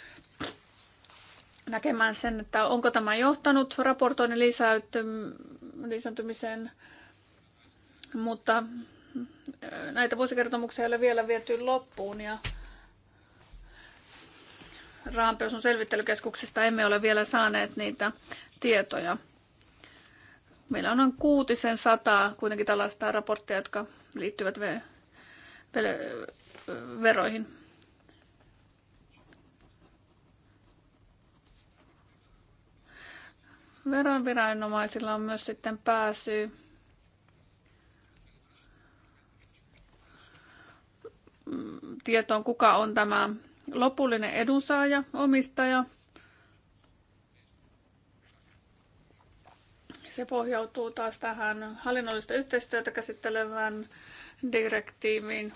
näkemään sen, että onko tämä johtanut raportoinnin lisääntymiseen, mutta näitä vuosikertomuksia ei ole vielä viety loppuun ja rahanpesun selvittelykeskuksista emme ole vielä saaneet niitä tietoja. Meillä on noin kuutisen sataa kuitenkin tällaista raporttia, jotka liittyvät veroihin. Veronviranomaisilla on myös sitten pääsy tietoon, kuka on tämä lopullinen edunsaaja, omistaja. Se pohjautuu taas tähän hallinnollista yhteistyötä käsittelevään direktiiviin.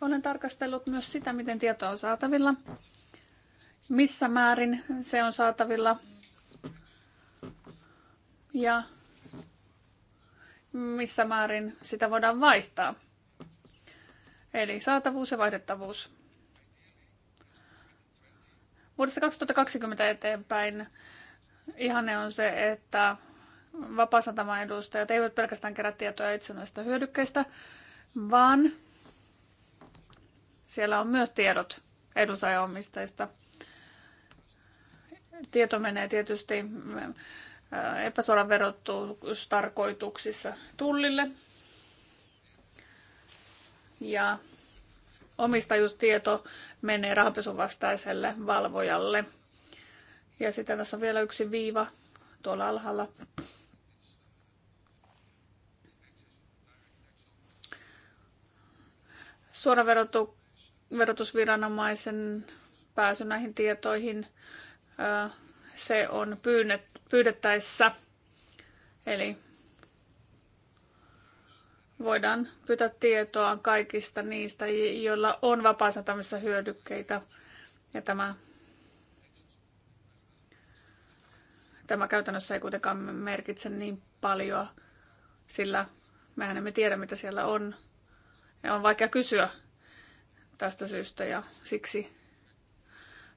Olen tarkastellut myös sitä, miten tietoa on saatavilla, missä määrin se on saatavilla ja missä määrin sitä voidaan vaihtaa. Eli saatavuus ja vaihdettavuus. Vuodesta 2020 eteenpäin ihanne on se, että vapaasantaman edustajat eivät pelkästään kerää tietoja itsenäisistä hyödykkeistä, vaan siellä on myös tiedot edunsaajaomistajista. Tieto menee tietysti epäsuoran verotustarkoituksissa tullille. Ja omistajuustieto menee rahanpesun vastaiselle valvojalle. Ja sitten tässä on vielä yksi viiva tuolla alhaalla. Suora verotu, verotusviranomaisen pääsy näihin tietoihin, se on pyynnet, pyydettäessä. Eli voidaan pyytää tietoa kaikista niistä, joilla on vapaasatamissa hyödykkeitä. Ja tämä, tämä käytännössä ei kuitenkaan merkitse niin paljon, sillä mehän emme tiedä, mitä siellä on. Ja on vaikea kysyä tästä syystä ja siksi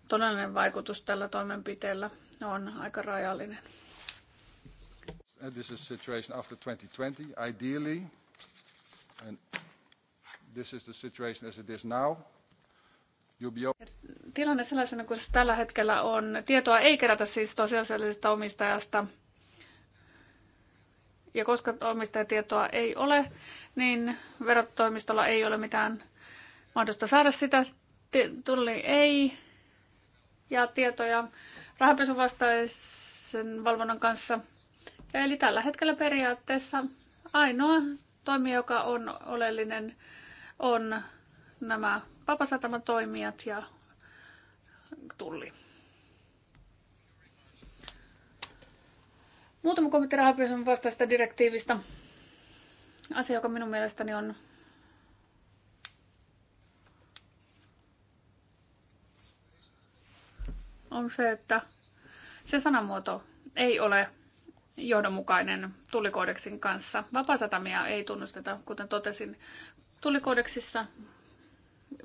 todellinen vaikutus tällä toimenpiteellä on aika rajallinen. This is situation after 2020, ideally, and this is the situation as it is now. Tilanne sellaisena kuin se tällä hetkellä on. Tietoa ei kerätä siis tosiasiallisesta omistajasta. Ja koska omistajatietoa ei ole, niin verotoimistolla ei ole mitään mahdollista saada sitä. Tulli ei ja tietoja rahanpesun vastaisen valvonnan kanssa. Eli tällä hetkellä periaatteessa ainoa toimi, joka on oleellinen, on nämä vapasataman toimijat ja tulli. Muutama kommentti rahanpesun vastaista direktiivistä. Asia, joka minun mielestäni on on se, että se sanamuoto ei ole johdonmukainen tulikoodeksin kanssa. Vapasatamia ei tunnusteta, kuten totesin, tulikoodeksissa,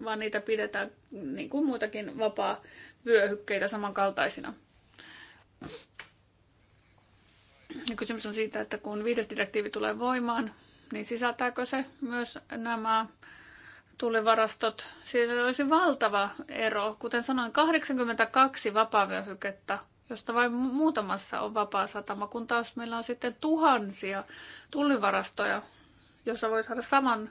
vaan niitä pidetään niin kuin muitakin vapaa-vyöhykkeitä samankaltaisina. Ja kysymys on siitä, että kun viides direktiivi tulee voimaan, niin sisältääkö se myös nämä tulivarastot, siinä olisi valtava ero. Kuten sanoin, 82 vapaavyöhykettä, josta vain muutamassa on vapaa satama, kun taas meillä on sitten tuhansia tullivarastoja, joissa voi saada saman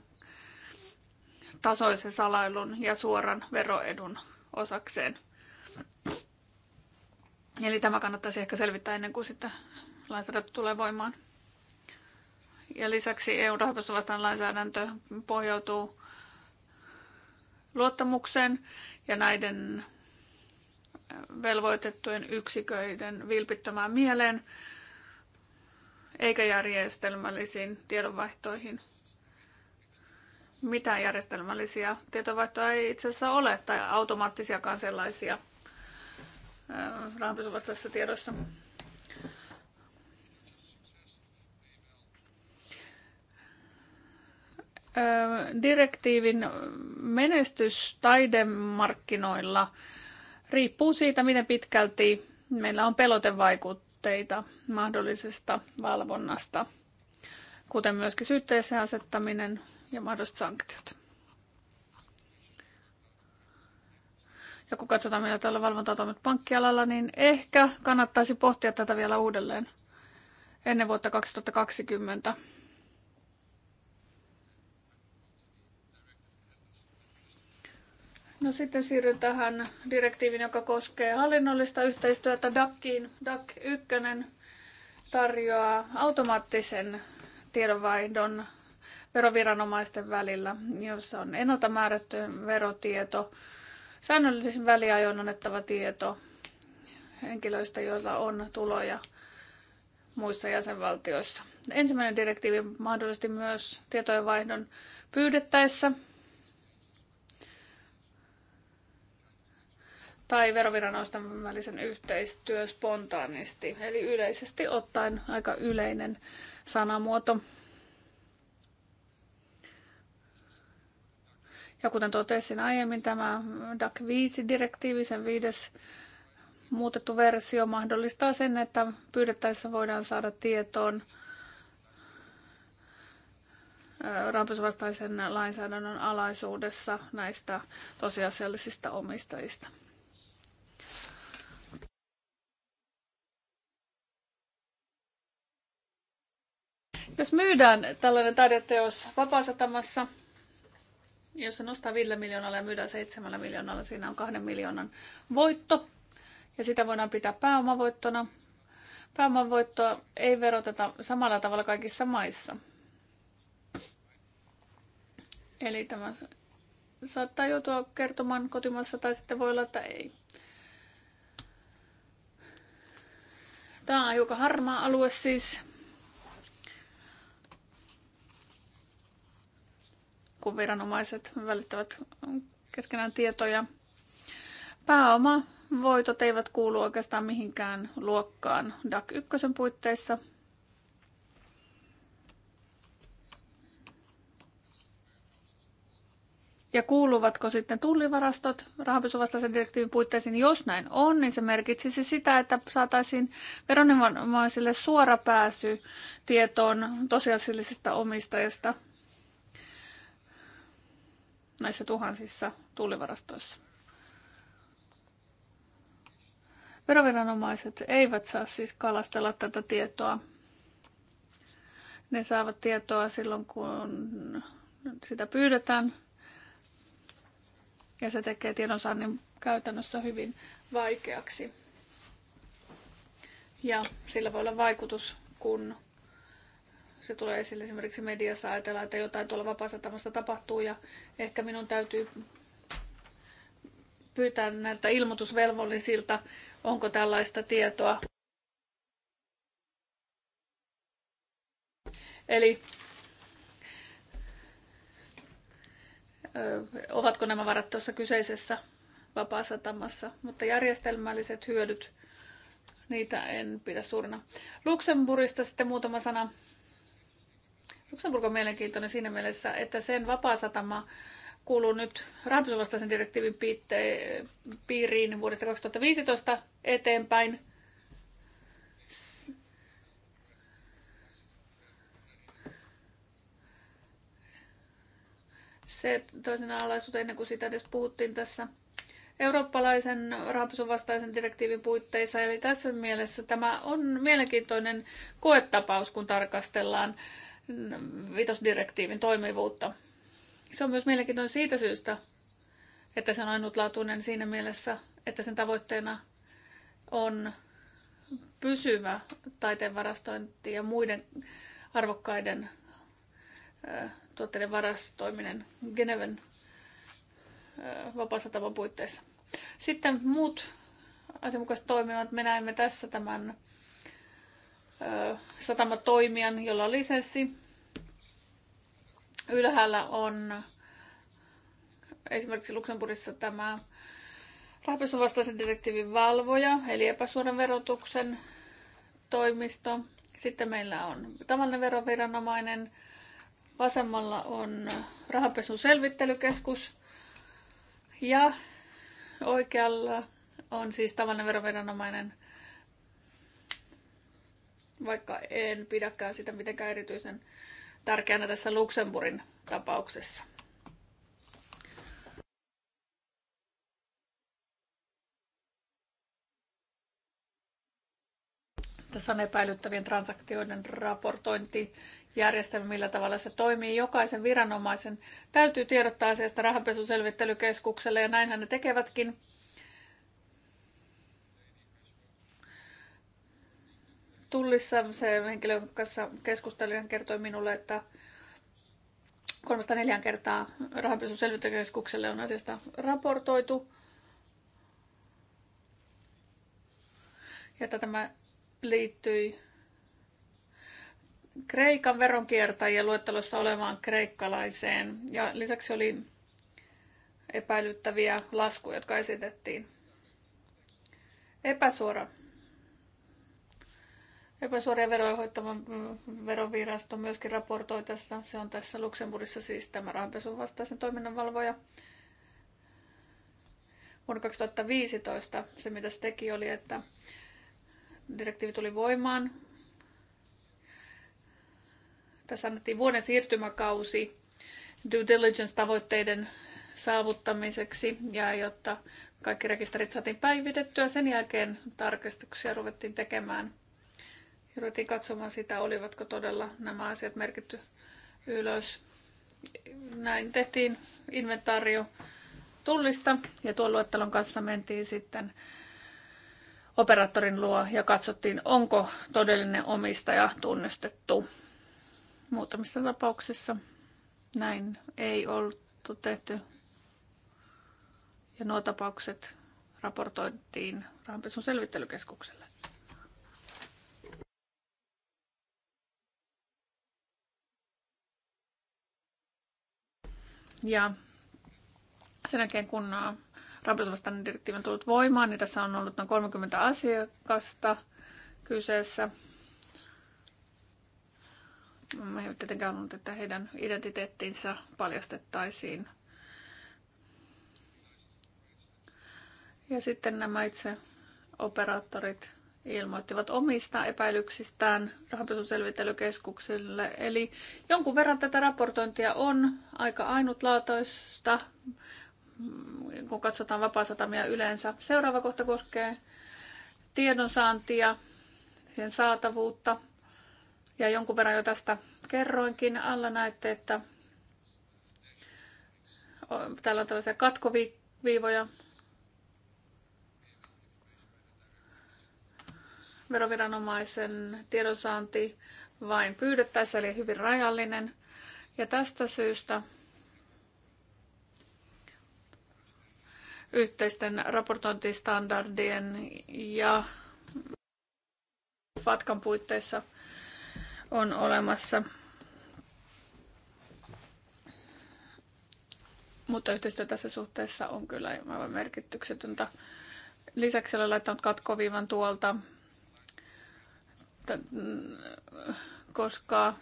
tasoisen salailun ja suoran veroedun osakseen. Eli tämä kannattaisi ehkä selvittää ennen kuin sitten lainsäädäntö tulee voimaan. Ja lisäksi EU-rahoitusta vastaan lainsäädäntö pohjautuu luottamukseen ja näiden äh, velvoitettujen yksiköiden vilpittämään mieleen eikä järjestelmällisiin tiedonvaihtoihin. Mitään järjestelmällisiä tietovaihtoja ei itse asiassa ole tai automaattisiakaan sellaisia äh, rahanpesuvastaisissa tiedoissa. direktiivin menestys taidemarkkinoilla riippuu siitä, miten pitkälti meillä on pelotevaikutteita mahdollisesta valvonnasta, kuten myöskin syytteeseen asettaminen ja mahdolliset sanktiot. Ja kun katsotaan, millä tällä valvontatoimet pankkialalla, niin ehkä kannattaisi pohtia tätä vielä uudelleen ennen vuotta 2020 No sitten siirryn tähän direktiivin, joka koskee hallinnollista yhteistyötä DAKiin. DAC 1 tarjoaa automaattisen tiedonvaihdon veroviranomaisten välillä, jossa on ennalta määrätty verotieto, säännöllisin väliajoin annettava tieto henkilöistä, joilla on tuloja muissa jäsenvaltioissa. Ensimmäinen direktiivi mahdollisti myös tietojenvaihdon pyydettäessä tai veroviranomaisten välisen yhteistyö spontaanisti, eli yleisesti ottaen aika yleinen sanamuoto. Ja kuten totesin aiemmin, tämä DAC 5 direktiivi, sen viides muutettu versio mahdollistaa sen, että pyydettäessä voidaan saada tietoon rahoitusvastaisen lainsäädännön alaisuudessa näistä tosiasiallisista omistajista. Jos myydään tällainen taideteos Vapaasatamassa, jos se nostaa 5 miljoonalla ja myydään 7 miljoonalla, siinä on 2 miljoonan voitto. Ja sitä voidaan pitää pääomavoittona. Pääomavoittoa ei veroteta samalla tavalla kaikissa maissa. Eli tämä saattaa joutua kertomaan kotimassa tai sitten voi olla, että ei. Tämä on hiukan harmaa alue siis. kun viranomaiset välittävät keskenään tietoja. Pääoma voitot eivät kuulu oikeastaan mihinkään luokkaan DAC 1 puitteissa. Ja kuuluvatko sitten tullivarastot rahanpesuvastaisen direktiivin puitteisiin? Jos näin on, niin se merkitsisi sitä, että saataisiin veronimaisille suora pääsy tietoon tosiasiallisesta omistajasta – näissä tuhansissa tuulivarastoissa. Veroviranomaiset eivät saa siis kalastella tätä tietoa. Ne saavat tietoa silloin, kun sitä pyydetään. Ja se tekee tiedonsaannin käytännössä hyvin vaikeaksi. Ja sillä voi olla vaikutus, kun se tulee esille esimerkiksi mediassa, ajatellaan, että jotain tuolla vapaasatamassa tapahtuu ja ehkä minun täytyy pyytää näiltä ilmoitusvelvollisilta, onko tällaista tietoa. Eli ovatko nämä varat tuossa kyseisessä vapaasatamassa, mutta järjestelmälliset hyödyt, niitä en pidä suurina. Luxemburgista sitten muutama sana. Luxemburg on mielenkiintoinen siinä mielessä, että sen vapaasatama kuuluu nyt rahanpesuvastaisen direktiivin piiriin vuodesta 2015 eteenpäin. Se toisena alaisuuteen ennen kuin sitä edes puhuttiin tässä eurooppalaisen rahanpesun vastaisen direktiivin puitteissa. Eli tässä mielessä tämä on mielenkiintoinen koetapaus, kun tarkastellaan vitosdirektiivin toimivuutta. Se on myös mielenkiintoinen siitä syystä, että se on ainutlaatuinen siinä mielessä, että sen tavoitteena on pysyvä taiteen varastointi ja muiden arvokkaiden tuotteiden varastoiminen Geneven vapaassa tavan puitteissa. Sitten muut asianmukaiset toimivat, me näemme tässä tämän satamatoimijan, jolla on lisenssi. Ylhäällä on esimerkiksi Luxemburgissa tämä rahapesun vastaisen direktiivin valvoja, eli epäsuoran verotuksen toimisto. Sitten meillä on tavallinen veroviranomainen. Vasemmalla on rahapesun selvittelykeskus. Ja oikealla on siis tavallinen veroviranomainen – vaikka en pidäkään sitä mitenkään erityisen tärkeänä tässä Luxemburgin tapauksessa. Tässä on epäilyttävien transaktioiden järjestelmä, millä tavalla se toimii. Jokaisen viranomaisen täytyy tiedottaa asiasta rahanpesuselvittelykeskukselle ja näinhän ne tekevätkin. tullissa se henkilö, jonka kanssa keskustelin, hän kertoi minulle, että kolmesta neljään kertaa rahanpesun selvityskeskukselle on asiasta raportoitu. Ja että tämä liittyi Kreikan veronkiertäjien luettelossa olevaan kreikkalaiseen. Ja lisäksi oli epäilyttäviä laskuja, jotka esitettiin. Epäsuora Epäsuoria veroja hoitava mm, verovirasto myöskin raportoi tässä. Se on tässä Luxemburgissa siis tämä rahanpesun vastaisen toiminnan valvoja. Vuonna 2015 se mitä se teki oli, että direktiivi tuli voimaan. Tässä annettiin vuoden siirtymäkausi due diligence-tavoitteiden saavuttamiseksi ja jotta kaikki rekisterit saatiin päivitettyä. Sen jälkeen tarkistuksia ruvettiin tekemään – ja ruvettiin katsomaan sitä, olivatko todella nämä asiat merkitty ylös. Näin tehtiin inventaario tullista ja tuon luettelon kanssa mentiin sitten operaattorin luo ja katsottiin, onko todellinen omistaja tunnistettu. Muutamissa tapauksissa näin ei ollut tehty. Ja nuo tapaukset raportoitiin rahanpesun selvittelykeskukselle. Ja sen jälkeen kun äh, rahoitusvastainen direktiivi on tullut voimaan, niin tässä on ollut noin 30 asiakasta kyseessä. Mä mm, ei tietenkään ollut, että heidän identiteettinsä paljastettaisiin. Ja sitten nämä itse operaattorit ilmoittivat omista epäilyksistään rahanpesuselvittelykeskukselle. Eli jonkun verran tätä raportointia on aika ainutlaatuista, mm, kun katsotaan vapaasatamia yleensä. Seuraava kohta koskee tiedonsaantia, sen saatavuutta. Ja jonkun verran jo tästä kerroinkin. Alla näette, että täällä on tällaisia katkoviivoja veroviranomaisen tiedonsaanti vain pyydettäessä, eli hyvin rajallinen. Ja tästä syystä yhteisten raportointistandardien ja FATKan puitteissa on olemassa. Mutta yhteistyö tässä suhteessa on kyllä aivan merkityksetöntä. Lisäksi olen laittanut katkoviivan tuolta Mm, koska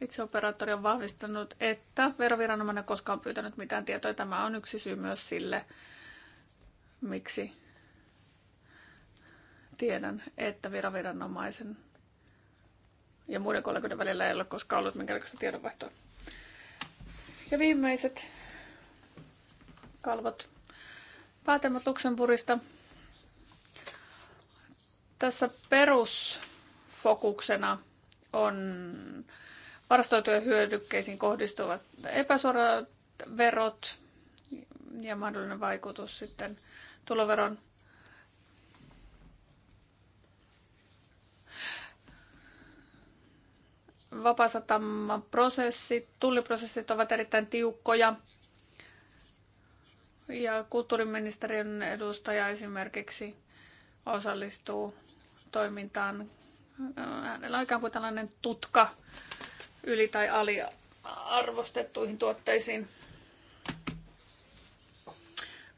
itse operaattori on vahvistanut, että veroviranomainen koskaan pyytänyt mitään tietoa. Tämä on yksi syy myös sille, miksi tiedän, että veroviranomaisen ja muiden kollegoiden välillä ei ole koskaan ollut minkäänlaista tiedonvaihtoa. Ja viimeiset kalvot. Päätelmät Luxemburgista. Tässä perus fokuksena on varastoitujen hyödykkeisiin kohdistuvat epäsuorat verot ja mahdollinen vaikutus sitten tuloveron vapaasatamman prosessit, tulliprosessit ovat erittäin tiukkoja. Ja kulttuuriministeriön edustaja esimerkiksi osallistuu toimintaan hänellä on ikään kuin tällainen tutka yli- tai aliarvostettuihin tuotteisiin.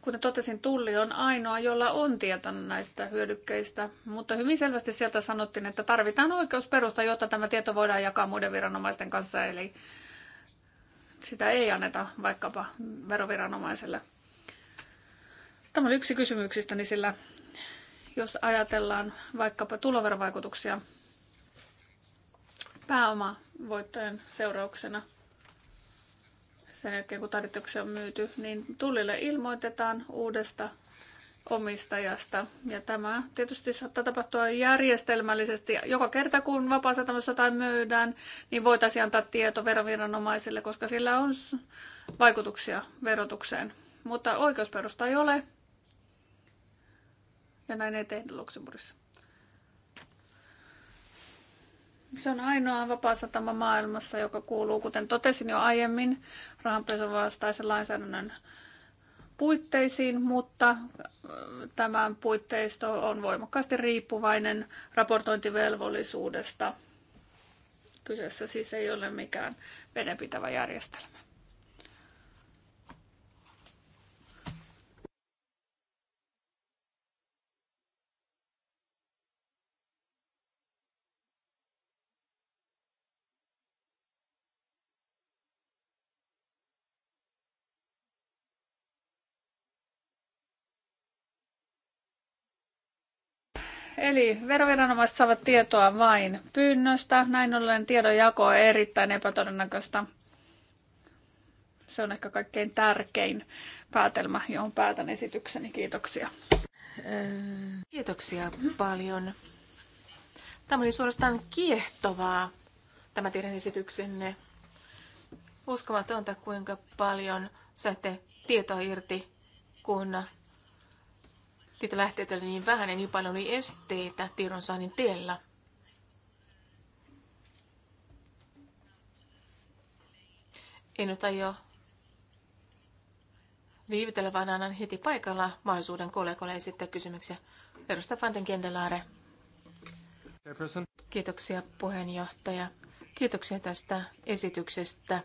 Kuten totesin, Tulli on ainoa, jolla on tieto näistä hyödykkeistä, mutta hyvin selvästi sieltä sanottiin, että tarvitaan oikeusperusta, jotta tämä tieto voidaan jakaa muiden viranomaisten kanssa, eli sitä ei anneta vaikkapa veroviranomaiselle. Tämä oli yksi niin sillä jos ajatellaan vaikkapa tuloverovaikutuksia pääomavoittojen seurauksena, sen jälkeen kun tarjouksia on myyty, niin tullille ilmoitetaan uudesta omistajasta. Ja tämä tietysti saattaa tapahtua järjestelmällisesti. Joka kerta kun vapaa satamassa tai myydään, niin voitaisiin antaa tieto veroviranomaisille, koska sillä on vaikutuksia verotukseen. Mutta oikeusperusta ei ole. Ja näin ei tehdä Luxemburgissa. Se on ainoa vapaa satama maailmassa, joka kuuluu, kuten totesin jo aiemmin, rahanpesun vastaisen lainsäädännön puitteisiin, mutta äh, tämän puitteisto on voimakkaasti riippuvainen raportointivelvollisuudesta. Kyseessä siis ei ole mikään vedenpitävä järjestelmä. Eli veroviranomaiset saavat tietoa vain pyynnöstä. Näin ollen tiedonjako on erittäin epätodennäköistä. Se on ehkä kaikkein tärkein päätelmä, johon päätän esitykseni. Kiitoksia. Kiitoksia paljon. Tämä oli suorastaan kiehtovaa, tämä teidän esityksenne. Uskomatonta, kuinka paljon saatte tietoa irti, kun tietolähteitä oli niin vähän ja niin paljon oli esteitä tiedonsaannin tiellä. En nyt aio viivytellä, vaan annan heti paikalla mahdollisuuden kollegoille esittää kysymyksiä. Edustaja Van Kendelaare. Kiitoksia puheenjohtaja. Kiitoksia tästä esityksestä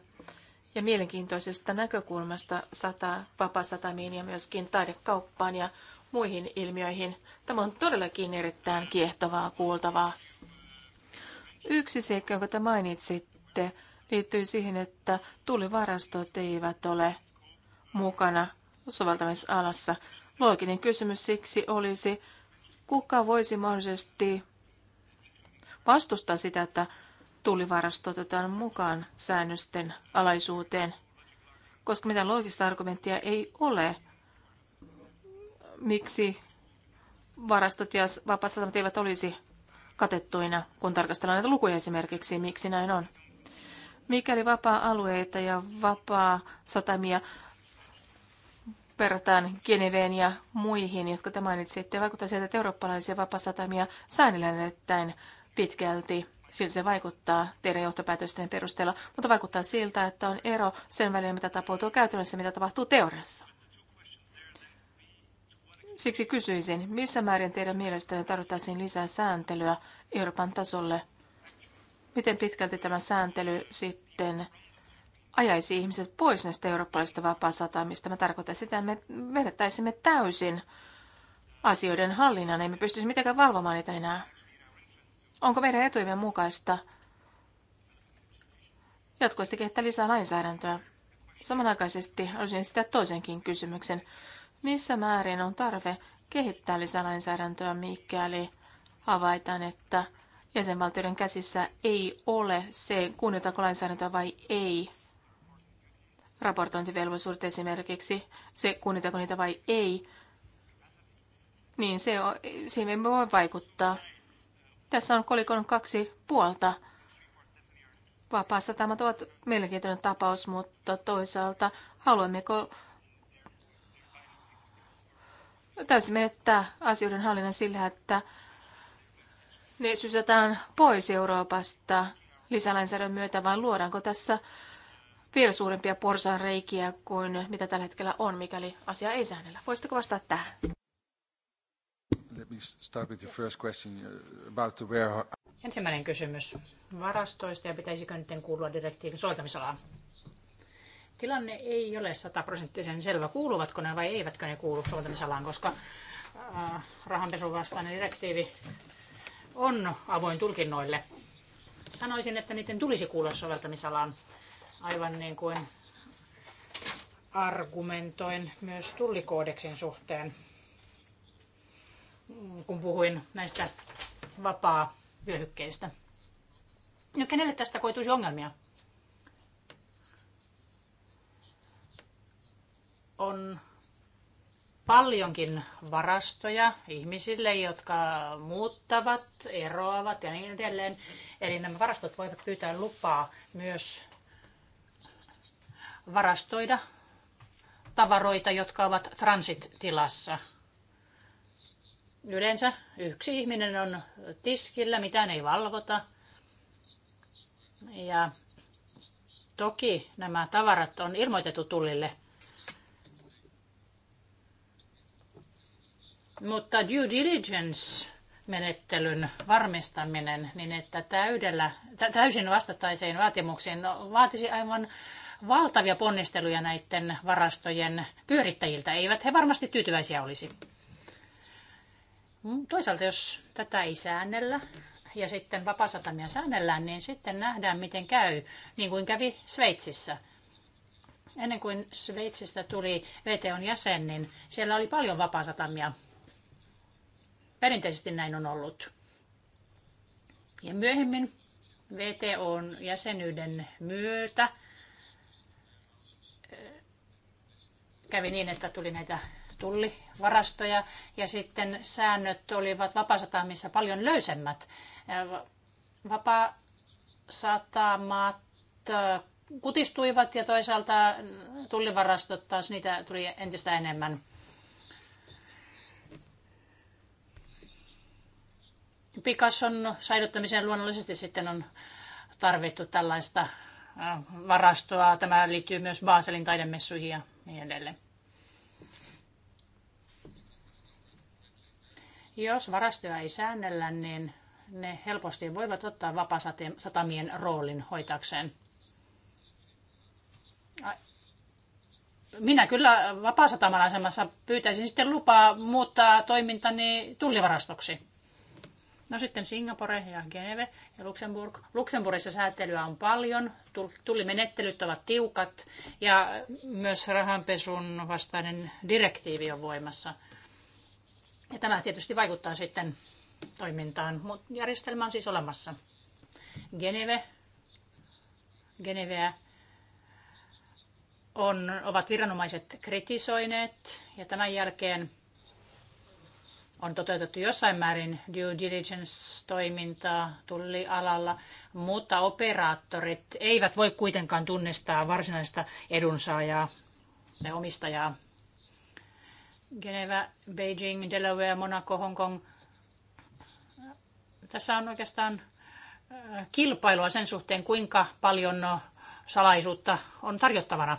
ja mielenkiintoisesta näkökulmasta sata, vapasatamiin ja myöskin taidekauppaan ja muihin ilmiöihin. Tämä on todellakin erittäin kiehtovaa kuultavaa. Yksi seikka, jonka te mainitsitte, liittyy siihen, että tulivarastot eivät ole mukana soveltamisalassa. Looginen kysymys siksi olisi, kuka voisi mahdollisesti vastustaa sitä, että tuulivarasto otetaan mukaan säännösten alaisuuteen, koska mitään loogista argumenttia ei ole, miksi varastot ja vapaasatamat eivät olisi katettuina, kun tarkastellaan näitä lukuja esimerkiksi, miksi näin on. Mikäli vapaa-alueita ja vapaa-satamia verrataan Geneveen ja muihin, jotka te mainitsitte, vaikuttaa sieltä, että eurooppalaisia vapaa-satamia säännellään pitkälti sillä se vaikuttaa teidän johtopäätösten perusteella, mutta vaikuttaa siltä, että on ero sen välillä, mitä tapahtuu käytännössä, mitä tapahtuu teoriassa. Siksi kysyisin, missä määrin teidän mielestänne tarvittaisiin lisää sääntelyä Euroopan tasolle? Miten pitkälti tämä sääntely sitten ajaisi ihmiset pois näistä eurooppalaisista vapaasatamista? Mä tarkoitan sitä, että me vedettäisimme täysin asioiden hallinnan, emme niin pystyisi mitenkään valvomaan niitä enää. Onko meidän etujemme mukaista jatkuvasti kehittää lisää lainsäädäntöä? Samanaikaisesti haluaisin esittää toisenkin kysymyksen. Missä määrin on tarve kehittää lisää lainsäädäntöä, mikäli havaitaan, että jäsenvaltioiden käsissä ei ole se, kunnioitako lainsäädäntöä vai ei? Raportointivelvollisuudet esimerkiksi, se kunnioitako niitä vai ei, niin se, siihen me voi vaikuttaa. Tässä on kolikon kaksi puolta. Vapaasatamat ovat mielenkiintoinen tapaus, mutta toisaalta haluammeko täysin menettää asioiden hallinnan sillä, että ne sysätään pois Euroopasta lisälainsäädännön myötä, vai luodaanko tässä vielä suurempia porsaanreikiä kuin mitä tällä hetkellä on, mikäli asia ei säännellä. Voisitteko vastata tähän? start with your first question uh, about the warehouse. Ensimmäinen kysymys varastoista ja pitäisikö niiden kuulua direktiivin soveltamisalaan? Tilanne ei ole sataprosenttisen selvä, kuuluvatko ne vai eivätkö ne kuulu soveltamisalaan, koska äh, rahanpesun vastainen direktiivi on avoin tulkinnoille. Sanoisin, että niiden tulisi kuulua soveltamisalaan, aivan niin kuin argumentoin myös tullikoodeksin suhteen kun puhuin näistä vapaa-vyöhykkeistä. No kenelle tästä koituisi ongelmia? On paljonkin varastoja ihmisille, jotka muuttavat, eroavat ja niin edelleen. Eli nämä varastot voivat pyytää lupaa myös varastoida tavaroita, jotka ovat transit-tilassa. Yleensä yksi ihminen on tiskillä, mitään ei valvota. Ja toki nämä tavarat on ilmoitettu tullille. Mutta due diligence menettelyn varmistaminen, niin että täydellä, täysin vastattaisiin vaatimuksiin, no, vaatisi aivan valtavia ponnisteluja näiden varastojen pyörittäjiltä. Eivät he varmasti tyytyväisiä olisi. Mm, toisaalta jos tätä ei säännellä ja sitten vapasatamia säännellään, niin sitten nähdään miten käy, niin kuin kävi Sveitsissä. Ennen kuin Sveitsistä tuli VTOn jäsen, niin siellä oli paljon vapaasatamia. Perinteisesti näin on ollut. Ja myöhemmin VTOn jäsenyyden myötä eh, kävi niin, että tuli näitä tullivarastoja ja sitten säännöt olivat vapaasatamissa paljon löysemmät. Vapaasatamat kutistuivat ja toisaalta tullivarastot taas niitä tuli entistä enemmän. Pikasson säilyttämiseen luonnollisesti sitten on tarvittu tällaista varastoa. Tämä liittyy myös Baselin taidemessuihin ja niin edelleen. Jos varastoja ei säännellä, niin ne helposti voivat ottaa vapaasatamien roolin hoitakseen. Minä kyllä vapaasataman asemassa pyytäisin sitten lupaa muuttaa toimintani tullivarastoksi. No sitten Singapore ja Geneve ja Luxemburg. Luxemburgissa säätelyä on paljon, tullimenettelyt ovat tiukat ja myös rahanpesun vastainen direktiivi on voimassa – ja tämä tietysti vaikuttaa sitten toimintaan, mutta järjestelmä on siis olemassa. Geneve, Geneveä on, ovat viranomaiset kritisoineet ja tämän jälkeen on toteutettu jossain määrin due diligence-toimintaa tullialalla, mutta operaattorit eivät voi kuitenkaan tunnistaa varsinaista edunsaajaa tai omistajaa Geneva, Beijing, Delaware, Monaco, Hongkong. Tässä on oikeastaan äh, kilpailua sen suhteen, kuinka paljon no, salaisuutta on tarjottavana.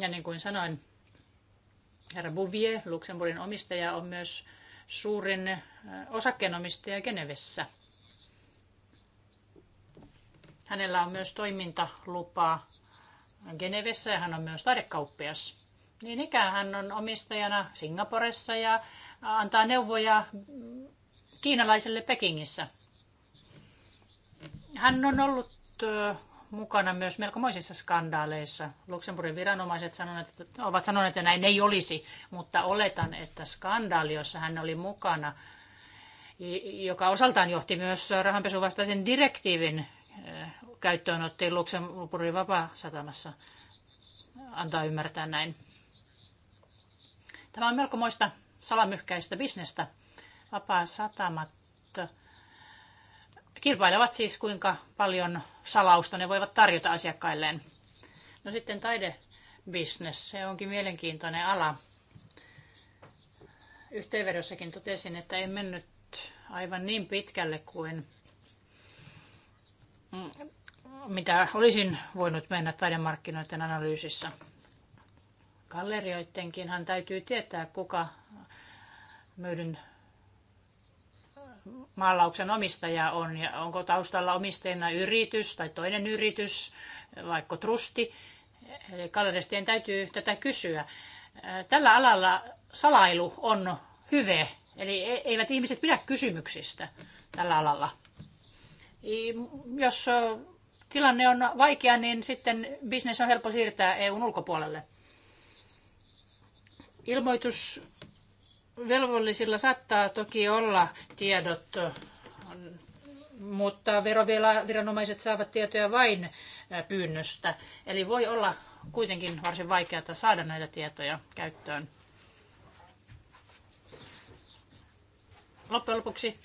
Ja niin kuin sanoin, herra Bouvier, Luxemburgin omistaja, on myös suurin äh, osakkeenomistaja Genevessä – Hänellä on myös toimintalupa Genevessä ja hän on myös taidekauppias. Niin ikään hän on omistajana Singaporessa ja antaa neuvoja kiinalaiselle Pekingissä. Hän on ollut mukana myös melkomoisissa skandaaleissa. Luxemburgin viranomaiset sanoneet, että, ovat sanoneet, että näin ei olisi, mutta oletan, että skandaali, jossa hän oli mukana, joka osaltaan johti myös rahanpesuvastaisen direktiivin käyttöön otti Luxemburgin vapaa-satamassa antaa ymmärtää näin. Tämä on melkomoista salamyhkäistä bisnestä. Vapaa-satamat kilpailevat siis kuinka paljon salausta ne voivat tarjota asiakkailleen. No sitten taidebisnes, se onkin mielenkiintoinen ala. Yhteenvedossakin totesin, että ei mennyt aivan niin pitkälle kuin mitä olisin voinut mennä taidemarkkinoiden analyysissä. hän täytyy tietää, kuka myydyn maalauksen omistaja on ja onko taustalla omistajana yritys tai toinen yritys, vaikka trusti. Eli galleristien täytyy tätä kysyä. Tällä alalla salailu on hyve, eli e-, eivät ihmiset pidä kysymyksistä tällä alalla. Jos tilanne on vaikea, niin sitten bisnes on helppo siirtää EUn ulkopuolelle. Ilmoitusvelvollisilla saattaa toki olla tiedot, mutta veroviranomaiset saavat tietoja vain pyynnöstä. Eli voi olla kuitenkin varsin vaikeaa saada näitä tietoja käyttöön. Loppujen lopuksi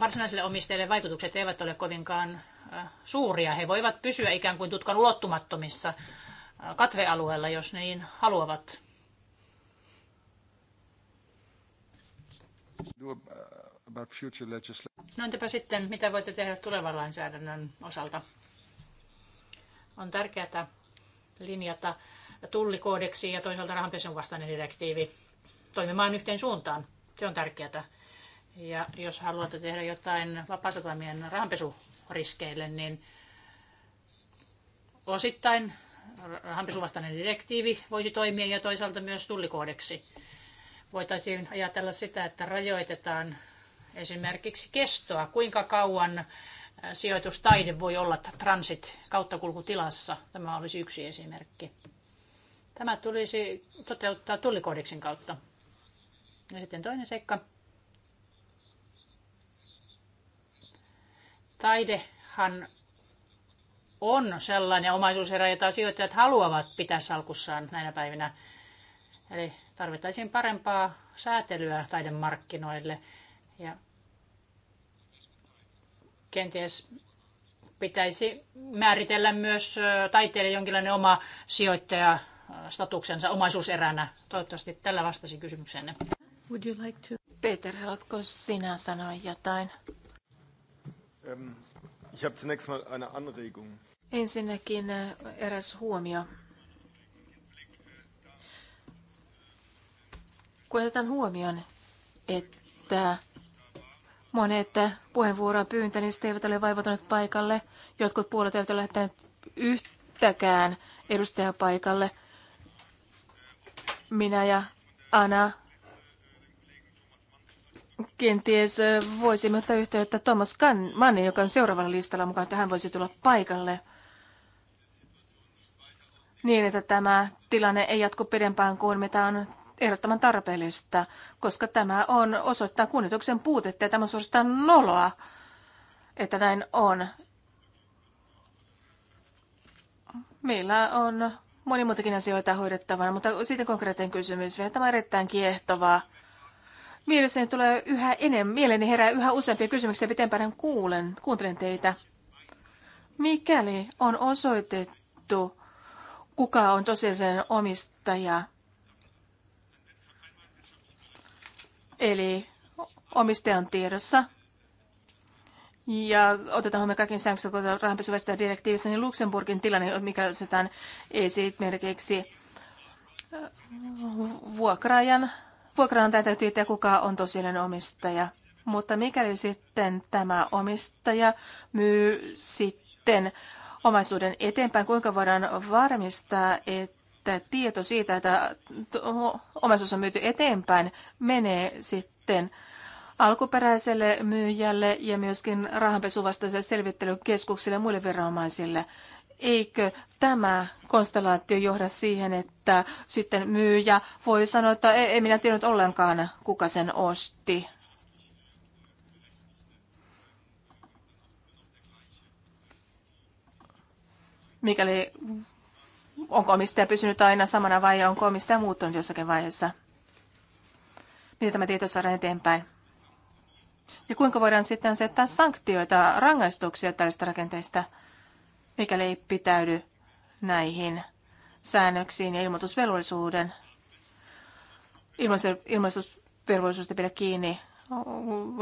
varsinaisille omistajille vaikutukset eivät ole kovinkaan äh, suuria. He voivat pysyä ikään kuin tutkan ulottumattomissa äh, katvealueella, jos ne niin haluavat. Uh, no entäpä sitten, mitä voitte tehdä tulevan lainsäädännön osalta? On tärkeää linjata tullikoodeksi ja toisaalta rahanpesun vastainen direktiivi toimimaan yhteen suuntaan. Se on tärkeää ja jos haluatte tehdä jotain vapaasatamien rahanpesuriskeille, niin osittain rahanpesuvastainen direktiivi voisi toimia ja toisaalta myös tullikoodeksi. Voitaisiin ajatella sitä, että rajoitetaan esimerkiksi kestoa, kuinka kauan äh, sijoitustaide voi olla transit kauttakulkutilassa. Tämä olisi yksi esimerkki. Tämä tulisi toteuttaa tullikoodeksin kautta. Ja sitten toinen seikka. Taidehan on sellainen omaisuuserä, jota sijoittajat haluavat pitää salkussaan näinä päivinä. Eli tarvittaisiin parempaa säätelyä taidemarkkinoille ja kenties pitäisi määritellä myös taiteille jonkinlainen oma sijoittaja statuksensa omaisuuseränä. Toivottavasti tällä vastasin kysymyksenne. Would you like to... Peter, haluatko sinä sanoa jotain? Ähm, ich habe zunächst mal eine Anregung. Ensinnäkin äh, eräs huomio. Kun otetaan huomioon, että monet puheenvuoroa pyyntäneet eivät ole vaivautuneet paikalle, jotkut puolet eivät ole lähteneet yhtäkään edustajapaikalle. minä ja Anna Kenties voisimme ottaa yhteyttä Thomas Mannin, joka on seuraavalla listalla mukaan, että hän voisi tulla paikalle niin, että tämä tilanne ei jatku pidempään kuin mitä on ehdottoman tarpeellista, koska tämä on osoittaa kunnioituksen puutetta ja tämä on suorastaan noloa, että näin on. Meillä on moni muitakin asioita hoidettavana, mutta sitten konkreettinen kysymys vielä. Tämä on erittäin kiehtovaa. Mielestäni tulee yhä enemmän, mieleeni herää yhä useampia kysymyksiä, pitempään kuulen, kuuntelen teitä. Mikäli on osoitettu, kuka on tosiasiallinen omistaja, eli omistajan tiedossa, ja otetaan huomioon kaiken säännökset, kun rahanpesuvaista direktiivissä, niin Luxemburgin tilanne, mikä otetaan esimerkiksi äh, vuokraajan vuokranantaja täytyy tietää, kuka on tosiaan omistaja. Mutta mikäli sitten tämä omistaja myy sitten omaisuuden eteenpäin, kuinka voidaan varmistaa, että tieto siitä, että omaisuus on myyty eteenpäin, menee sitten alkuperäiselle myyjälle ja myöskin rahanpesuvastaiselle selvittelykeskukselle ja muille viranomaisille eikö tämä konstellaatio johda siihen, että sitten myyjä voi sanoa, että ei, ei minä tiennyt ollenkaan, kuka sen osti. Mikäli onko omistaja pysynyt aina samana vai onko omistaja muuttunut jossakin vaiheessa. Miten tämä tieto saadaan eteenpäin? Ja kuinka voidaan sitten asettaa sanktioita, rangaistuksia tällaista rakenteista? mikäli ei pitäydy näihin säännöksiin ja ilmoitusvelvollisuuden. Ilmoitusvelvollisuudesta pidä kiinni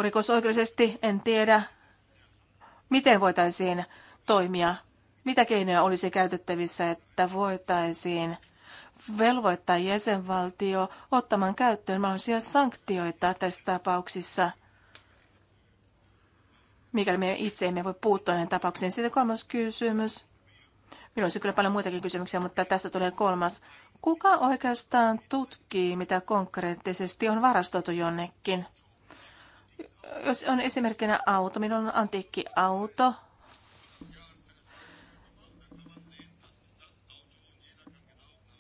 rikosoikeudellisesti. En tiedä, miten voitaisiin toimia, mitä keinoja olisi käytettävissä, että voitaisiin velvoittaa jäsenvaltio ottamaan käyttöön mahdollisia sanktioita tässä tapauksissa – mikäli me itse emme voi puuttua näihin tapauksiin. Sitten kolmas kysymys. Minulla olisi kyllä paljon muitakin kysymyksiä, mutta tässä tulee kolmas. Kuka oikeastaan tutkii, mitä konkreettisesti on varastoitu jonnekin? Jos on esimerkkinä auto, minulla on auto.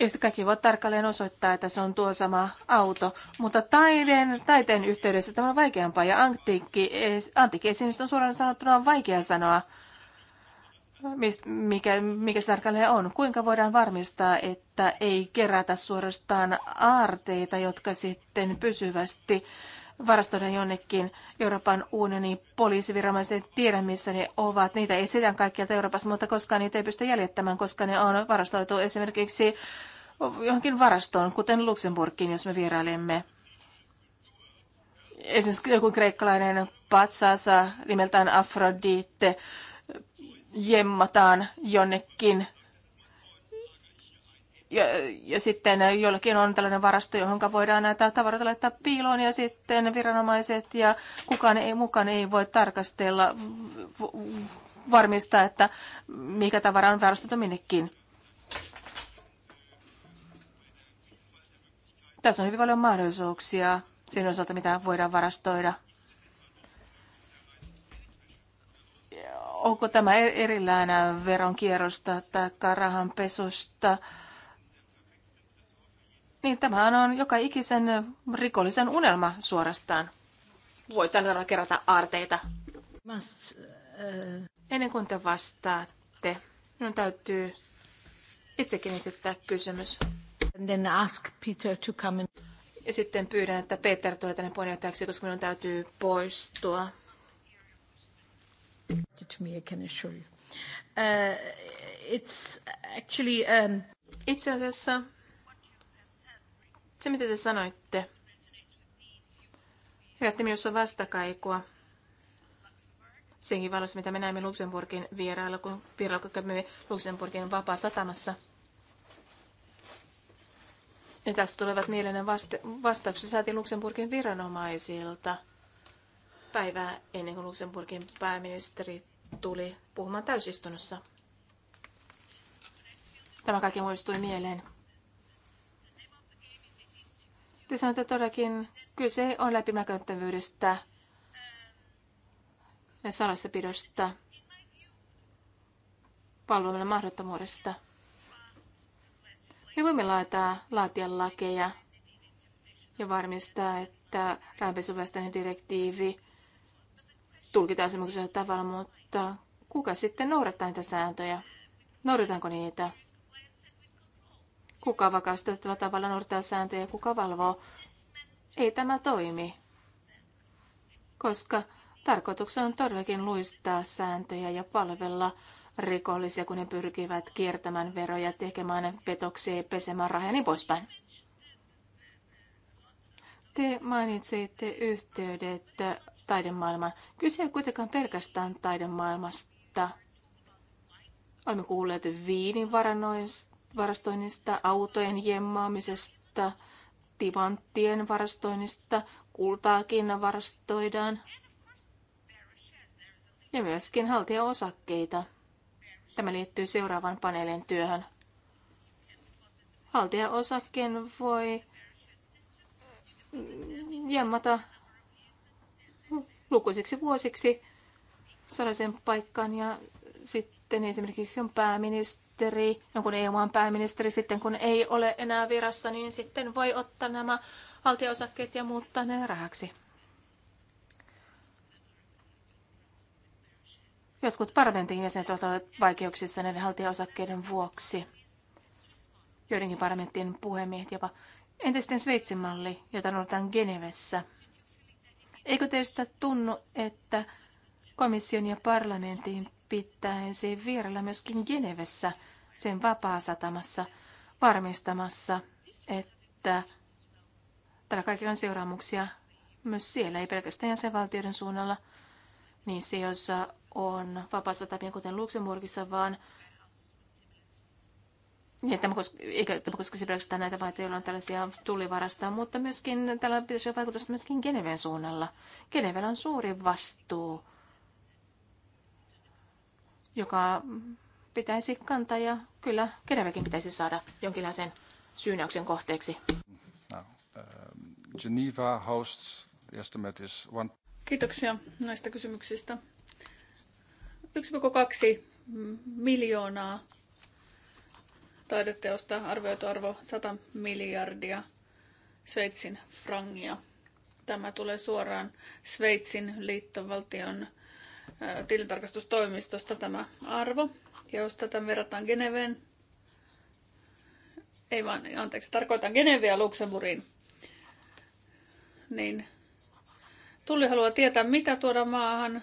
josta kaikki voi tarkalleen osoittaa, että se on tuo sama auto. Mutta taiden, taiteen yhteydessä tämä on vaikeampaa ja antiikki, eh, antiikki on suoraan sanottuna on vaikea sanoa, mikä, mikä se tarkalleen on. Kuinka voidaan varmistaa, että ei kerätä suorastaan aarteita, jotka sitten pysyvästi varastoida jonnekin Euroopan unionin poliisiviranomaiset ei tiedä, missä ne ovat. Niitä ei sitä kaikkialta Euroopassa, mutta koskaan niitä ei pysty jäljittämään, koska ne on varastoitu esimerkiksi johonkin varastoon, kuten Luxemburgin, jos me vierailemme. Esimerkiksi joku kreikkalainen patsaansa nimeltään Afrodite jemmataan jonnekin ja, ja sitten jollakin on tällainen varasto, johon voidaan näitä tavaroita laittaa piiloon ja sitten viranomaiset ja kukaan ei mukaan ei voi tarkastella, varmistaa, että mikä tavara on varastettu minnekin. Tässä on hyvin paljon mahdollisuuksia sen osalta, mitä voidaan varastoida. Onko tämä erillään veronkierrosta tai rahanpesusta? pesusta? niin tämähän on joka ikisen rikollisen unelma suorastaan. Voi tänään kerätä aarteita. äh... Ennen kuin te vastaatte, minun täytyy itsekin esittää kysymys. And then ask Peter to come in. Ja sitten pyydän, että Peter tulee tänne puheenjohtajaksi, koska minun täytyy poistua. To me, I can assure you. Uh, it's actually, um... Itse asiassa se, mitä te sanoitte, herätti minussa vastakaikua. Senkin valossa, mitä me näimme Luxemburgin vierailla, kun vierailla kävimme Luxemburgin vapaa satamassa. Ja tässä tulevat mieleen vasta- vastaukset saatiin Luxemburgin viranomaisilta päivää ennen kuin Luxemburgin pääministeri tuli puhumaan täysistunnossa. Tämä kaikki muistui mieleen. Te sanotte todellakin, kyse on läpinäkymättömyydestä ja salassapidosta, palveluiden mahdottomuudesta. Me voimme laittaa laatia lakeja ja varmistaa, että rahanpesuvastainen direktiivi tulkitaan semmoisella tavalla, mutta kuka sitten noudattaa niitä sääntöjä? Noudatanko niitä? Kuka vakaustettavalla tavalla noudattaa sääntöjä ja kuka valvoo? Ei tämä toimi, koska tarkoituksena on todellakin luistaa sääntöjä ja palvella rikollisia, kun he pyrkivät kiertämään veroja, tekemään petoksia ja pesemään rahaa ja niin poispäin. Te mainitsitte yhteydet taidemaailmaan. Kyse ei kuitenkaan pelkästään taidemaailmasta. Olemme kuulleet viinin varastoinnista, autojen jemmaamisesta, timanttien varastoinnista, kultaakin varastoidaan ja myöskin haltia osakkeita. Tämä liittyy seuraavan paneelin työhön. osakkeen voi jemmata lukuisiksi vuosiksi sellaisen paikkaan ja sitten esimerkiksi on pääministeri pääministeri, jonkun EU-maan pääministeri sitten, kun ei ole enää virassa, niin sitten voi ottaa nämä valtioosakkeet ja muuttaa ne rahaksi. Jotkut parlamentin jäsenet ovat olleet vaikeuksissa näiden haltijaosakkeiden vuoksi. Joidenkin parlamenttien puhemiehet jopa entisten Sveitsin malli, jota noudatetaan Genevessä. Eikö teistä tunnu, että komission ja parlamentin pitäisi vierellä myöskin Genevessä, sen vapaasatamassa, varmistamassa, että tällä kaikilla on seuraamuksia myös siellä, ei pelkästään jäsenvaltioiden suunnalla, niin se, joissa on vapaasatamia, kuten Luxemburgissa, vaan niin tämä koske, eikä tämä koskisi pelkästään näitä maita, joilla on tällaisia tullivarastoja, mutta myöskin tällä pitäisi olla vaikutusta myöskin Geneven suunnalla. Genevellä on suuri vastuu joka pitäisi kantaa ja kyllä kerevekin pitäisi saada jonkinlaisen syynäyksen kohteeksi. uh, Geneva hosts, estimate is one... Kiitoksia näistä kysymyksistä. 1,2 miljoonaa taideteosta, arvioitu arvo 100 miljardia Sveitsin frangia. Tämä tulee suoraan Sveitsin liittovaltion tilintarkastustoimistosta tämä arvo. Ja jos tätä verrataan Geneveen, ei vaan, anteeksi, tarkoitan Geneveä Luxemburgin. niin Tulli haluaa tietää, mitä tuoda maahan,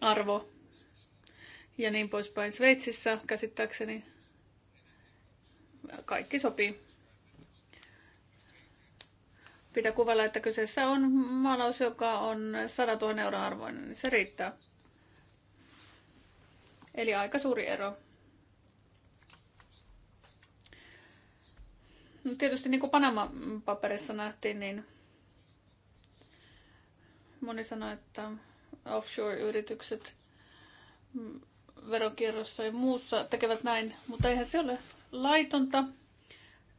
arvo ja niin poispäin Sveitsissä käsittääkseni. Kaikki sopii pitää kuvella, että kyseessä on maalaus, joka on 100 000 euroa arvoinen, niin se riittää. Eli aika suuri ero. No tietysti niin kuin Panama-paperissa nähtiin, niin moni sanoi, että offshore-yritykset mm, veronkierrossa ja muussa tekevät näin, mutta eihän se ole laitonta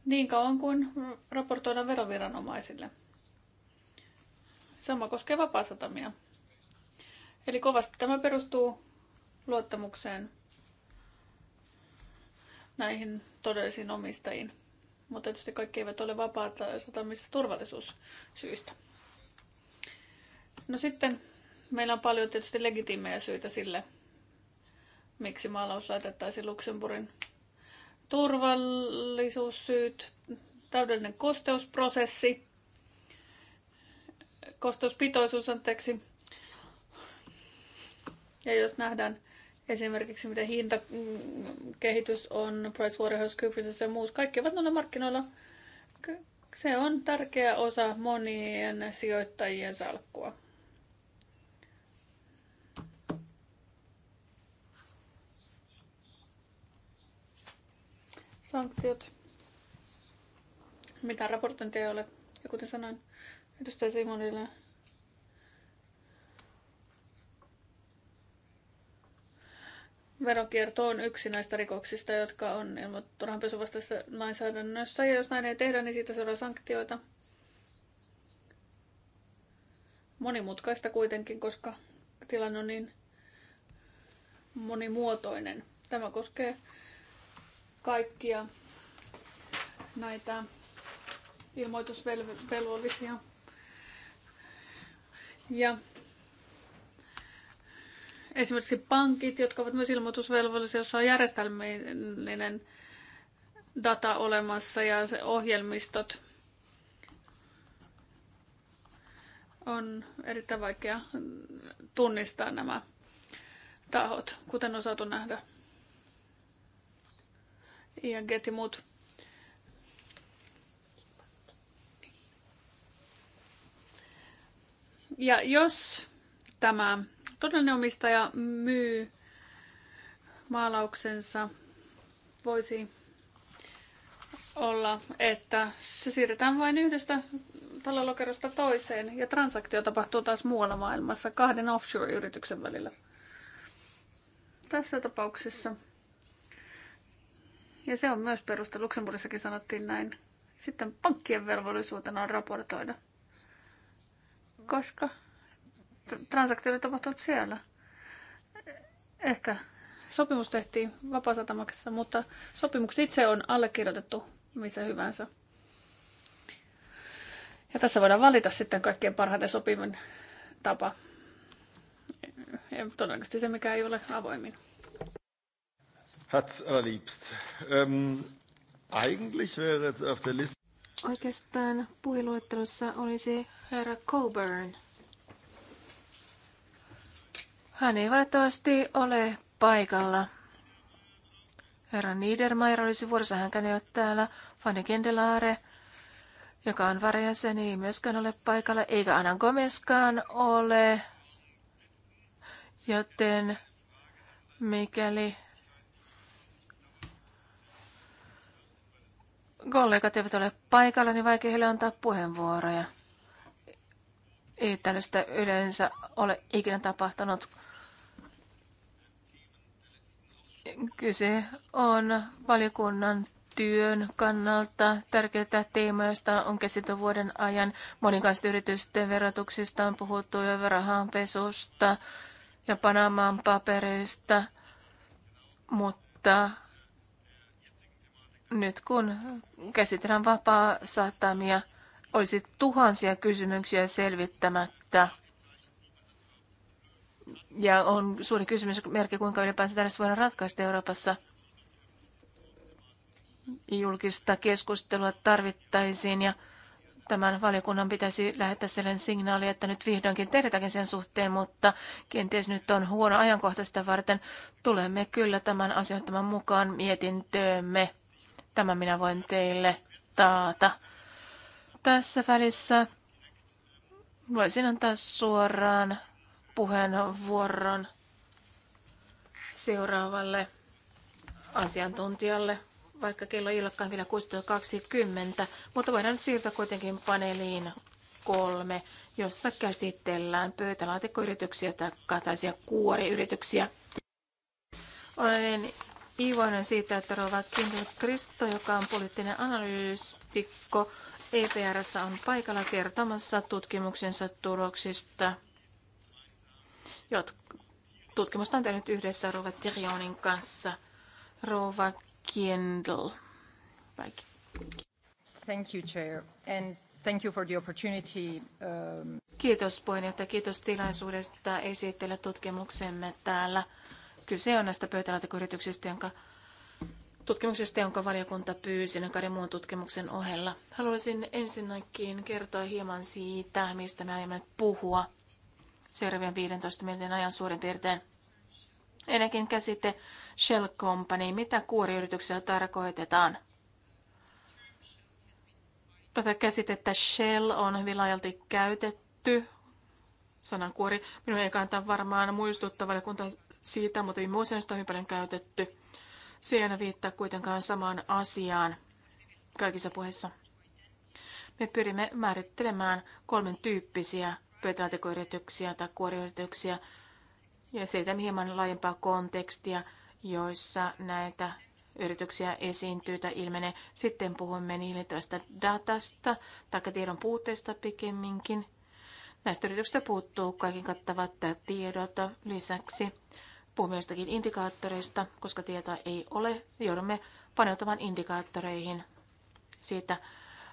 niin kauan kuin raportoidaan veroviranomaisille. Sama koskee vapaasatamia. Eli kovasti tämä perustuu luottamukseen näihin todellisiin omistajiin. Mutta tietysti kaikki eivät ole vapaata satamissa turvallisuussyistä. No sitten meillä on paljon tietysti legitiimejä syitä sille, miksi maalaus laitettaisiin Luxemburgin turvallisuussyyt, täydellinen kosteusprosessi, kosteuspitoisuus, anteeksi. Ja jos nähdään esimerkiksi, miten hintakehitys mm, on PricewaterhouseCoopersissa ja muussa, kaikki ovat noilla markkinoilla. Se on tärkeä osa monien sijoittajien salkkua. sanktiot. Mitä raportointia ei ole. Ja kuten sanoin edustaja Simonille, Veronkierto on yksi näistä rikoksista, jotka on ilmoitettu rahanpesuvastaisessa lainsäädännössä. Ja jos näin ei tehdä, niin siitä seuraa sanktioita. Monimutkaista kuitenkin, koska tilanne on niin monimuotoinen. Tämä koskee kaikkia näitä ilmoitusvelvollisia. Ja esimerkiksi pankit, jotka ovat myös ilmoitusvelvollisia, jossa on järjestelmällinen data olemassa ja se ohjelmistot on erittäin vaikea tunnistaa nämä tahot, kuten on saatu nähdä. ING ja muut. Ja jos tämä todellinen omistaja myy maalauksensa, voisi olla, että se siirretään vain yhdestä talolokerosta toiseen ja transaktio tapahtuu taas muualla maailmassa kahden offshore-yrityksen välillä. Tässä tapauksessa ja se on myös perusta. Luxemburgissakin sanottiin näin. Sitten pankkien velvollisuutena on raportoida, koska transaktioita tapahtunut siellä. Ehkä sopimus tehtiin vapaasatamakaisessa, mutta sopimukset itse on allekirjoitettu missä hyvänsä. Ja tässä voidaan valita sitten kaikkien parhaiten sopivin tapa. Ja todennäköisesti se, mikä ei ole avoimin. Hat's allerliebst. Ähm, eigentlich wäre jetzt auf der Liste... Oikeastaan puheluettelossa olisi herra Coburn. Hän ei valitettavasti ole paikalla. Herra Niedermayer olisi vuorossa, hänkään ei ole täällä. Fanny Kendelaare, joka on varajäseni, ei myöskään ole paikalla, eikä Anna Gomeskaan ole. Joten mikäli kollegat eivät ole paikalla, niin vaikea heille antaa puheenvuoroja. Ei tällaista yleensä ole ikinä tapahtunut. Kyse on valiokunnan työn kannalta tärkeitä teemoja, joista on käsitelty vuoden ajan. Monikaiset yritysten verotuksista on puhuttu jo rahanpesusta ja Panamaan papereista, mutta nyt kun käsitellään vapaa saattamia, olisi tuhansia kysymyksiä selvittämättä. Ja on suuri kysymysmerkki, kuinka ylipäänsä tällaista voidaan ratkaista Euroopassa. Julkista keskustelua tarvittaisiin ja tämän valiokunnan pitäisi lähettää sellainen signaali, että nyt vihdoinkin tehdäänkin sen suhteen, mutta kenties nyt on huono ajankohta sitä varten. Tulemme kyllä tämän asioittaman mukaan mietintöömme. Tämä minä voin teille taata. Tässä välissä voisin antaa suoraan puheenvuoron seuraavalle asiantuntijalle, vaikka kello ei olekaan vielä 16.20, mutta voidaan nyt siirtää kuitenkin paneeliin kolme, jossa käsitellään pöytälaatikkoyrityksiä tai kataisia kuoriyrityksiä. Olen iivoinen siitä, että Rova Kindle Kristo, joka on poliittinen analyystikko EPRS on paikalla kertomassa tutkimuksensa tuloksista. jotka tutkimusta on tehnyt yhdessä Rova Tirionin kanssa. Rova Kindle. Thank you, Chair. And thank you for the opportunity. Um... Kiitos puheenjohtaja, kiitos tilaisuudesta esitellä tutkimuksemme täällä. Kyse on näistä pöytälaatikoyrityksistä, jonka tutkimuksesta, jonka valiokunta pyysi kahden muun tutkimuksen ohella. Haluaisin ensinnäkin kertoa hieman siitä, mistä me aiomme puhua seuraavien 15 minuutin ajan suurin piirtein. Ennenkin käsite Shell Company, mitä kuoriyrityksellä tarkoitetaan. Tätä käsitettä Shell on hyvin laajalti käytetty kuori. Minun ei kannata varmaan muistuttaa valiokunta siitä, mutta viime vuosina sitä on hyvin paljon käytetty. Se ei aina viittaa kuitenkaan samaan asiaan kaikissa puheissa. Me pyrimme määrittelemään kolmen tyyppisiä pöytälaatikoyrityksiä tai kuoriyrityksiä ja siitä hieman laajempaa kontekstia, joissa näitä yrityksiä esiintyy tai ilmenee. Sitten puhumme niille datasta tai tiedon puutteesta pikemminkin – Näistä yrityksistä puuttuu kaiken kattavat tiedot lisäksi. Puhumme jostakin indikaattoreista, koska tietoa ei ole. Joudumme paneutumaan indikaattoreihin siitä,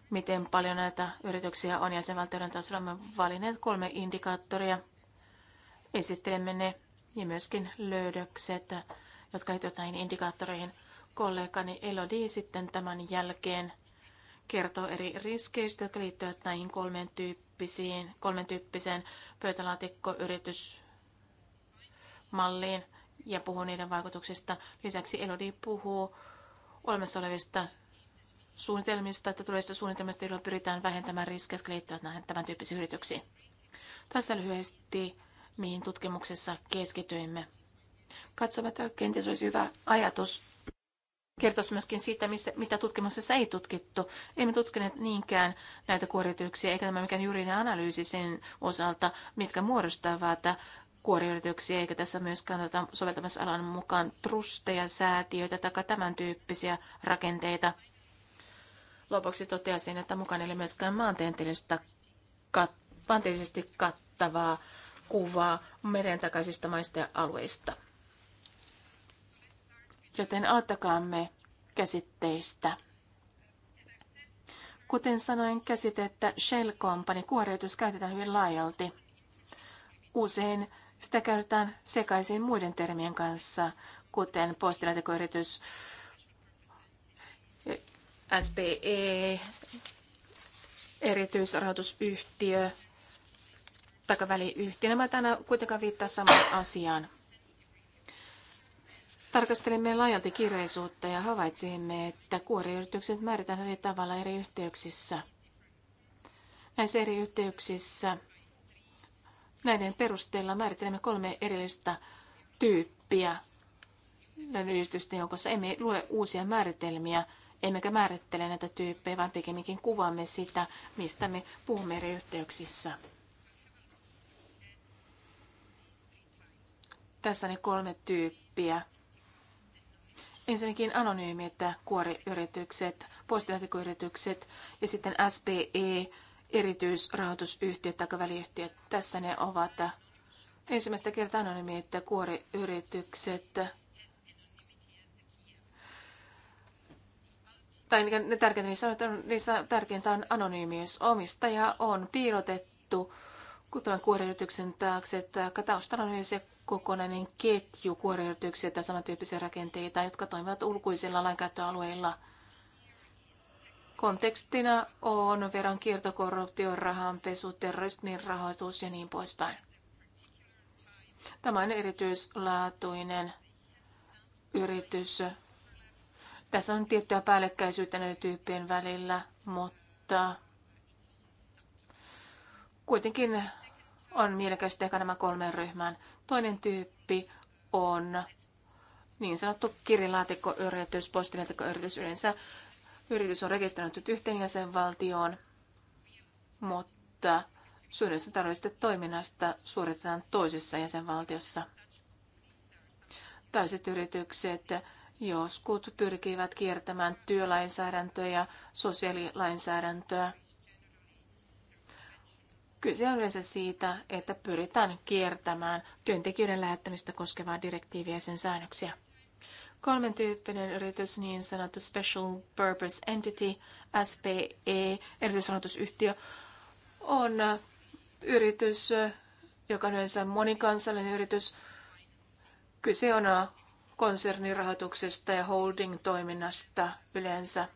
miten paljon näitä yrityksiä on jäsenvaltioiden tasolla. Me valinneet kolme indikaattoria. Esittelemme ne ja myöskin löydökset, jotka liittyvät näihin indikaattoreihin. Kollegani Elodie sitten tämän jälkeen kertoo eri riskeistä, jotka liittyvät näihin kolmeen tyyppiin tyyppisiin, kolmen tyyppiseen pöytälaatikkoyritysmalliin ja puhuu niiden vaikutuksista. Lisäksi Elodi puhuu olemassa olevista suunnitelmista, että tulevista suunnitelmista, joilla pyritään vähentämään riskejä, jotka liittyvät näihin tämän tyyppisiin yrityksiin. Tässä lyhyesti, mihin tutkimuksessa keskityimme. Katsomme, että kenties olisi hyvä ajatus kertoisi myöskin siitä, mistä, mitä tutkimuksessa ei tutkittu. Emme tutkineet niinkään näitä kuoriyrityksiä, eikä tämä mikään juridinen analyysi sen osalta, mitkä muodostavat kuoriyrityksiä, eikä tässä myöskään oteta soveltamisalan mukaan trusteja, säätiöitä tai tämän tyyppisiä rakenteita. Lopuksi toteaisin, että mukaan ei ole myöskään maantieteellistä kat, kattavaa kuvaa meren takaisista maista ja alueista joten auttakaamme käsitteistä. Kuten sanoin, käsitettä Shell Company kuoreutus käytetään hyvin laajalti. Usein sitä käytetään sekaisin muiden termien kanssa, kuten postilaatikoyritys, SBE, erityisrahoitusyhtiö takaväliyhtiö. Nämä tänään kuitenkaan viittaa samaan asiaan. Tarkastelimme laajalti kirjaisuutta ja havaitsimme, että kuoriyritykset määritään eri tavalla eri yhteyksissä. Näissä eri yhteyksissä näiden perusteella määrittelemme kolme erillistä tyyppiä näiden yhdistysten joukossa. Emme lue uusia määritelmiä, emmekä määrittele näitä tyyppejä, vaan pikemminkin kuvaamme sitä, mistä me puhumme eri yhteyksissä. Tässä ne kolme tyyppiä ensinnäkin anonyymit kuoriyritykset, postilaatikoyritykset ja sitten SPE, erityisrahoitusyhtiöt tai väliyhtiöt. Tässä ne ovat ensimmäistä kertaa anonyymit kuoriyritykset. Tai niin ne tärkeintä, niissä, on, niissä tärkeintä on anonyymiys. Omistaja on piilotettu tämän kuoriyrityksen taakse, että taustalla on kokonainen ketju kuoriyrityksiä tai samantyyppisiä rakenteita, jotka toimivat ulkoisilla lainkäyttöalueilla. Kontekstina on veronkierto, korruptio, rahanpesu, terrorismin rahoitus ja niin poispäin. Tämä on erityislaatuinen yritys. Tässä on tiettyä päällekkäisyyttä näiden tyyppien välillä, mutta kuitenkin on mielekästi ehkä nämä kolmeen ryhmään. Toinen tyyppi on niin sanottu kirjalaatikkoyritys, postilaatikkoyritys yleensä. Yritys on rekisteröity yhteen jäsenvaltioon, mutta suurista taloudellisesta toiminnasta suoritetaan toisessa jäsenvaltiossa. Taiset yritykset joskus pyrkivät kiertämään työlainsäädäntöä ja sosiaalilainsäädäntöä – Kyse on yleensä siitä, että pyritään kiertämään työntekijöiden lähettämistä koskevaa direktiiviä ja sen säännöksiä. Kolmen tyyppinen yritys, niin sanottu Special Purpose Entity, SPE, erityisrahoitusyhtiö, on yritys, joka on yleensä monikansallinen yritys. Kyse on konsernirahoituksesta ja holding-toiminnasta yleensä.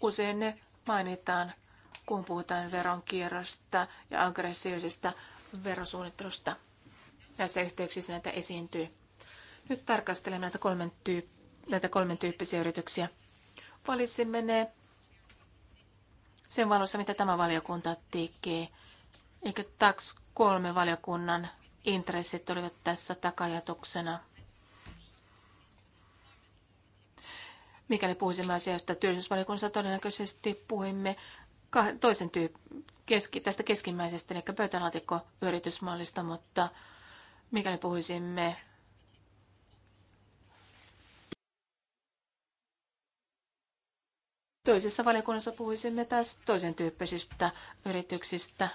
Usein ne mainitaan kun puhutaan veronkierrosta ja aggressiivisesta verosuunnittelusta. Näissä yhteyksissä näitä esiintyy. Nyt tarkastelemme näitä kolmen, tyyp- näitä kolmen tyyppisiä yrityksiä. Poliisi menee sen valossa, mitä tämä valiokunta tekee. Eikö TAX kolme valiokunnan intressit olivat tässä takajatuksena. Mikäli puhuisimme asiasta työllisyysvaliokunnassa, todennäköisesti puhuimme toisen tyyppi keski, tästä keskimmäisestä, eli pöytälaatikkoyritysmallista, mutta mikäli puhuisimme Toisessa valiokunnassa puhuisimme taas toisen tyyppisistä yrityksistä.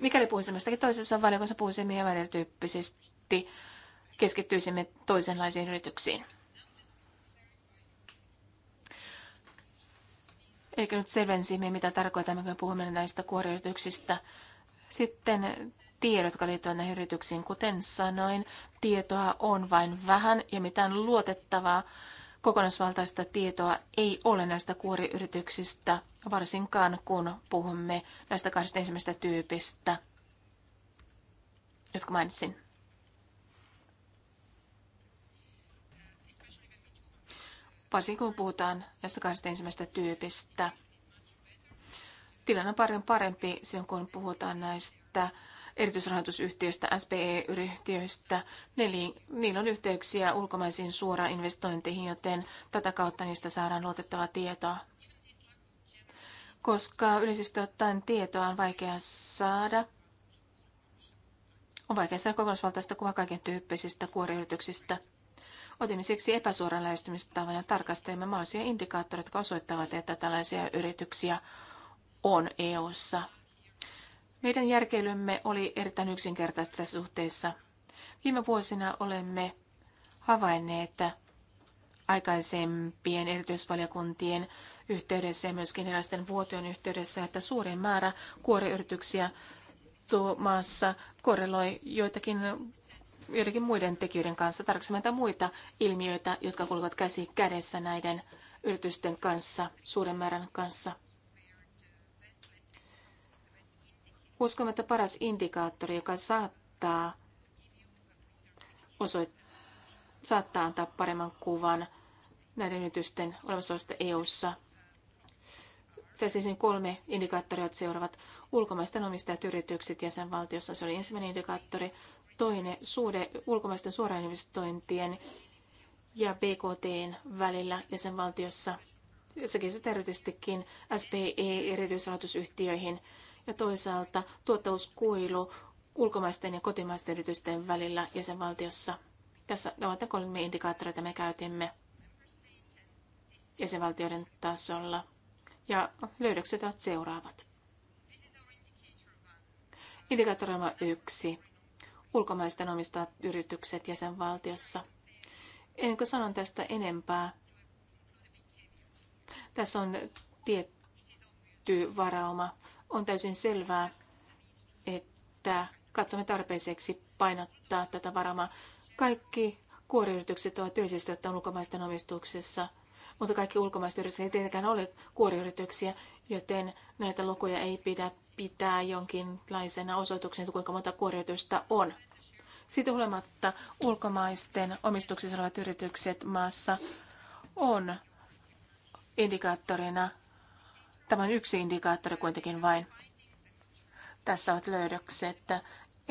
Mikäli puhuisimme jostakin toisessa valiokunnassa, puhuisimme hieman erityyppisesti keskittyisimme toisenlaisiin yrityksiin. Eikä nyt selvensimme, mitä tarkoitamme, kun puhumme näistä kuoriyrityksistä. Sitten tiedot, jotka liittyvät näihin yrityksiin. Kuten sanoin, tietoa on vain vähän ja mitään luotettavaa kokonaisvaltaista tietoa ei ole näistä kuoriyrityksistä, varsinkaan kun puhumme näistä kahdesta ensimmäisestä tyypistä, jotka mainitsin. varsinkin kun puhutaan näistä kahdesta ensimmäisestä tyypistä. Tilanne on paljon parempi silloin, kun puhutaan näistä erityisrahoitusyhtiöistä, SPE-yhtiöistä. Niillä on yhteyksiä ulkomaisiin suoraan investointeihin, joten tätä kautta niistä saadaan luotettavaa tietoa. Koska yleisesti ottaen tietoa on vaikea saada, on vaikea saada kokonaisvaltaista kuvaa kaiken tyyppisistä kuoriyrityksistä – Otimme siksi epäsuoran lähestymistavan ja tarkastelimme mahdollisia indikaattoreita, jotka osoittavat, että tällaisia yrityksiä on EU:ssa. Meidän järkeilymme oli erittäin yksinkertaista tässä suhteessa. Viime vuosina olemme havainneet aikaisempien erityisvaliokuntien yhteydessä ja myöskin erilaisten vuotojen yhteydessä, että suurin määrä kuoreyrityksiä tuomassa korreloi joitakin joidenkin muiden tekijöiden kanssa, tarkastelemme muita ilmiöitä, jotka kulkevat käsi kädessä näiden yritysten kanssa, suuren määrän kanssa. Uskomme, että paras indikaattori, joka saattaa, osoittaa saattaa antaa paremman kuvan näiden yritysten olemassaolosta EU-ssa, tässä siis kolme indikaattoria seuraavat ulkomaisten omistajat, yritykset jäsenvaltiossa. Se oli ensimmäinen indikaattori. Toinen suhde ulkomaisten suorainvestointien ja BKTn välillä jäsenvaltiossa. Se keskitytään erityisestikin SPE-erityisrahoitusyhtiöihin ja toisaalta tuottavuuskuilu ulkomaisten ja kotimaisten yritysten välillä jäsenvaltiossa. Tässä ovat ne kolme indikaattoreita, me käytimme jäsenvaltioiden tasolla. Ja löydökset ovat seuraavat. Indikaattorima 1. Ulkomaisten omistavat yritykset jäsenvaltiossa. Ennen kuin sanon tästä enempää, tässä on tietty varauma. On täysin selvää, että katsomme tarpeiseksi painottaa tätä varaumaa. Kaikki kuoriyritykset ovat yleisesti ottaen ulkomaisten omistuksessa – mutta kaikki ulkomaiset yritykset ei tietenkään ole kuoriyrityksiä, joten näitä lukuja ei pidä pitää jonkinlaisena osoituksena, kuinka monta kuoriyritystä on. Siitä huolimatta ulkomaisten omistuksissa olevat yritykset maassa on indikaattorina, tämä on yksi indikaattori kuitenkin vain. Tässä ovat löydökset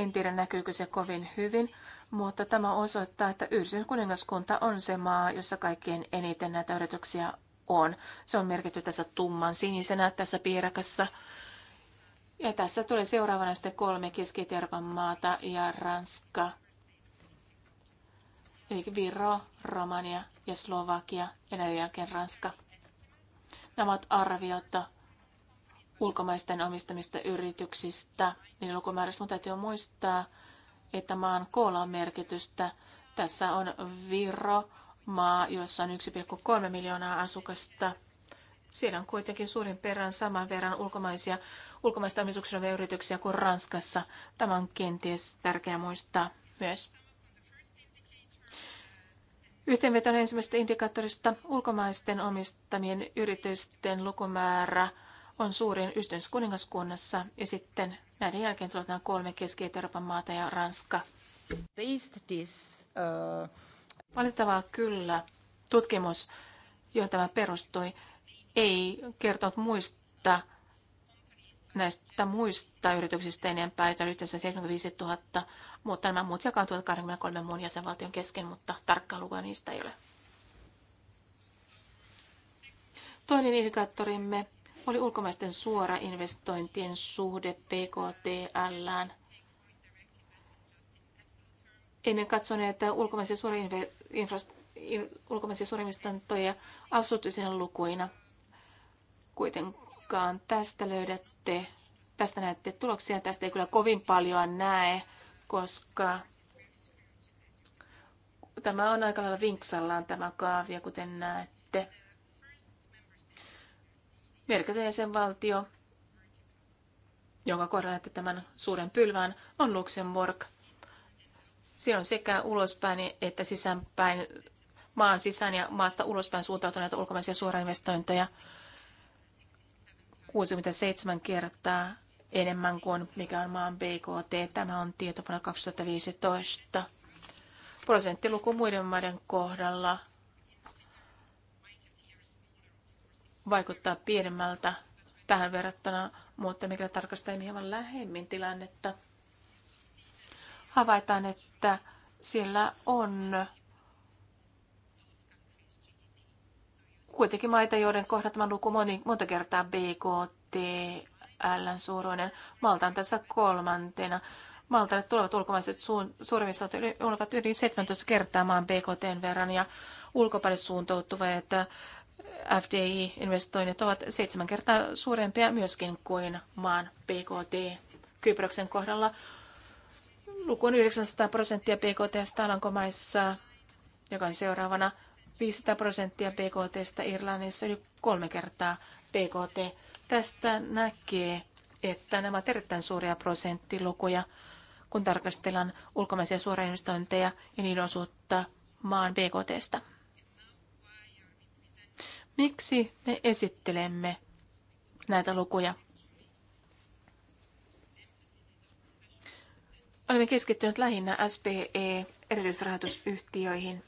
en tiedä näkyykö se kovin hyvin, mutta tämä osoittaa, että Yhdistynyt kuningaskunta on se maa, jossa kaikkein eniten näitä yrityksiä on. Se on merkitty tässä tumman sinisenä tässä piirakassa. Ja tässä tulee seuraavana sitten kolme keski maata ja Ranska. Eli Viro, Romania ja Slovakia ja näiden jälkeen Ranska. Nämä ovat arviota ulkomaisten omistamista yrityksistä, niin mutta täytyy muistaa, että maan koolla on merkitystä. Tässä on Viro, maa, jossa on 1,3 miljoonaa asukasta. Siellä on kuitenkin suurin perään saman verran ulkomaisia, ulkomaista omistuksella yrityksiä kuin Ranskassa. Tämä on kenties tärkeää muistaa myös. Yhteenvetona ensimmäisestä indikaattorista ulkomaisten omistamien yritysten lukumäärä – on suurin ystävyys kuningaskunnassa ja sitten näiden jälkeen tulee nämä kolme Keski-Euroopan maata ja Ranska. This, uh... Valitettavaa kyllä. Tutkimus, johon tämä perustui, ei kertonut muista näistä muista yrityksistä enempää, joita oli yhteensä 75 000, mutta nämä muut jakaantuvat 23 muun jäsenvaltion kesken, mutta tarkkaa lukua niistä ei ole. Toinen indikaattorimme oli ulkomaisten suora investointien suhde PKTL. Emme katsoneet että ulkomaisia in, ulkomaisia suorinvestointeja absoluuttisina lukuina. Kuitenkaan tästä löydätte, tästä näette tuloksia. Tästä ei kyllä kovin paljon näe, koska tämä on aika lailla vinksallaan tämä kaavio, kuten näette. Merkitön jäsenvaltio, jonka kohdalla näette tämän suuren pylvään, on Luxemburg. Siinä on sekä ulospäin että sisäänpäin maan sisään ja maasta ulospäin suuntautuneita ulkomaisia suorainvestointeja 67 kertaa enemmän kuin mikä on maan BKT. Tämä on tieto vuonna 2015. Prosenttiluku muiden maiden kohdalla vaikuttaa pienemmältä tähän verrattuna, mutta mikä tarkastellaan niin hieman lähemmin tilannetta, havaitaan, että siellä on kuitenkin maita, joiden kohdalla tämä luku moni, monta kertaa BKTLn suuruinen. Malta on tässä kolmantena. Maltalle tulevat ulkomaiset suurimmissa olivat yli 17 kertaa maan BKTn verran ja ulkopäin suuntautuvat FDI-investoinnit ovat seitsemän kertaa suurempia myöskin kuin maan PKT. Kyproksen kohdalla luku on 900 prosenttia PKT Alankomaissa, joka on seuraavana 500 prosenttia PKT Irlannissa eli kolme kertaa PKT. Tästä näkee, että nämä ovat erittäin suuria prosenttilukuja, kun tarkastellaan ulkomaisia investointeja ja niiden osuutta maan BKTstä. Miksi me esittelemme näitä lukuja? Olemme keskittyneet lähinnä SPE-erityisrahoitusyhtiöihin.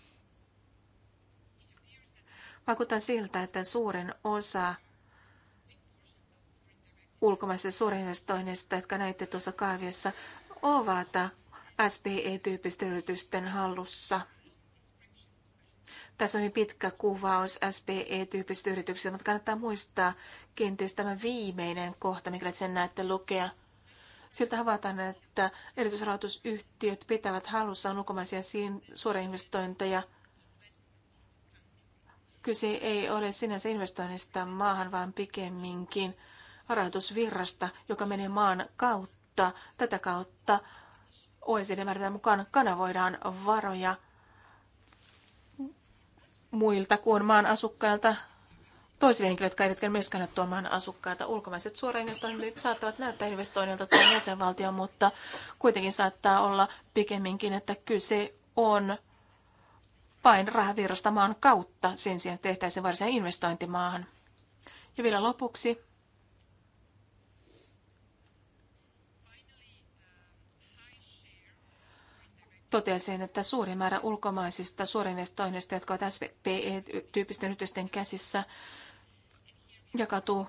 Vaikuttaa siltä, että suurin osa ulkomaisista suurinvestoinneista, jotka näitte tuossa kaaviossa, ovat SPE-tyyppisten yritysten hallussa – tässä on hyvin pitkä kuvaus SPE-tyyppisistä yrityksistä, mutta kannattaa muistaa kenties tämä viimeinen kohta, mikä sen näette lukea. Siltä havaitaan, että erityisrahoitusyhtiöt pitävät halussaan ulkomaisia suorainvestointeja. Kyse ei ole sinänsä investoinnista maahan, vaan pikemminkin rahoitusvirrasta, joka menee maan kautta. Tätä kautta OECD määritelmän mukaan kanavoidaan varoja – muilta kuin maan asukkailta toisille henkilöille, jotka eivät myöskään ole maan asukkaita. Ulkomaiset suorainvestoinnit saattavat näyttää investoinnilta tai jäsenvaltioon, mutta kuitenkin saattaa olla pikemminkin, että kyse on vain rahavirrasta maan kautta sen sijaan tehtäisiin varsinainen investointimaahan. Ja vielä lopuksi totesin, että suuri määrä ulkomaisista suorinvestoinneista, jotka ovat SPE-tyyppisten yritysten käsissä, jakautuu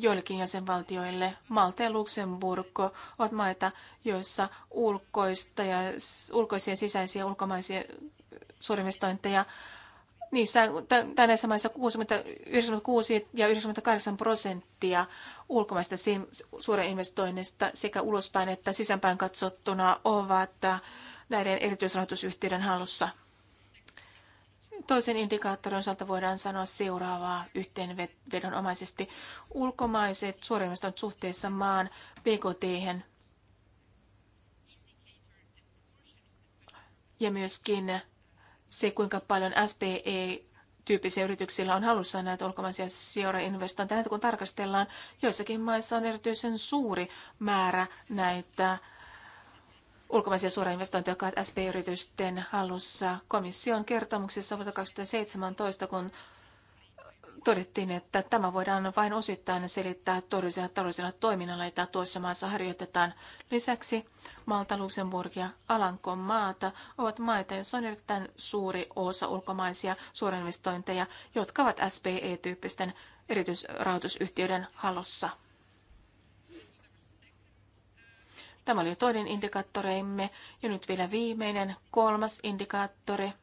joillekin jäsenvaltioille. Malta ja Luxemburg ovat maita, joissa ulkoista ja, ulkoisia, sisäisiä, ulkomaisia suorinvestointeja Niissä tai samassa 96 ja 98 prosenttia ulkomaista suuren investoinnista sekä ulospäin että sisäänpäin katsottuna ovat näiden erityisrahoitusyhtiöiden hallussa. Toisen indikaattorin osalta voidaan sanoa seuraavaa yhteenvedonomaisesti. Ulkomaiset suorinvestoinnit suhteessa maan BKT ja myöskin se, kuinka paljon SPE tyyppisiä yrityksillä on halussa näitä ulkomaisia seurainvestointeja. Näitä kun tarkastellaan, joissakin maissa on erityisen suuri määrä näitä ulkomaisia investointeja, jotka ovat SP-yritysten hallussa. Komission kertomuksessa vuonna 2017, kun todettiin, että tämä voidaan vain osittain selittää todellisella taloudellisella toiminnalla, jota tuossa maassa harjoitetaan. Lisäksi Malta, Luxemburg ja Alankon maata ovat maita, joissa on erittäin suuri osa ulkomaisia suorinvestointeja, jotka ovat SPE-tyyppisten erityisrahoitusyhtiöiden halossa. Tämä oli jo toinen indikaattoreimme ja nyt vielä viimeinen, kolmas indikaattori –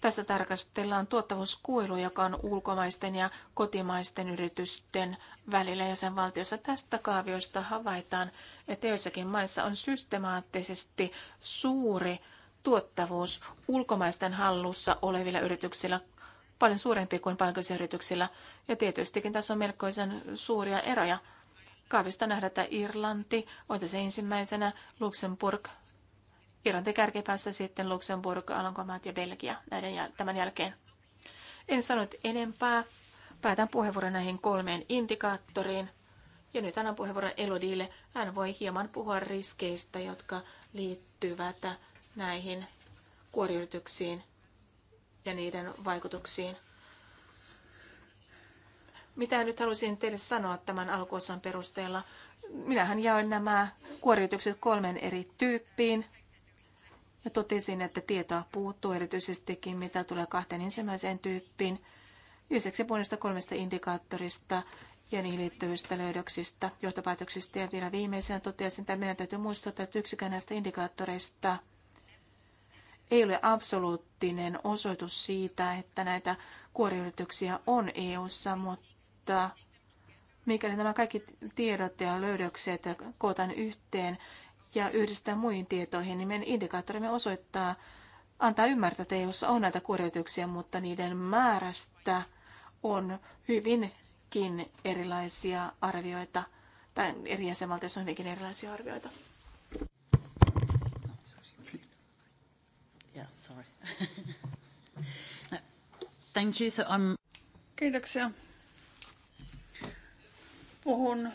tässä tarkastellaan tuottavuuskuilu, joka on ulkomaisten ja kotimaisten yritysten välillä jäsenvaltiossa. Tästä kaaviosta havaitaan, että joissakin maissa on systemaattisesti suuri tuottavuus ulkomaisten hallussa olevilla yrityksillä paljon suurempi kuin paikallisilla yrityksillä. Ja tietystikin tässä on melkoisen suuria eroja. Kaavista nähdään, että Irlanti on tässä ensimmäisenä, Luxemburg Irlanti kärkipäässä sitten Luxemburg, Alankomaat ja Belgia näiden jäl- tämän jälkeen. En sanonut enempää. Päätän puheenvuoron näihin kolmeen indikaattoriin. Ja nyt annan puheenvuoron Elodille. Hän voi hieman puhua riskeistä, jotka liittyvät näihin kuoriyrityksiin ja niiden vaikutuksiin. Mitä nyt haluaisin teille sanoa tämän alkuosan perusteella? Minähän jaoin nämä kuoriytykset kolmen eri tyyppiin – ja totesin, että tietoa puuttuu erityisestikin, mitä tulee kahteen ensimmäiseen tyyppiin. Lisäksi puolesta kolmesta indikaattorista ja niihin liittyvistä löydöksistä, johtopäätöksistä ja vielä viimeisenä totesin, että meidän täytyy muistuttaa, että yksikään näistä indikaattoreista ei ole absoluuttinen osoitus siitä, että näitä kuoriyrityksiä on EU-ssa, mutta mikäli nämä kaikki tiedot ja löydökset kootaan yhteen ja yhdistää muihin tietoihin, niin meidän indikaattorimme osoittaa, antaa ymmärtää, että jos e on näitä kuljetuksia, mutta niiden määrästä on hyvinkin erilaisia arvioita, tai eri jäsenvaltioissa on hyvinkin erilaisia arvioita. Yeah, sorry. Thank you, so I'm... Um, Kiitoksia. Puhun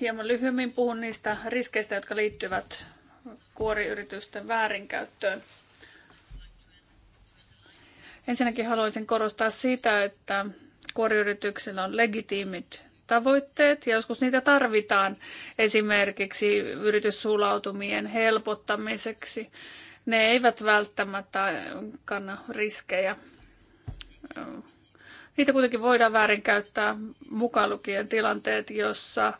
hieman lyhyemmin puhun niistä riskeistä, jotka liittyvät kuoriyritysten väärinkäyttöön. Ensinnäkin haluaisin korostaa sitä, että kuoriyrityksillä on legitiimit tavoitteet ja joskus niitä tarvitaan esimerkiksi yrityssulautumien helpottamiseksi. Ne eivät välttämättä kanna riskejä Niitä kuitenkin voidaan väärinkäyttää mukaan lukien tilanteet, jossa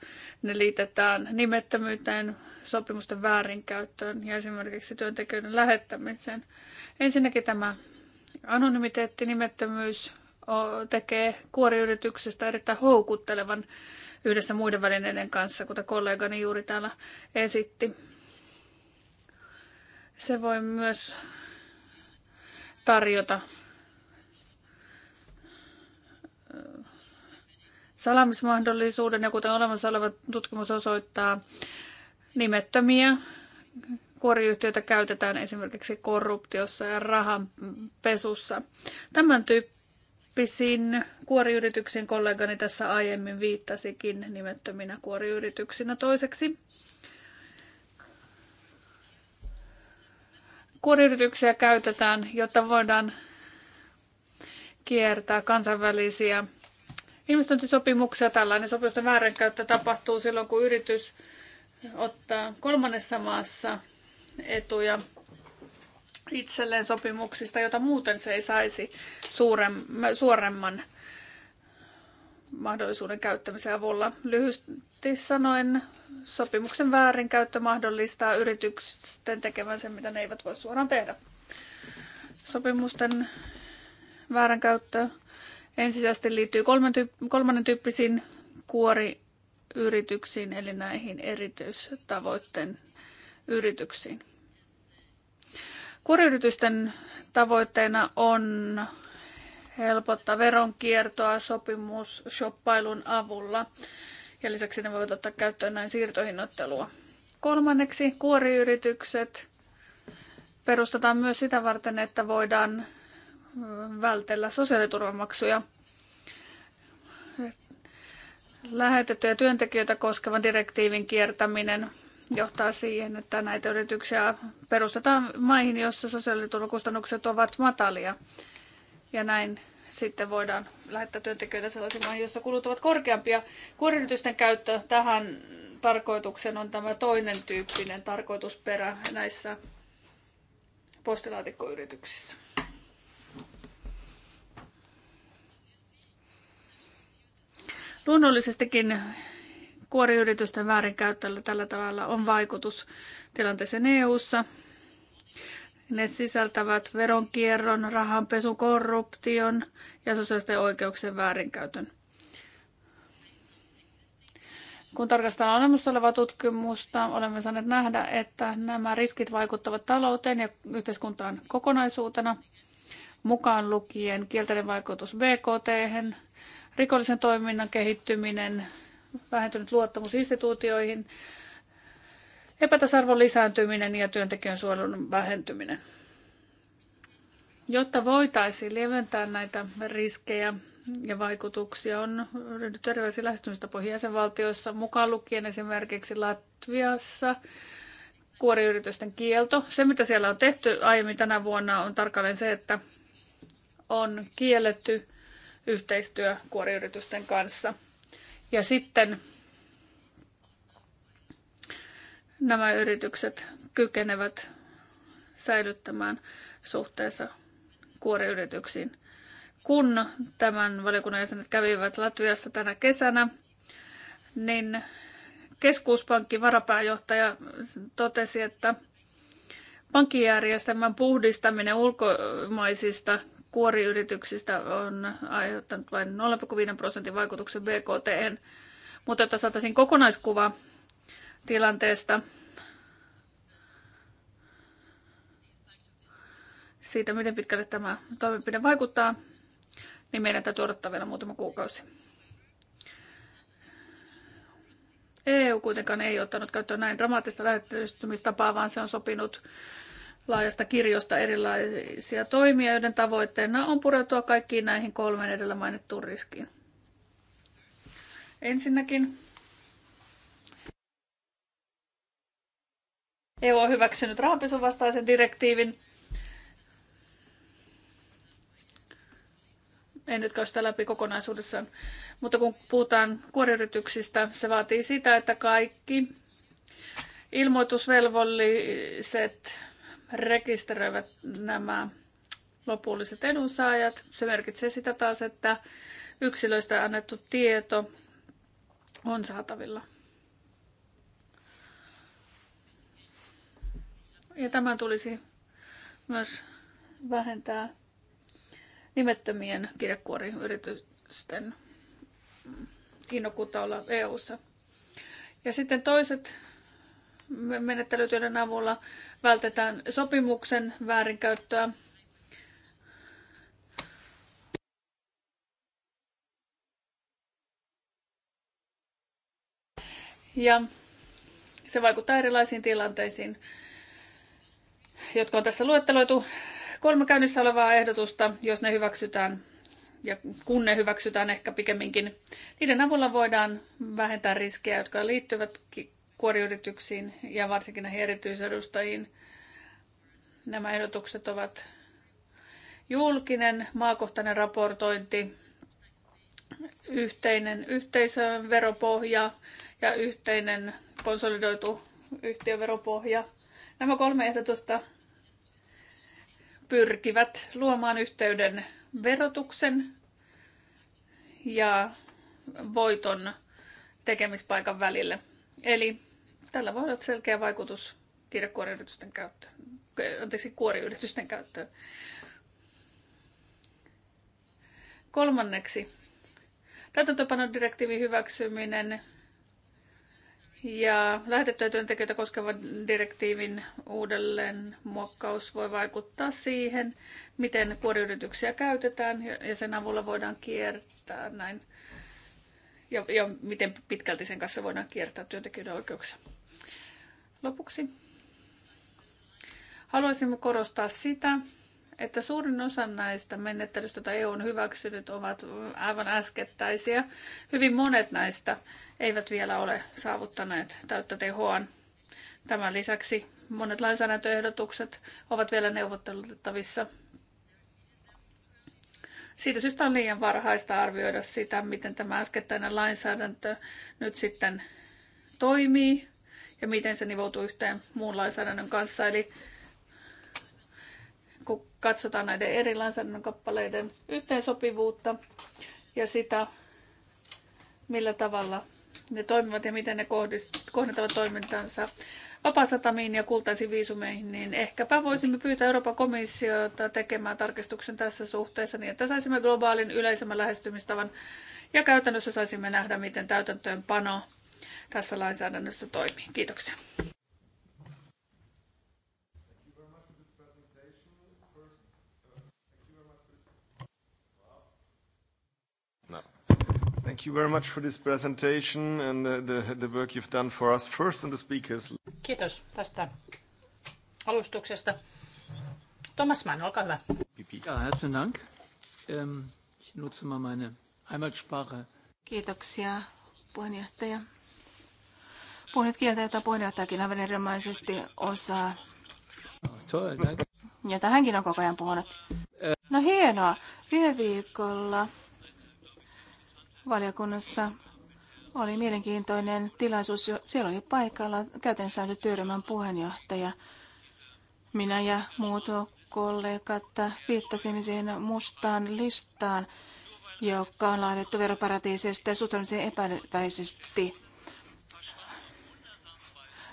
ne liitetään nimettömyyteen, sopimusten väärinkäyttöön ja esimerkiksi työntekijöiden lähettämiseen. Ensinnäkin tämä anonymiteetti, nimettömyys tekee kuoriyrityksestä erittäin houkuttelevan yhdessä muiden välineiden kanssa, kuten kollegani juuri täällä esitti. Se voi myös tarjota salamismahdollisuuden ja kuten olemassa oleva tutkimus osoittaa, nimettömiä kuoriyhtiöitä käytetään esimerkiksi korruptiossa ja rahanpesussa. Tämän tyyppisiin kuoriyrityksiin kollegani tässä aiemmin viittasikin nimettöminä kuoriyrityksinä toiseksi. Kuoriyrityksiä käytetään, jotta voidaan kiertää kansainvälisiä investointisopimuksia. Tällainen sopimusten väärinkäyttö tapahtuu silloin, kun yritys ottaa kolmannessa maassa etuja itselleen sopimuksista, jota muuten se ei saisi suuremman suoremman mahdollisuuden käyttämisen avulla. Lyhyesti sanoen, sopimuksen väärinkäyttö mahdollistaa yritysten tekemään sen, mitä ne eivät voi suoraan tehdä. Sopimusten väärinkäyttö ensisijaisesti liittyy kolmannen tyyppisiin kuoriyrityksiin, eli näihin erityistavoitteen yrityksiin. Kuoriyritysten tavoitteena on helpottaa veronkiertoa sopimusshoppailun avulla. Ja lisäksi ne voivat ottaa käyttöön näin siirtohinnoittelua. Kolmanneksi kuoriyritykset perustetaan myös sitä varten, että voidaan vältellä sosiaaliturvamaksuja. Lähetettyjä työntekijöitä koskevan direktiivin kiertäminen johtaa siihen, että näitä yrityksiä perustetaan maihin, joissa sosiaaliturvakustannukset ovat matalia. Ja näin sitten voidaan lähettää työntekijöitä sellaisiin maihin, joissa kulut ovat korkeampia. Kuoriyritysten käyttö tähän tarkoituksen on tämä toinen tyyppinen tarkoitusperä näissä postilaatikkoyrityksissä. Luonnollisestikin kuoriyritysten väärinkäyttöllä tällä tavalla on vaikutus tilanteeseen EU-ssa. Ne sisältävät veronkierron, rahanpesun, korruption ja sosiaalisten oikeuksien väärinkäytön. Kun tarkastellaan olemassa olevaa tutkimusta, olemme saaneet nähdä, että nämä riskit vaikuttavat talouteen ja yhteiskuntaan kokonaisuutena, mukaan lukien kielteinen vaikutus BKT, rikollisen toiminnan kehittyminen, vähentynyt luottamus instituutioihin, epätasarvon lisääntyminen ja työntekijän suojelun vähentyminen. Jotta voitaisiin lieventää näitä riskejä ja vaikutuksia, on ryhdytty erilaisiin lähestymistapoihin jäsenvaltioissa, mukaan lukien esimerkiksi Latviassa kuoriyritysten kielto. Se, mitä siellä on tehty aiemmin tänä vuonna, on tarkalleen se, että on kielletty yhteistyö kuoriyritysten kanssa. Ja sitten nämä yritykset kykenevät säilyttämään suhteessa kuoriyrityksiin. Kun tämän valiokunnan jäsenet kävivät Latviassa tänä kesänä, niin keskuspankki varapääjohtaja totesi, että pankkijärjestelmän puhdistaminen ulkomaisista kuoriyrityksistä on aiheuttanut vain 0,5 prosentin vaikutuksen BKT, mutta että saataisiin kokonaiskuva tilanteesta, siitä, miten pitkälle tämä toimenpide vaikuttaa, niin meidän täytyy odottaa vielä muutama kuukausi. EU kuitenkaan ei ottanut käyttöön näin dramaattista lähettelystymistapaa, vaan se on sopinut laajasta kirjosta erilaisia toimia, joiden tavoitteena on pureutua kaikkiin näihin kolmeen edellä mainittuun riskiin. Ensinnäkin EU on hyväksynyt rahanpesun vastaisen direktiivin. En nyt käy sitä läpi kokonaisuudessaan, mutta kun puhutaan kuoriyrityksistä, se vaatii sitä, että kaikki ilmoitusvelvolliset rekisteröivät nämä lopulliset edunsaajat. Se merkitsee sitä taas, että yksilöistä annettu tieto on saatavilla. Ja tämä tulisi myös vähentää nimettömien kirjekuoriyritysten innokkuutta olla EU-ssa. Ja sitten toiset menettelytyöiden avulla vältetään sopimuksen väärinkäyttöä. Ja se vaikuttaa erilaisiin tilanteisiin, jotka on tässä luetteloitu. Kolme käynnissä olevaa ehdotusta, jos ne hyväksytään ja kun ne hyväksytään ehkä pikemminkin, niiden avulla voidaan vähentää riskejä, jotka liittyvät kuoriyrityksiin ja varsinkin näihin erityisedustajiin. Nämä ehdotukset ovat julkinen maakohtainen raportointi, yhteinen yhteisön veropohja ja yhteinen konsolidoitu yhtiöveropohja. Nämä kolme ehdotusta pyrkivät luomaan yhteyden verotuksen ja voiton tekemispaikan välille. Eli Tällä voi olla selkeä vaikutus kirjakuoriyritysten käyttöön, anteeksi, kuoriyritysten käyttöön. Kolmanneksi, täytäntöpanodirektiivin hyväksyminen ja lähetettyä työntekijöitä koskevan direktiivin uudelleen muokkaus voi vaikuttaa siihen, miten kuoriyrityksiä käytetään ja sen avulla voidaan kiertää näin ja, ja miten pitkälti sen kanssa voidaan kiertää työntekijöiden oikeuksia. Lopuksi haluaisimme korostaa sitä, että suurin osa näistä menettelyistä, joita EU on hyväksynyt, ovat aivan äskettäisiä. Hyvin monet näistä eivät vielä ole saavuttaneet täyttä tehoa. Tämän lisäksi monet lainsäädäntöehdotukset ovat vielä neuvottelutettavissa siitä syystä on liian varhaista arvioida sitä, miten tämä äskettäinen lainsäädäntö nyt sitten toimii ja miten se nivoutuu yhteen muun lainsäädännön kanssa. Eli kun katsotaan näiden eri lainsäädännön kappaleiden yhteensopivuutta ja sitä, millä tavalla ne toimivat ja miten ne kohdentavat toimintansa vapaasatamiin ja kultaisiin viisumeihin, niin ehkäpä voisimme pyytää Euroopan komissiota tekemään tarkistuksen tässä suhteessa niin, että saisimme globaalin yleisemmän lähestymistavan ja käytännössä saisimme nähdä, miten täytäntöönpano tässä lainsäädännössä toimii. Kiitoksia. Thank you very much for this presentation and the, the, the work you've done for us. First on the speakers. Kiitos tästä alustuksesta. Thomas Mann, olkaa hyvä. Ja, herzlichen Dank. Ähm, ich nutze mal meine Heimatsprache. Kiitoksia, puheenjohtaja. Puhun nyt kieltä, jota puheenjohtajakin aivan erilaisesti osaa. Ah, toll, danke. Jota on koko ajan puhunut. Äh. No hienoa. Viime viikolla valiokunnassa oli mielenkiintoinen tilaisuus. Siellä oli paikalla työryhmän puheenjohtaja. Minä ja muut kollegat viittasimme siihen mustaan listaan, joka on laadittu veroparatiiseista ja suhtautumisen epäväisesti.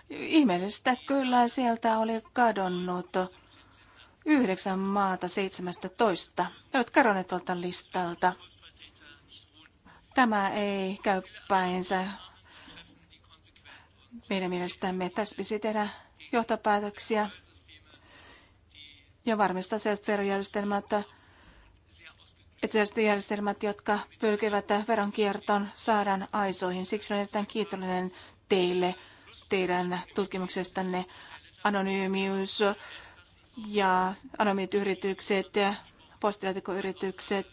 Ihmeellistä kyllä sieltä oli kadonnut yhdeksän maata 17. Ne ovat kadonneet tuolta listalta. Tämä ei käy päinsä. Meidän mielestämme tässä pitäisi tehdä johtopäätöksiä ja varmistaa sellaiset verojärjestelmät, että sellaiset järjestelmät, jotka pyrkivät veronkiertoon, saadaan aisoihin. Siksi olen erittäin kiitollinen teille teidän tutkimuksestanne anonyymius ja anonyymit yritykset ja postilaatikkoyritykset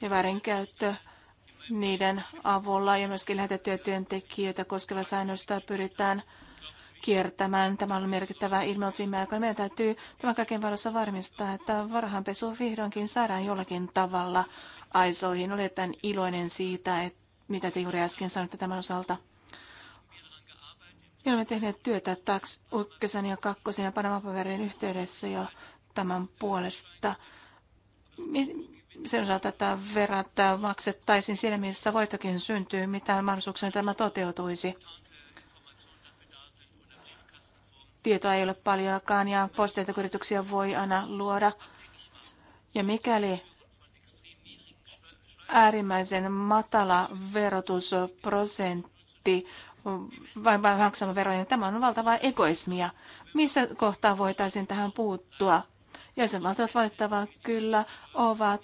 ja väärinkäyttö niiden avulla ja myöskin lähetettyjä työntekijöitä koskeva säännöstä pyritään kiertämään. Tämä on merkittävä ilmiö viime aikoina. Meidän täytyy tämän kaiken valossa varmistaa, että varhaanpesu vihdoinkin saadaan jollakin tavalla aisoihin. Olen tämän iloinen siitä, että mitä te juuri äsken sanoitte tämän osalta. Me olemme tehneet työtä TAX 1 ja 2 ja Panama-paperin yhteydessä jo tämän puolesta sen osalta, että verrat maksettaisiin siinä, missä voitokin syntyy, mitä mahdollisuuksia tämä toteutuisi. Tietoa ei ole paljonkaan ja yrityksiä voi aina luoda. Ja mikäli äärimmäisen matala verotusprosentti vai vain maksama veroja, niin tämä on valtavaa egoismia. Missä kohtaa voitaisiin tähän puuttua? Jäsenvaltiot valittavaa kyllä ovat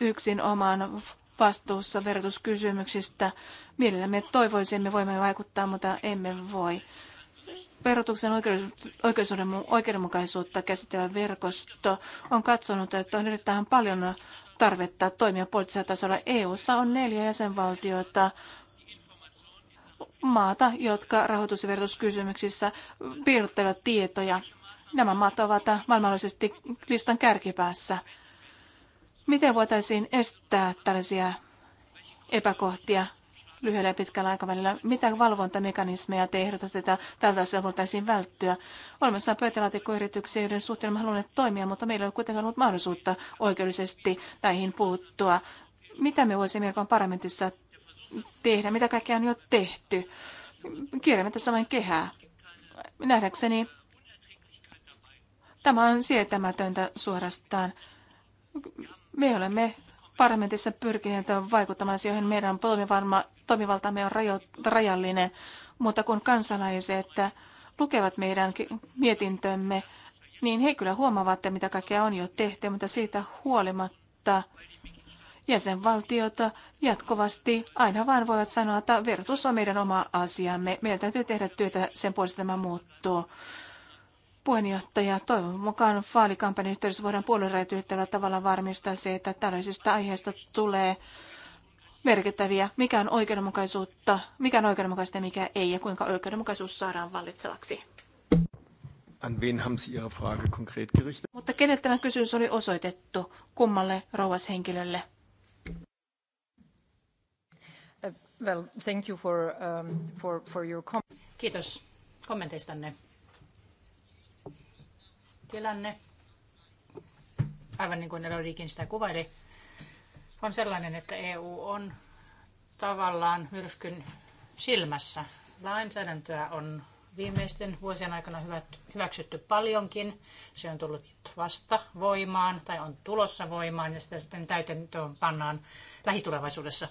yksin oman vastuussa verotuskysymyksistä. Mielellämme toivoisimme voimme vaikuttaa, mutta emme voi. Verotuksen oikeudenmukaisuutta käsittelevä verkosto on katsonut, että on erittäin paljon tarvetta toimia poliittisella tasolla. EU:ssa on neljä jäsenvaltiota maata, jotka rahoitus- ja verotuskysymyksissä piilottelevat tietoja Nämä maat ovat maailmanlaajuisesti listan kärkipäässä. Miten voitaisiin estää tällaisia epäkohtia lyhyellä ja pitkällä aikavälillä? Mitä valvontamekanismeja te ehdotatte, että tältä se voitaisiin välttyä? Olemassa on pöytälaatikkoyrityksiä, joiden suhteen me toimia, mutta meillä ei ole kuitenkaan ollut mahdollisuutta oikeudellisesti näihin puuttua. Mitä me voisimme Euroopan parlamentissa tehdä? Mitä kaikkea on jo tehty? Kierrämme tässä vain kehää. Nähdäkseni Tämä on sietämätöntä suorastaan. Me olemme parlamentissa pyrkineet vaikuttamaan siihen Meidän toimivalta toimivaltamme on rajo, rajallinen, mutta kun kansalaiset lukevat meidän mietintömme, niin he kyllä huomaavat, että mitä kaikkea on jo tehty, mutta siitä huolimatta jäsenvaltiota jatkuvasti aina vain voivat sanoa, että verotus on meidän oma asiamme. Meidän täytyy tehdä työtä sen puolesta, tämä muuttuu puheenjohtaja. Toivon mukaan vaalikampanjan yhteydessä voidaan puolueen ylittävällä tavalla varmistaa se, että tällaisista aiheista tulee merkittäviä, mikä on oikeudenmukaisuutta, mikä on oikeudenmukaista ja mikä ei, ja kuinka oikeudenmukaisuus saadaan vallitsevaksi. An wen haben Sie Ihre Frage konkret gerichtet? Mutta kenelle tämä kysymys oli osoitettu? Kummalle rouvashenkilölle? Uh, well, thank you for, um, for, for your comment. Kiitos kommenteistanne tilanne, aivan niin kuin Elodikin sitä kuvaili, on sellainen, että EU on tavallaan myrskyn silmässä. Lainsäädäntöä on viimeisten vuosien aikana hyväksytty paljonkin. Se on tullut vasta voimaan tai on tulossa voimaan ja sitä sitten täytäntöön pannaan lähitulevaisuudessa.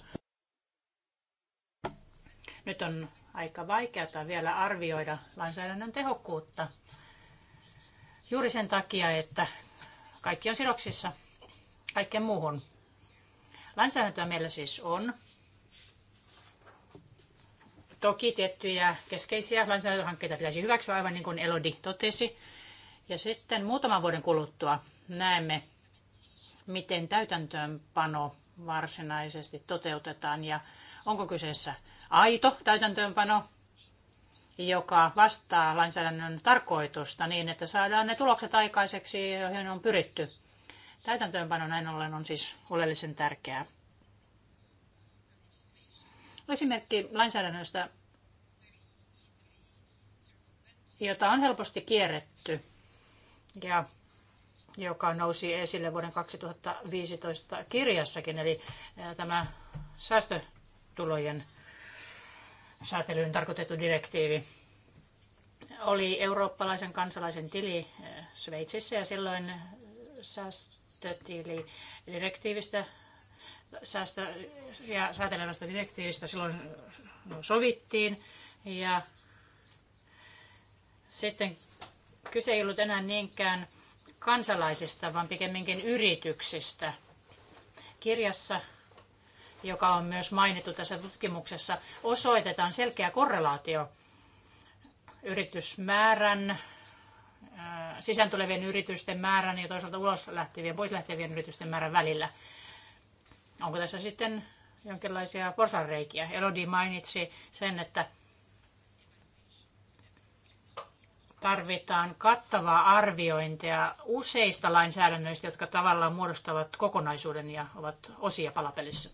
Nyt on aika vaikeaa vielä arvioida lainsäädännön tehokkuutta Juuri sen takia, että kaikki on sidoksissa kaikkeen muuhun. Lainsäädäntöä meillä siis on. Toki tiettyjä keskeisiä lainsäädäntöhankkeita pitäisi hyväksyä, aivan niin kuin Elodi totesi. Ja sitten muutaman vuoden kuluttua näemme, miten täytäntöönpano varsinaisesti toteutetaan ja onko kyseessä aito täytäntöönpano joka vastaa lainsäädännön tarkoitusta niin, että saadaan ne tulokset aikaiseksi, joihin on pyritty. Täytäntöönpano näin ollen on siis oleellisen tärkeää. Esimerkki lainsäädännöstä, jota on helposti kierretty ja joka nousi esille vuoden 2015 kirjassakin, eli tämä säästötulojen säätelyyn tarkoitettu direktiivi oli eurooppalaisen kansalaisen tili eh, Sveitsissä ja silloin säästötili direktiivistä säästö- ja säätelevästä direktiivistä silloin sovittiin ja sitten kyse ei ollut enää niinkään kansalaisista, vaan pikemminkin yrityksistä. Kirjassa joka on myös mainittu tässä tutkimuksessa, osoitetaan selkeä korrelaatio yritysmäärän, äh, sisään tulevien yritysten määrän ja toisaalta ulos lähtevien, pois lähtevien yritysten määrän välillä. Onko tässä sitten jonkinlaisia porsanreikiä? Elodi mainitsi sen, että tarvitaan kattavaa arviointia useista lainsäädännöistä, jotka tavallaan muodostavat kokonaisuuden ja ovat osia palapelissä.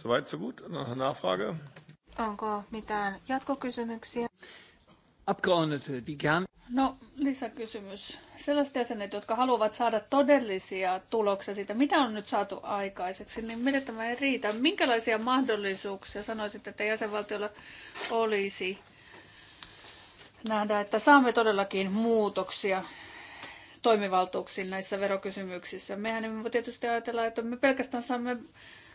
Soweit so gut. Nachfrage? Onko mitään jatkokysymyksiä? Abgeordnete, die gern... No, lisäkysymys. Sellaiset jäsenet, jotka haluavat saada todellisia tuloksia siitä, mitä on nyt saatu aikaiseksi, niin mitä tämä ei riitä. Minkälaisia mahdollisuuksia sanoisit, että jäsenvaltiolla olisi nähdä, että saamme todellakin muutoksia toimivaltuuksiin näissä verokysymyksissä. Mehän emme voi tietysti ajatella, että me pelkästään saamme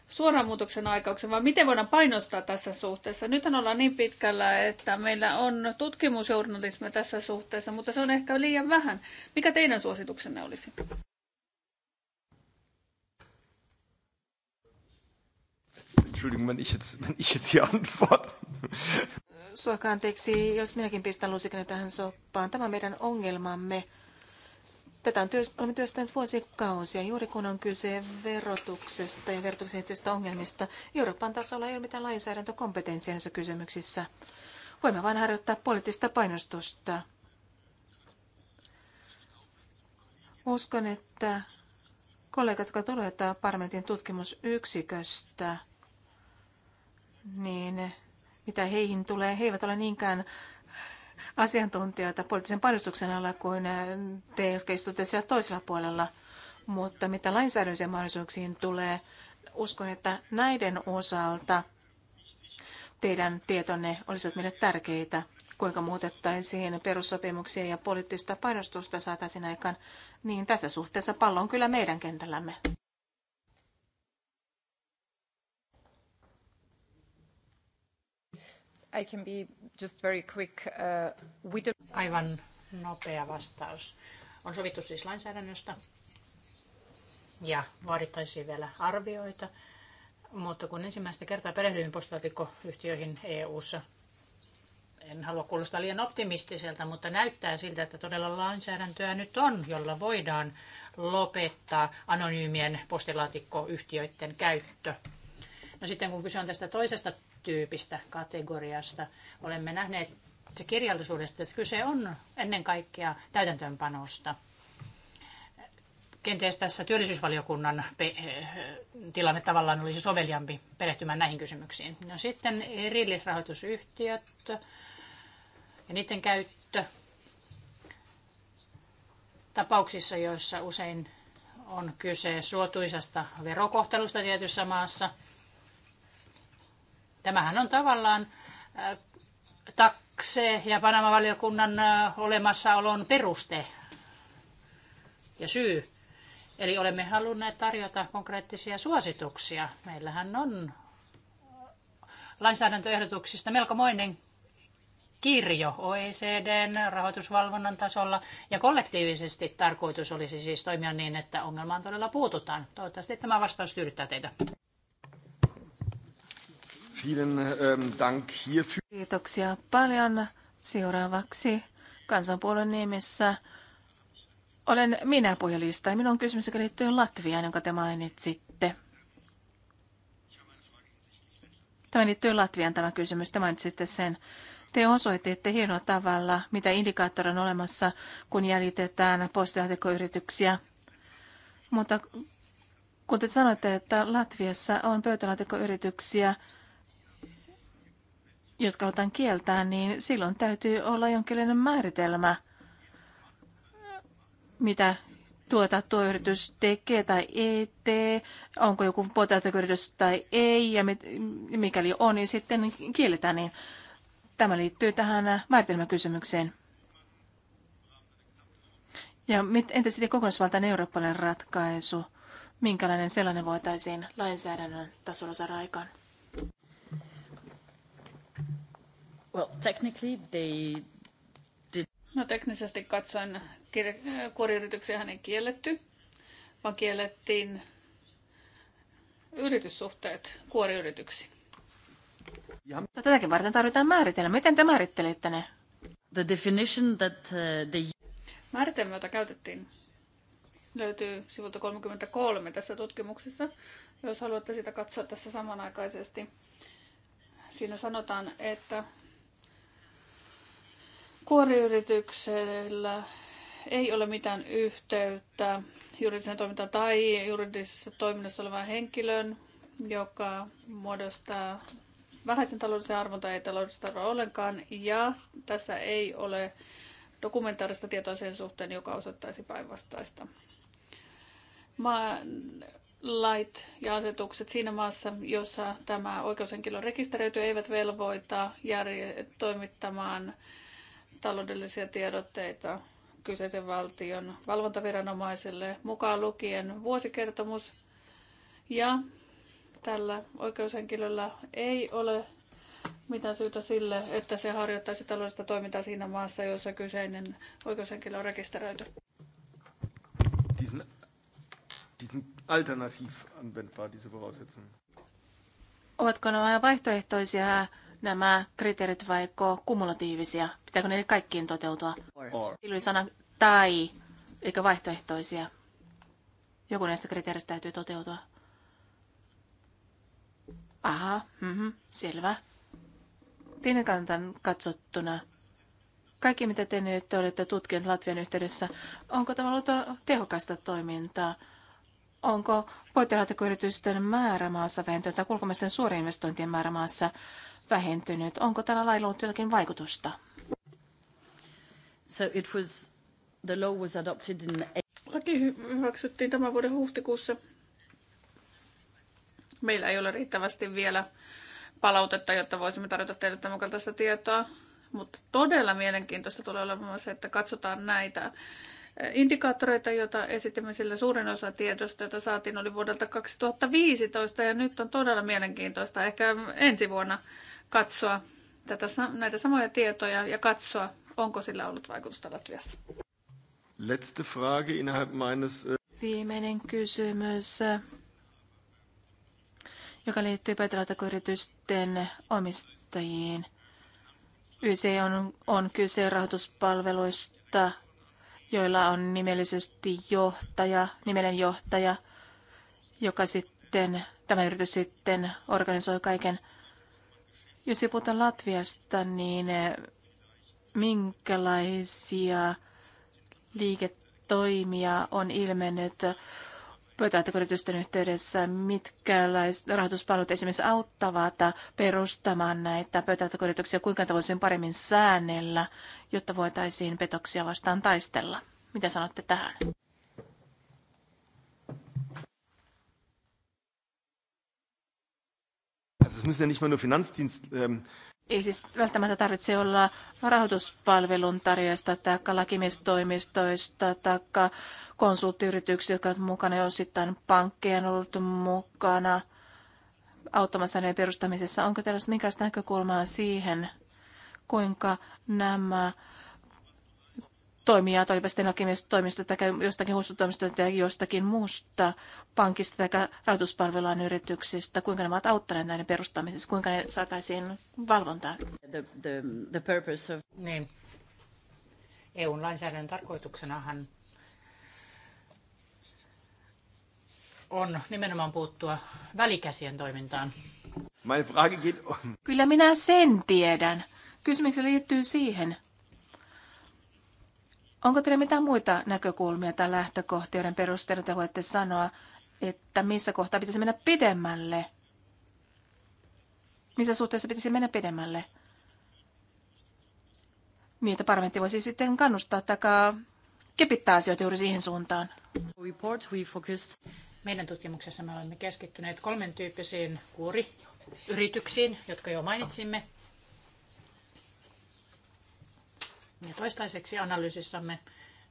suoran muutoksen aikauksen, vaan miten voidaan painostaa tässä suhteessa. Nyt ollaan niin pitkällä, että meillä on tutkimusjournalismia tässä suhteessa, mutta se on ehkä liian vähän. Mikä teidän suosituksenne olisi? Entschuldigung, wenn ich jetzt, wenn ich jetzt hier antworte. Suokaa anteeksi, jos minäkin pistän lusikani tähän soppaan. Tämä on meidän ongelmamme. Tätä on työst- olemme työstäneet vuosikausia, juuri kun on kyse verotuksesta ja verotuksen liittyvistä ongelmista. Euroopan tasolla ei ole mitään lainsäädäntökompetenssia näissä kysymyksissä. Voimme vain harjoittaa poliittista painostusta. Uskon, että kollegat, jotka tulevat parlamentin tutkimusyksiköstä, niin mitä heihin tulee, he eivät ole niinkään asiantuntijoita poliittisen paljastuksen alla kuin te, jotka istutte siellä toisella puolella. Mutta mitä lainsäädännöllisiin mahdollisuuksiin tulee, uskon, että näiden osalta teidän tietonne olisivat meille tärkeitä, kuinka muutettaisiin perussopimuksia ja poliittista painostusta saataisiin aikaan, niin tässä suhteessa pallo on kyllä meidän kentällämme. I can be just very quick. Uh, Aivan nopea vastaus. On sovittu siis lainsäädännöstä ja vaadittaisiin vielä arvioita. Mutta kun ensimmäistä kertaa perehdyin postaatikkoyhtiöihin EU-ssa, en halua kuulostaa liian optimistiselta, mutta näyttää siltä, että todella lainsäädäntöä nyt on, jolla voidaan lopettaa anonyymien postilaatikkoyhtiöiden käyttö. No sitten kun kyse on tästä toisesta tyypistä kategoriasta. Olemme nähneet kirjallisuudesta, että kyse on ennen kaikkea täytäntöönpanosta. Kenties tässä työllisyysvaliokunnan tilanne tavallaan olisi soveliampi perehtymään näihin kysymyksiin. No sitten erillisrahoitusyhtiöt ja niiden käyttö tapauksissa, joissa usein on kyse suotuisasta verokohtelusta tietyssä maassa – Tämähän on tavallaan äh, takse ja Panama-valiokunnan äh, olemassaolon peruste ja syy. Eli olemme halunneet tarjota konkreettisia suosituksia. Meillähän on lainsäädäntöehdotuksista melkomoinen kirjo OECDn rahoitusvalvonnan tasolla ja kollektiivisesti tarkoitus olisi siis toimia niin, että ongelmaan todella puututaan. Toivottavasti tämä vastaus tyydyttää teitä. Ähm, Kiitoksia paljon. Seuraavaksi kansanpuolen nimessä olen minä puhelista ja minun on kysymys, joka liittyy Latviaan, jonka te mainitsitte. Tämä liittyy Latvian tämä kysymys. Te mainitsitte sen. Te osoititte hienoa tavalla, mitä indikaattori on olemassa, kun jäljitetään postilaatikoyrityksiä. Mutta kun te sanoitte, että Latviassa on pöytälaatikkoyrityksiä, jotka halutaan kieltää, niin silloin täytyy olla jonkinlainen määritelmä, mitä tuota tuo yritys tekee tai ei tee, onko joku potilaatayritys tai ei, ja mikäli on, niin sitten kielletään. Niin tämä liittyy tähän määritelmäkysymykseen. Ja mit, entä sitten kokonaisvaltainen eurooppalainen ratkaisu? Minkälainen sellainen voitaisiin lainsäädännön tasolla saada aikaan? Well, technically they did... No teknisesti katsoen kuoriyrityksiä hän ei kielletty, vaan kiellettiin yrityssuhteet kuoriyrityksiin. Ja... Tätäkin varten tarvitaan määritelmä. Miten te määrittelitte ne? The definition that uh, they... Määritelmä, jota käytettiin, löytyy sivulta 33 tässä tutkimuksessa, jos haluatte sitä katsoa tässä samanaikaisesti. Siinä sanotaan, että Kuoriyrityksellä ei ole mitään yhteyttä juridiseen toimintaan tai juridisessa toiminnassa olevaan henkilön, joka muodostaa vähäisen taloudellisen arvon tai ei taloudellista arvoa ollenkaan. Ja tässä ei ole dokumentaarista tietoa sen suhteen, joka osoittaisi päinvastaista. Mä lait ja asetukset siinä maassa, jossa tämä oikeushenkilö rekisteröity, eivät velvoita järje- toimittamaan taloudellisia tiedotteita kyseisen valtion valvontaviranomaiselle mukaan lukien vuosikertomus. Ja tällä oikeushenkilöllä ei ole mitään syytä sille, että se harjoittaisi taloudellista toimintaa siinä maassa, jossa kyseinen oikeushenkilö on rekisteröity. Diesen, diesen alternativ anwendbar, diese Ovatko nämä vaihtoehtoisia nämä kriteerit vai kumulatiivisia? Pitääkö ne kaikkiin toteutua? Ilmi sana tai, eli vaihtoehtoisia. Joku näistä kriteereistä täytyy toteutua. Aha, mm-hmm, selvä. Tinnekantan katsottuna. Kaikki, mitä te nyt olette tutkineet Latvian yhteydessä, onko tämä ollut tehokasta toimintaa? Onko voitelaatikoyritysten määrä maassa vähentynyt tai ulkomaisten investointien määrä maassa vähentynyt? Onko tällä lailla ollut jotakin vaikutusta? So it was, the law was adopted in... Laki hyväksyttiin tämän vuoden huhtikuussa. Meillä ei ole riittävästi vielä palautetta, jotta voisimme tarjota teille tämän kaltaista tietoa. Mutta todella mielenkiintoista tulee olemaan se, että katsotaan näitä eh, indikaattoreita, joita esitimme, sillä suurin osa tiedosta, jota saatiin, oli vuodelta 2015 ja nyt on todella mielenkiintoista ehkä ensi vuonna katsoa tätä, näitä samoja tietoja ja katsoa, Onko sillä ollut vaikutusta Latviassa? Letzte Frage innerhalb meines... Äh, Viimeinen kysymys, joka liittyy päätelautakoyritysten omistajiin. Yse on, on kyse rahoituspalveluista, joilla on nimellisesti johtaja, nimellinen johtaja, joka sitten, tämä yritys sitten organisoi kaiken. Jos ei puhuta Latviasta, niin minkälaisia liiketoimia on ilmennyt pöytähtäkoyritysten yhteydessä, mitkä rahoituspalvelut esimerkiksi auttavat perustamaan näitä pöytähtäkoyrityksiä, kuinka voisi sen paremmin säännellä, jotta voitaisiin petoksia vastaan taistella. Mitä sanotte tähän? Also es müssen ja nicht mal nur Finanzdienst, ähm, ei siis välttämättä tarvitse olla rahoituspalvelun tarjoajista tai lakimistoimistoista tai konsulttiyrityksiä, jotka ovat mukana osittain pankkeja on ollut mukana auttamassa ne perustamisessa. Onko tällaista minkälaista näkökulmaa siihen, kuinka nämä toimijat, olipa sitten lakimiestoimistosta tai jostakin huussutoimistosta tai jostakin muusta pankista tai rahoituspalvelujen yrityksistä, kuinka ne ovat auttaneet näiden perustamisessa, kuinka ne saataisiin valvontaan. The, the, the purpose of... Niin. eu lainsäädännön tarkoituksenahan on nimenomaan puuttua välikäsien toimintaan. Kyllä minä sen tiedän. Kysymykseni liittyy siihen, Onko teillä mitään muita näkökulmia tai lähtökohtia, joiden perusteella te voitte sanoa, että missä kohtaa pitäisi mennä pidemmälle? Missä suhteessa pitäisi mennä pidemmälle? Niitä parlamentti voisi sitten kannustaa takaa kepittää asioita juuri siihen suuntaan. Meidän tutkimuksessa me olemme keskittyneet kolmen tyyppisiin kuoriyrityksiin, jotka jo mainitsimme. Ja toistaiseksi analyysissamme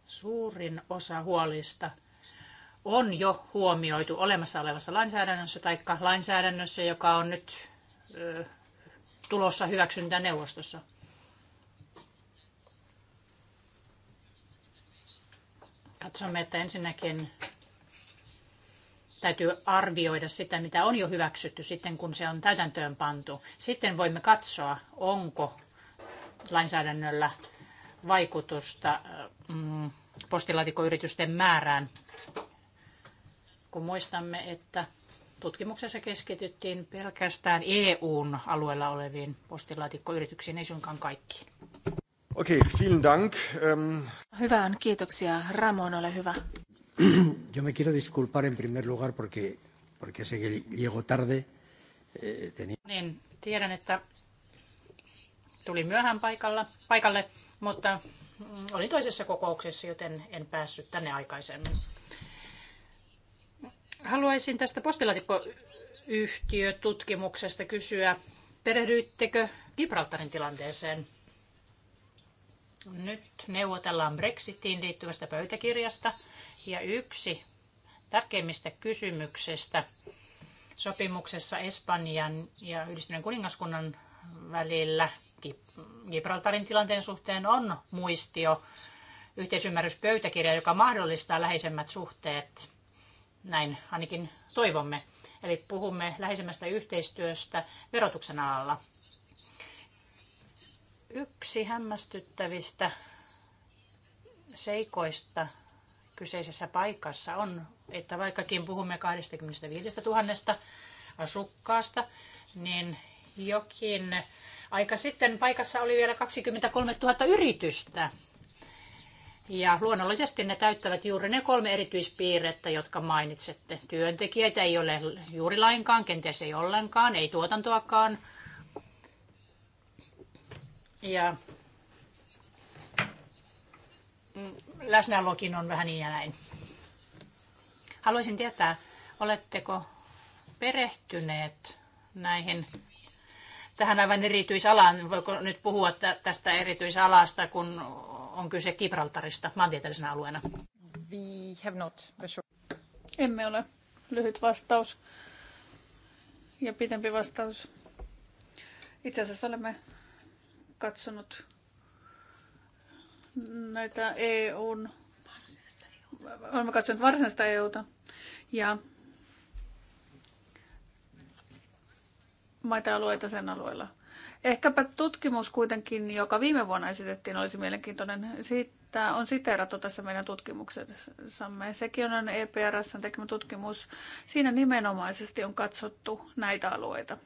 suurin osa huolista on jo huomioitu olemassa olevassa lainsäädännössä tai lainsäädännössä, joka on nyt ö, tulossa hyväksyntäneuvostossa. Katsomme, että ensinnäkin täytyy arvioida sitä, mitä on jo hyväksytty sitten, kun se on täytäntöön pantu. Sitten voimme katsoa, onko lainsäädännöllä vaikutusta mm, postilaatikoyritysten määrään. Kun muistamme, että tutkimuksessa keskityttiin pelkästään EUn alueella oleviin postilaatikkoyrityksiin, ei suinkaan kaikkiin. Okei, okay, vielen dank. Um... Hyvä on, kiitoksia. Ramon, ole hyvä. Yo me quiero disculpar en primer lugar porque, porque sé que llego tarde. Eh, tenía... Niin, tiedän, että Tuli myöhään paikalla, paikalle, mutta mm, olin toisessa kokouksessa, joten en päässyt tänne aikaisemmin. Haluaisin tästä postilaatikkoyhtiötutkimuksesta kysyä. Perehdyittekö Gibraltarin tilanteeseen? Nyt neuvotellaan Brexitiin liittyvästä pöytäkirjasta ja yksi tärkeimmistä kysymyksistä sopimuksessa Espanjan ja Yhdistyneen kuningaskunnan välillä Gibraltarin tilanteen suhteen on muistio, yhteisymmärryspöytäkirja, joka mahdollistaa läheisemmät suhteet. Näin ainakin toivomme. Eli puhumme läheisemmästä yhteistyöstä verotuksen alalla. Yksi hämmästyttävistä seikoista kyseisessä paikassa on, että vaikkakin puhumme 25 000 asukkaasta, niin jokin Aika sitten paikassa oli vielä 23 000 yritystä. Ja luonnollisesti ne täyttävät juuri ne kolme erityispiirrettä, jotka mainitsette. Työntekijöitä ei ole juuri lainkaan, kenties ei ollenkaan, ei tuotantoakaan. Ja läsnäolokin on vähän niin ja näin. Haluaisin tietää, oletteko perehtyneet näihin tähän aivan erityisalaan. Voiko nyt puhua tästä erityisalasta, kun on kyse Gibraltarista maantieteellisenä alueena? We have not. Emme ole. Lyhyt vastaus ja pidempi vastaus. Itse asiassa olemme katsonut näitä EUn, olemme katsoneet varsinaista EUta ja maita ja alueita sen alueella. Ehkäpä tutkimus kuitenkin, joka viime vuonna esitettiin, olisi mielenkiintoinen. Siitä on siteerattu tässä meidän tutkimuksessamme. Sekin on EPRSn tekemä tutkimus. Siinä nimenomaisesti on katsottu näitä alueita.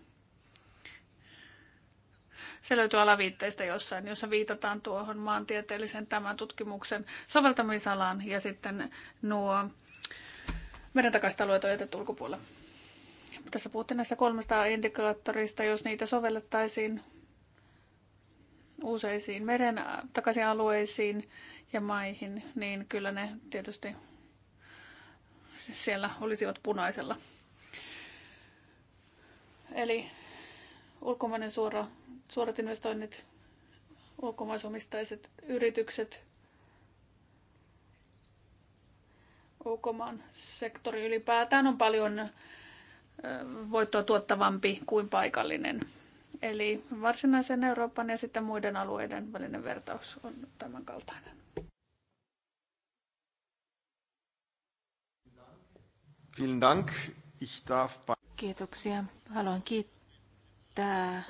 Se löytyy alaviitteistä jossain, jossa viitataan tuohon maantieteellisen tämän tutkimuksen soveltamisalaan ja sitten nuo meidän takaiset alueet on jätetty ulkopuolelle tässä puhuttiin näistä kolmesta indikaattorista, jos niitä sovellettaisiin useisiin meren takaisin alueisiin ja maihin, niin kyllä ne tietysti siellä olisivat punaisella. Eli ulkomainen suora, suorat investoinnit, ulkomaisomistaiset yritykset, ulkomaan sektori ylipäätään on paljon voittoa tuottavampi kuin paikallinen. Eli varsinaisen Euroopan ja sitten muiden alueiden välinen vertaus on tämän kaltainen. Vielen Dank. Ich darf Kiitoksia. Haluan kiittää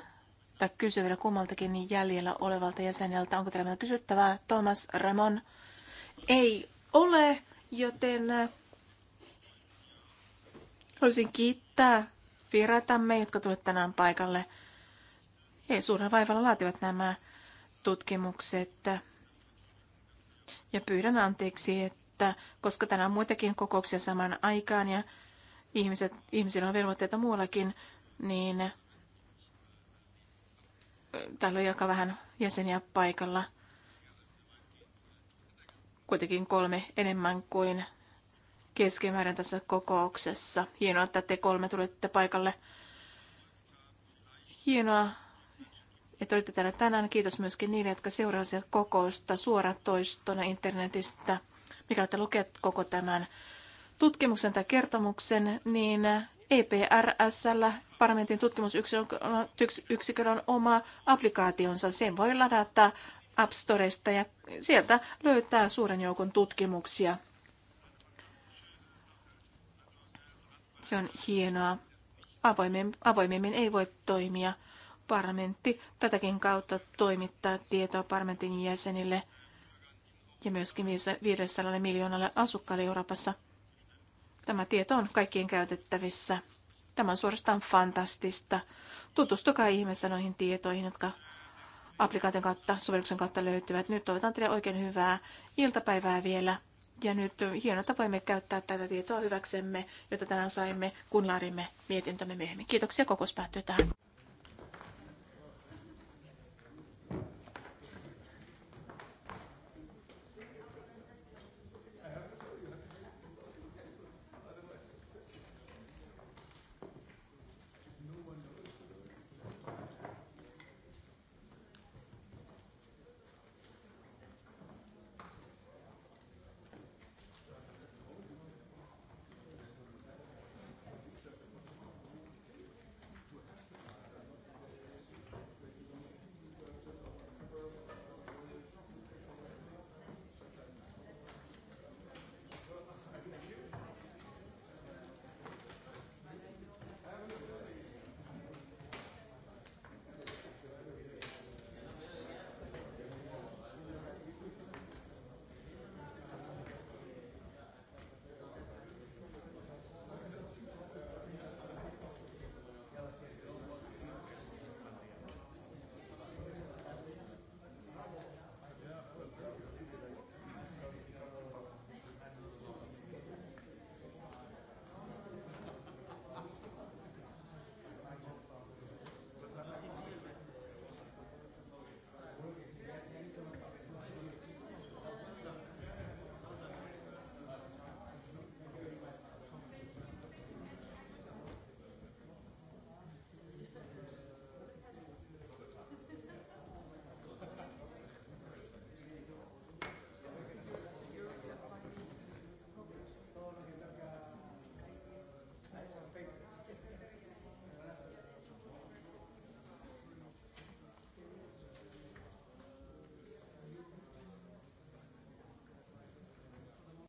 tai kysyä vielä kummaltakin niin jäljellä olevalta jäseneltä. Onko teillä kysyttävää? Thomas Ramon ei ole, joten Haluaisin kiittää vieraitamme, jotka tulivat tänään paikalle. He suurella vaivalla laativat nämä tutkimukset. Ja pyydän anteeksi, että koska tänään on muitakin kokouksia samaan aikaan ja ihmiset, ihmisillä on velvoitteita muuallakin, niin äh, täällä on aika vähän jäseniä paikalla. Kuitenkin kolme enemmän kuin keskimäärin tässä kokouksessa. Hienoa, että te kolme tulitte paikalle. Hienoa, että olitte täällä tänään. Kiitos myöskin niille, jotka seurasivat kokousta suoratoistona internetistä. Mikä olette lukeet koko tämän tutkimuksen tai kertomuksen, niin EPRSL, parlamentin tutkimusyksikön on oma applikaationsa. Sen voi ladata App Storesta ja sieltä löytää suuren joukon tutkimuksia Se on hienoa. Avoimemmin ei voi toimia. Parlamentti tätäkin kautta toimittaa tietoa parlamentin jäsenille ja myöskin 500 miljoonalle asukkaalle Euroopassa. Tämä tieto on kaikkien käytettävissä. Tämä on suorastaan fantastista. Tutustukaa ihmeessä noihin tietoihin, jotka applikaation kautta, sovelluksen kautta löytyvät. Nyt toivotan teille oikein hyvää iltapäivää vielä. Ja nyt hieno tapamme käyttää tätä tietoa hyväksemme, jota tänään saimme, kun laadimme mietintömme myöhemmin. Kiitoksia, kokous päättyy tähän.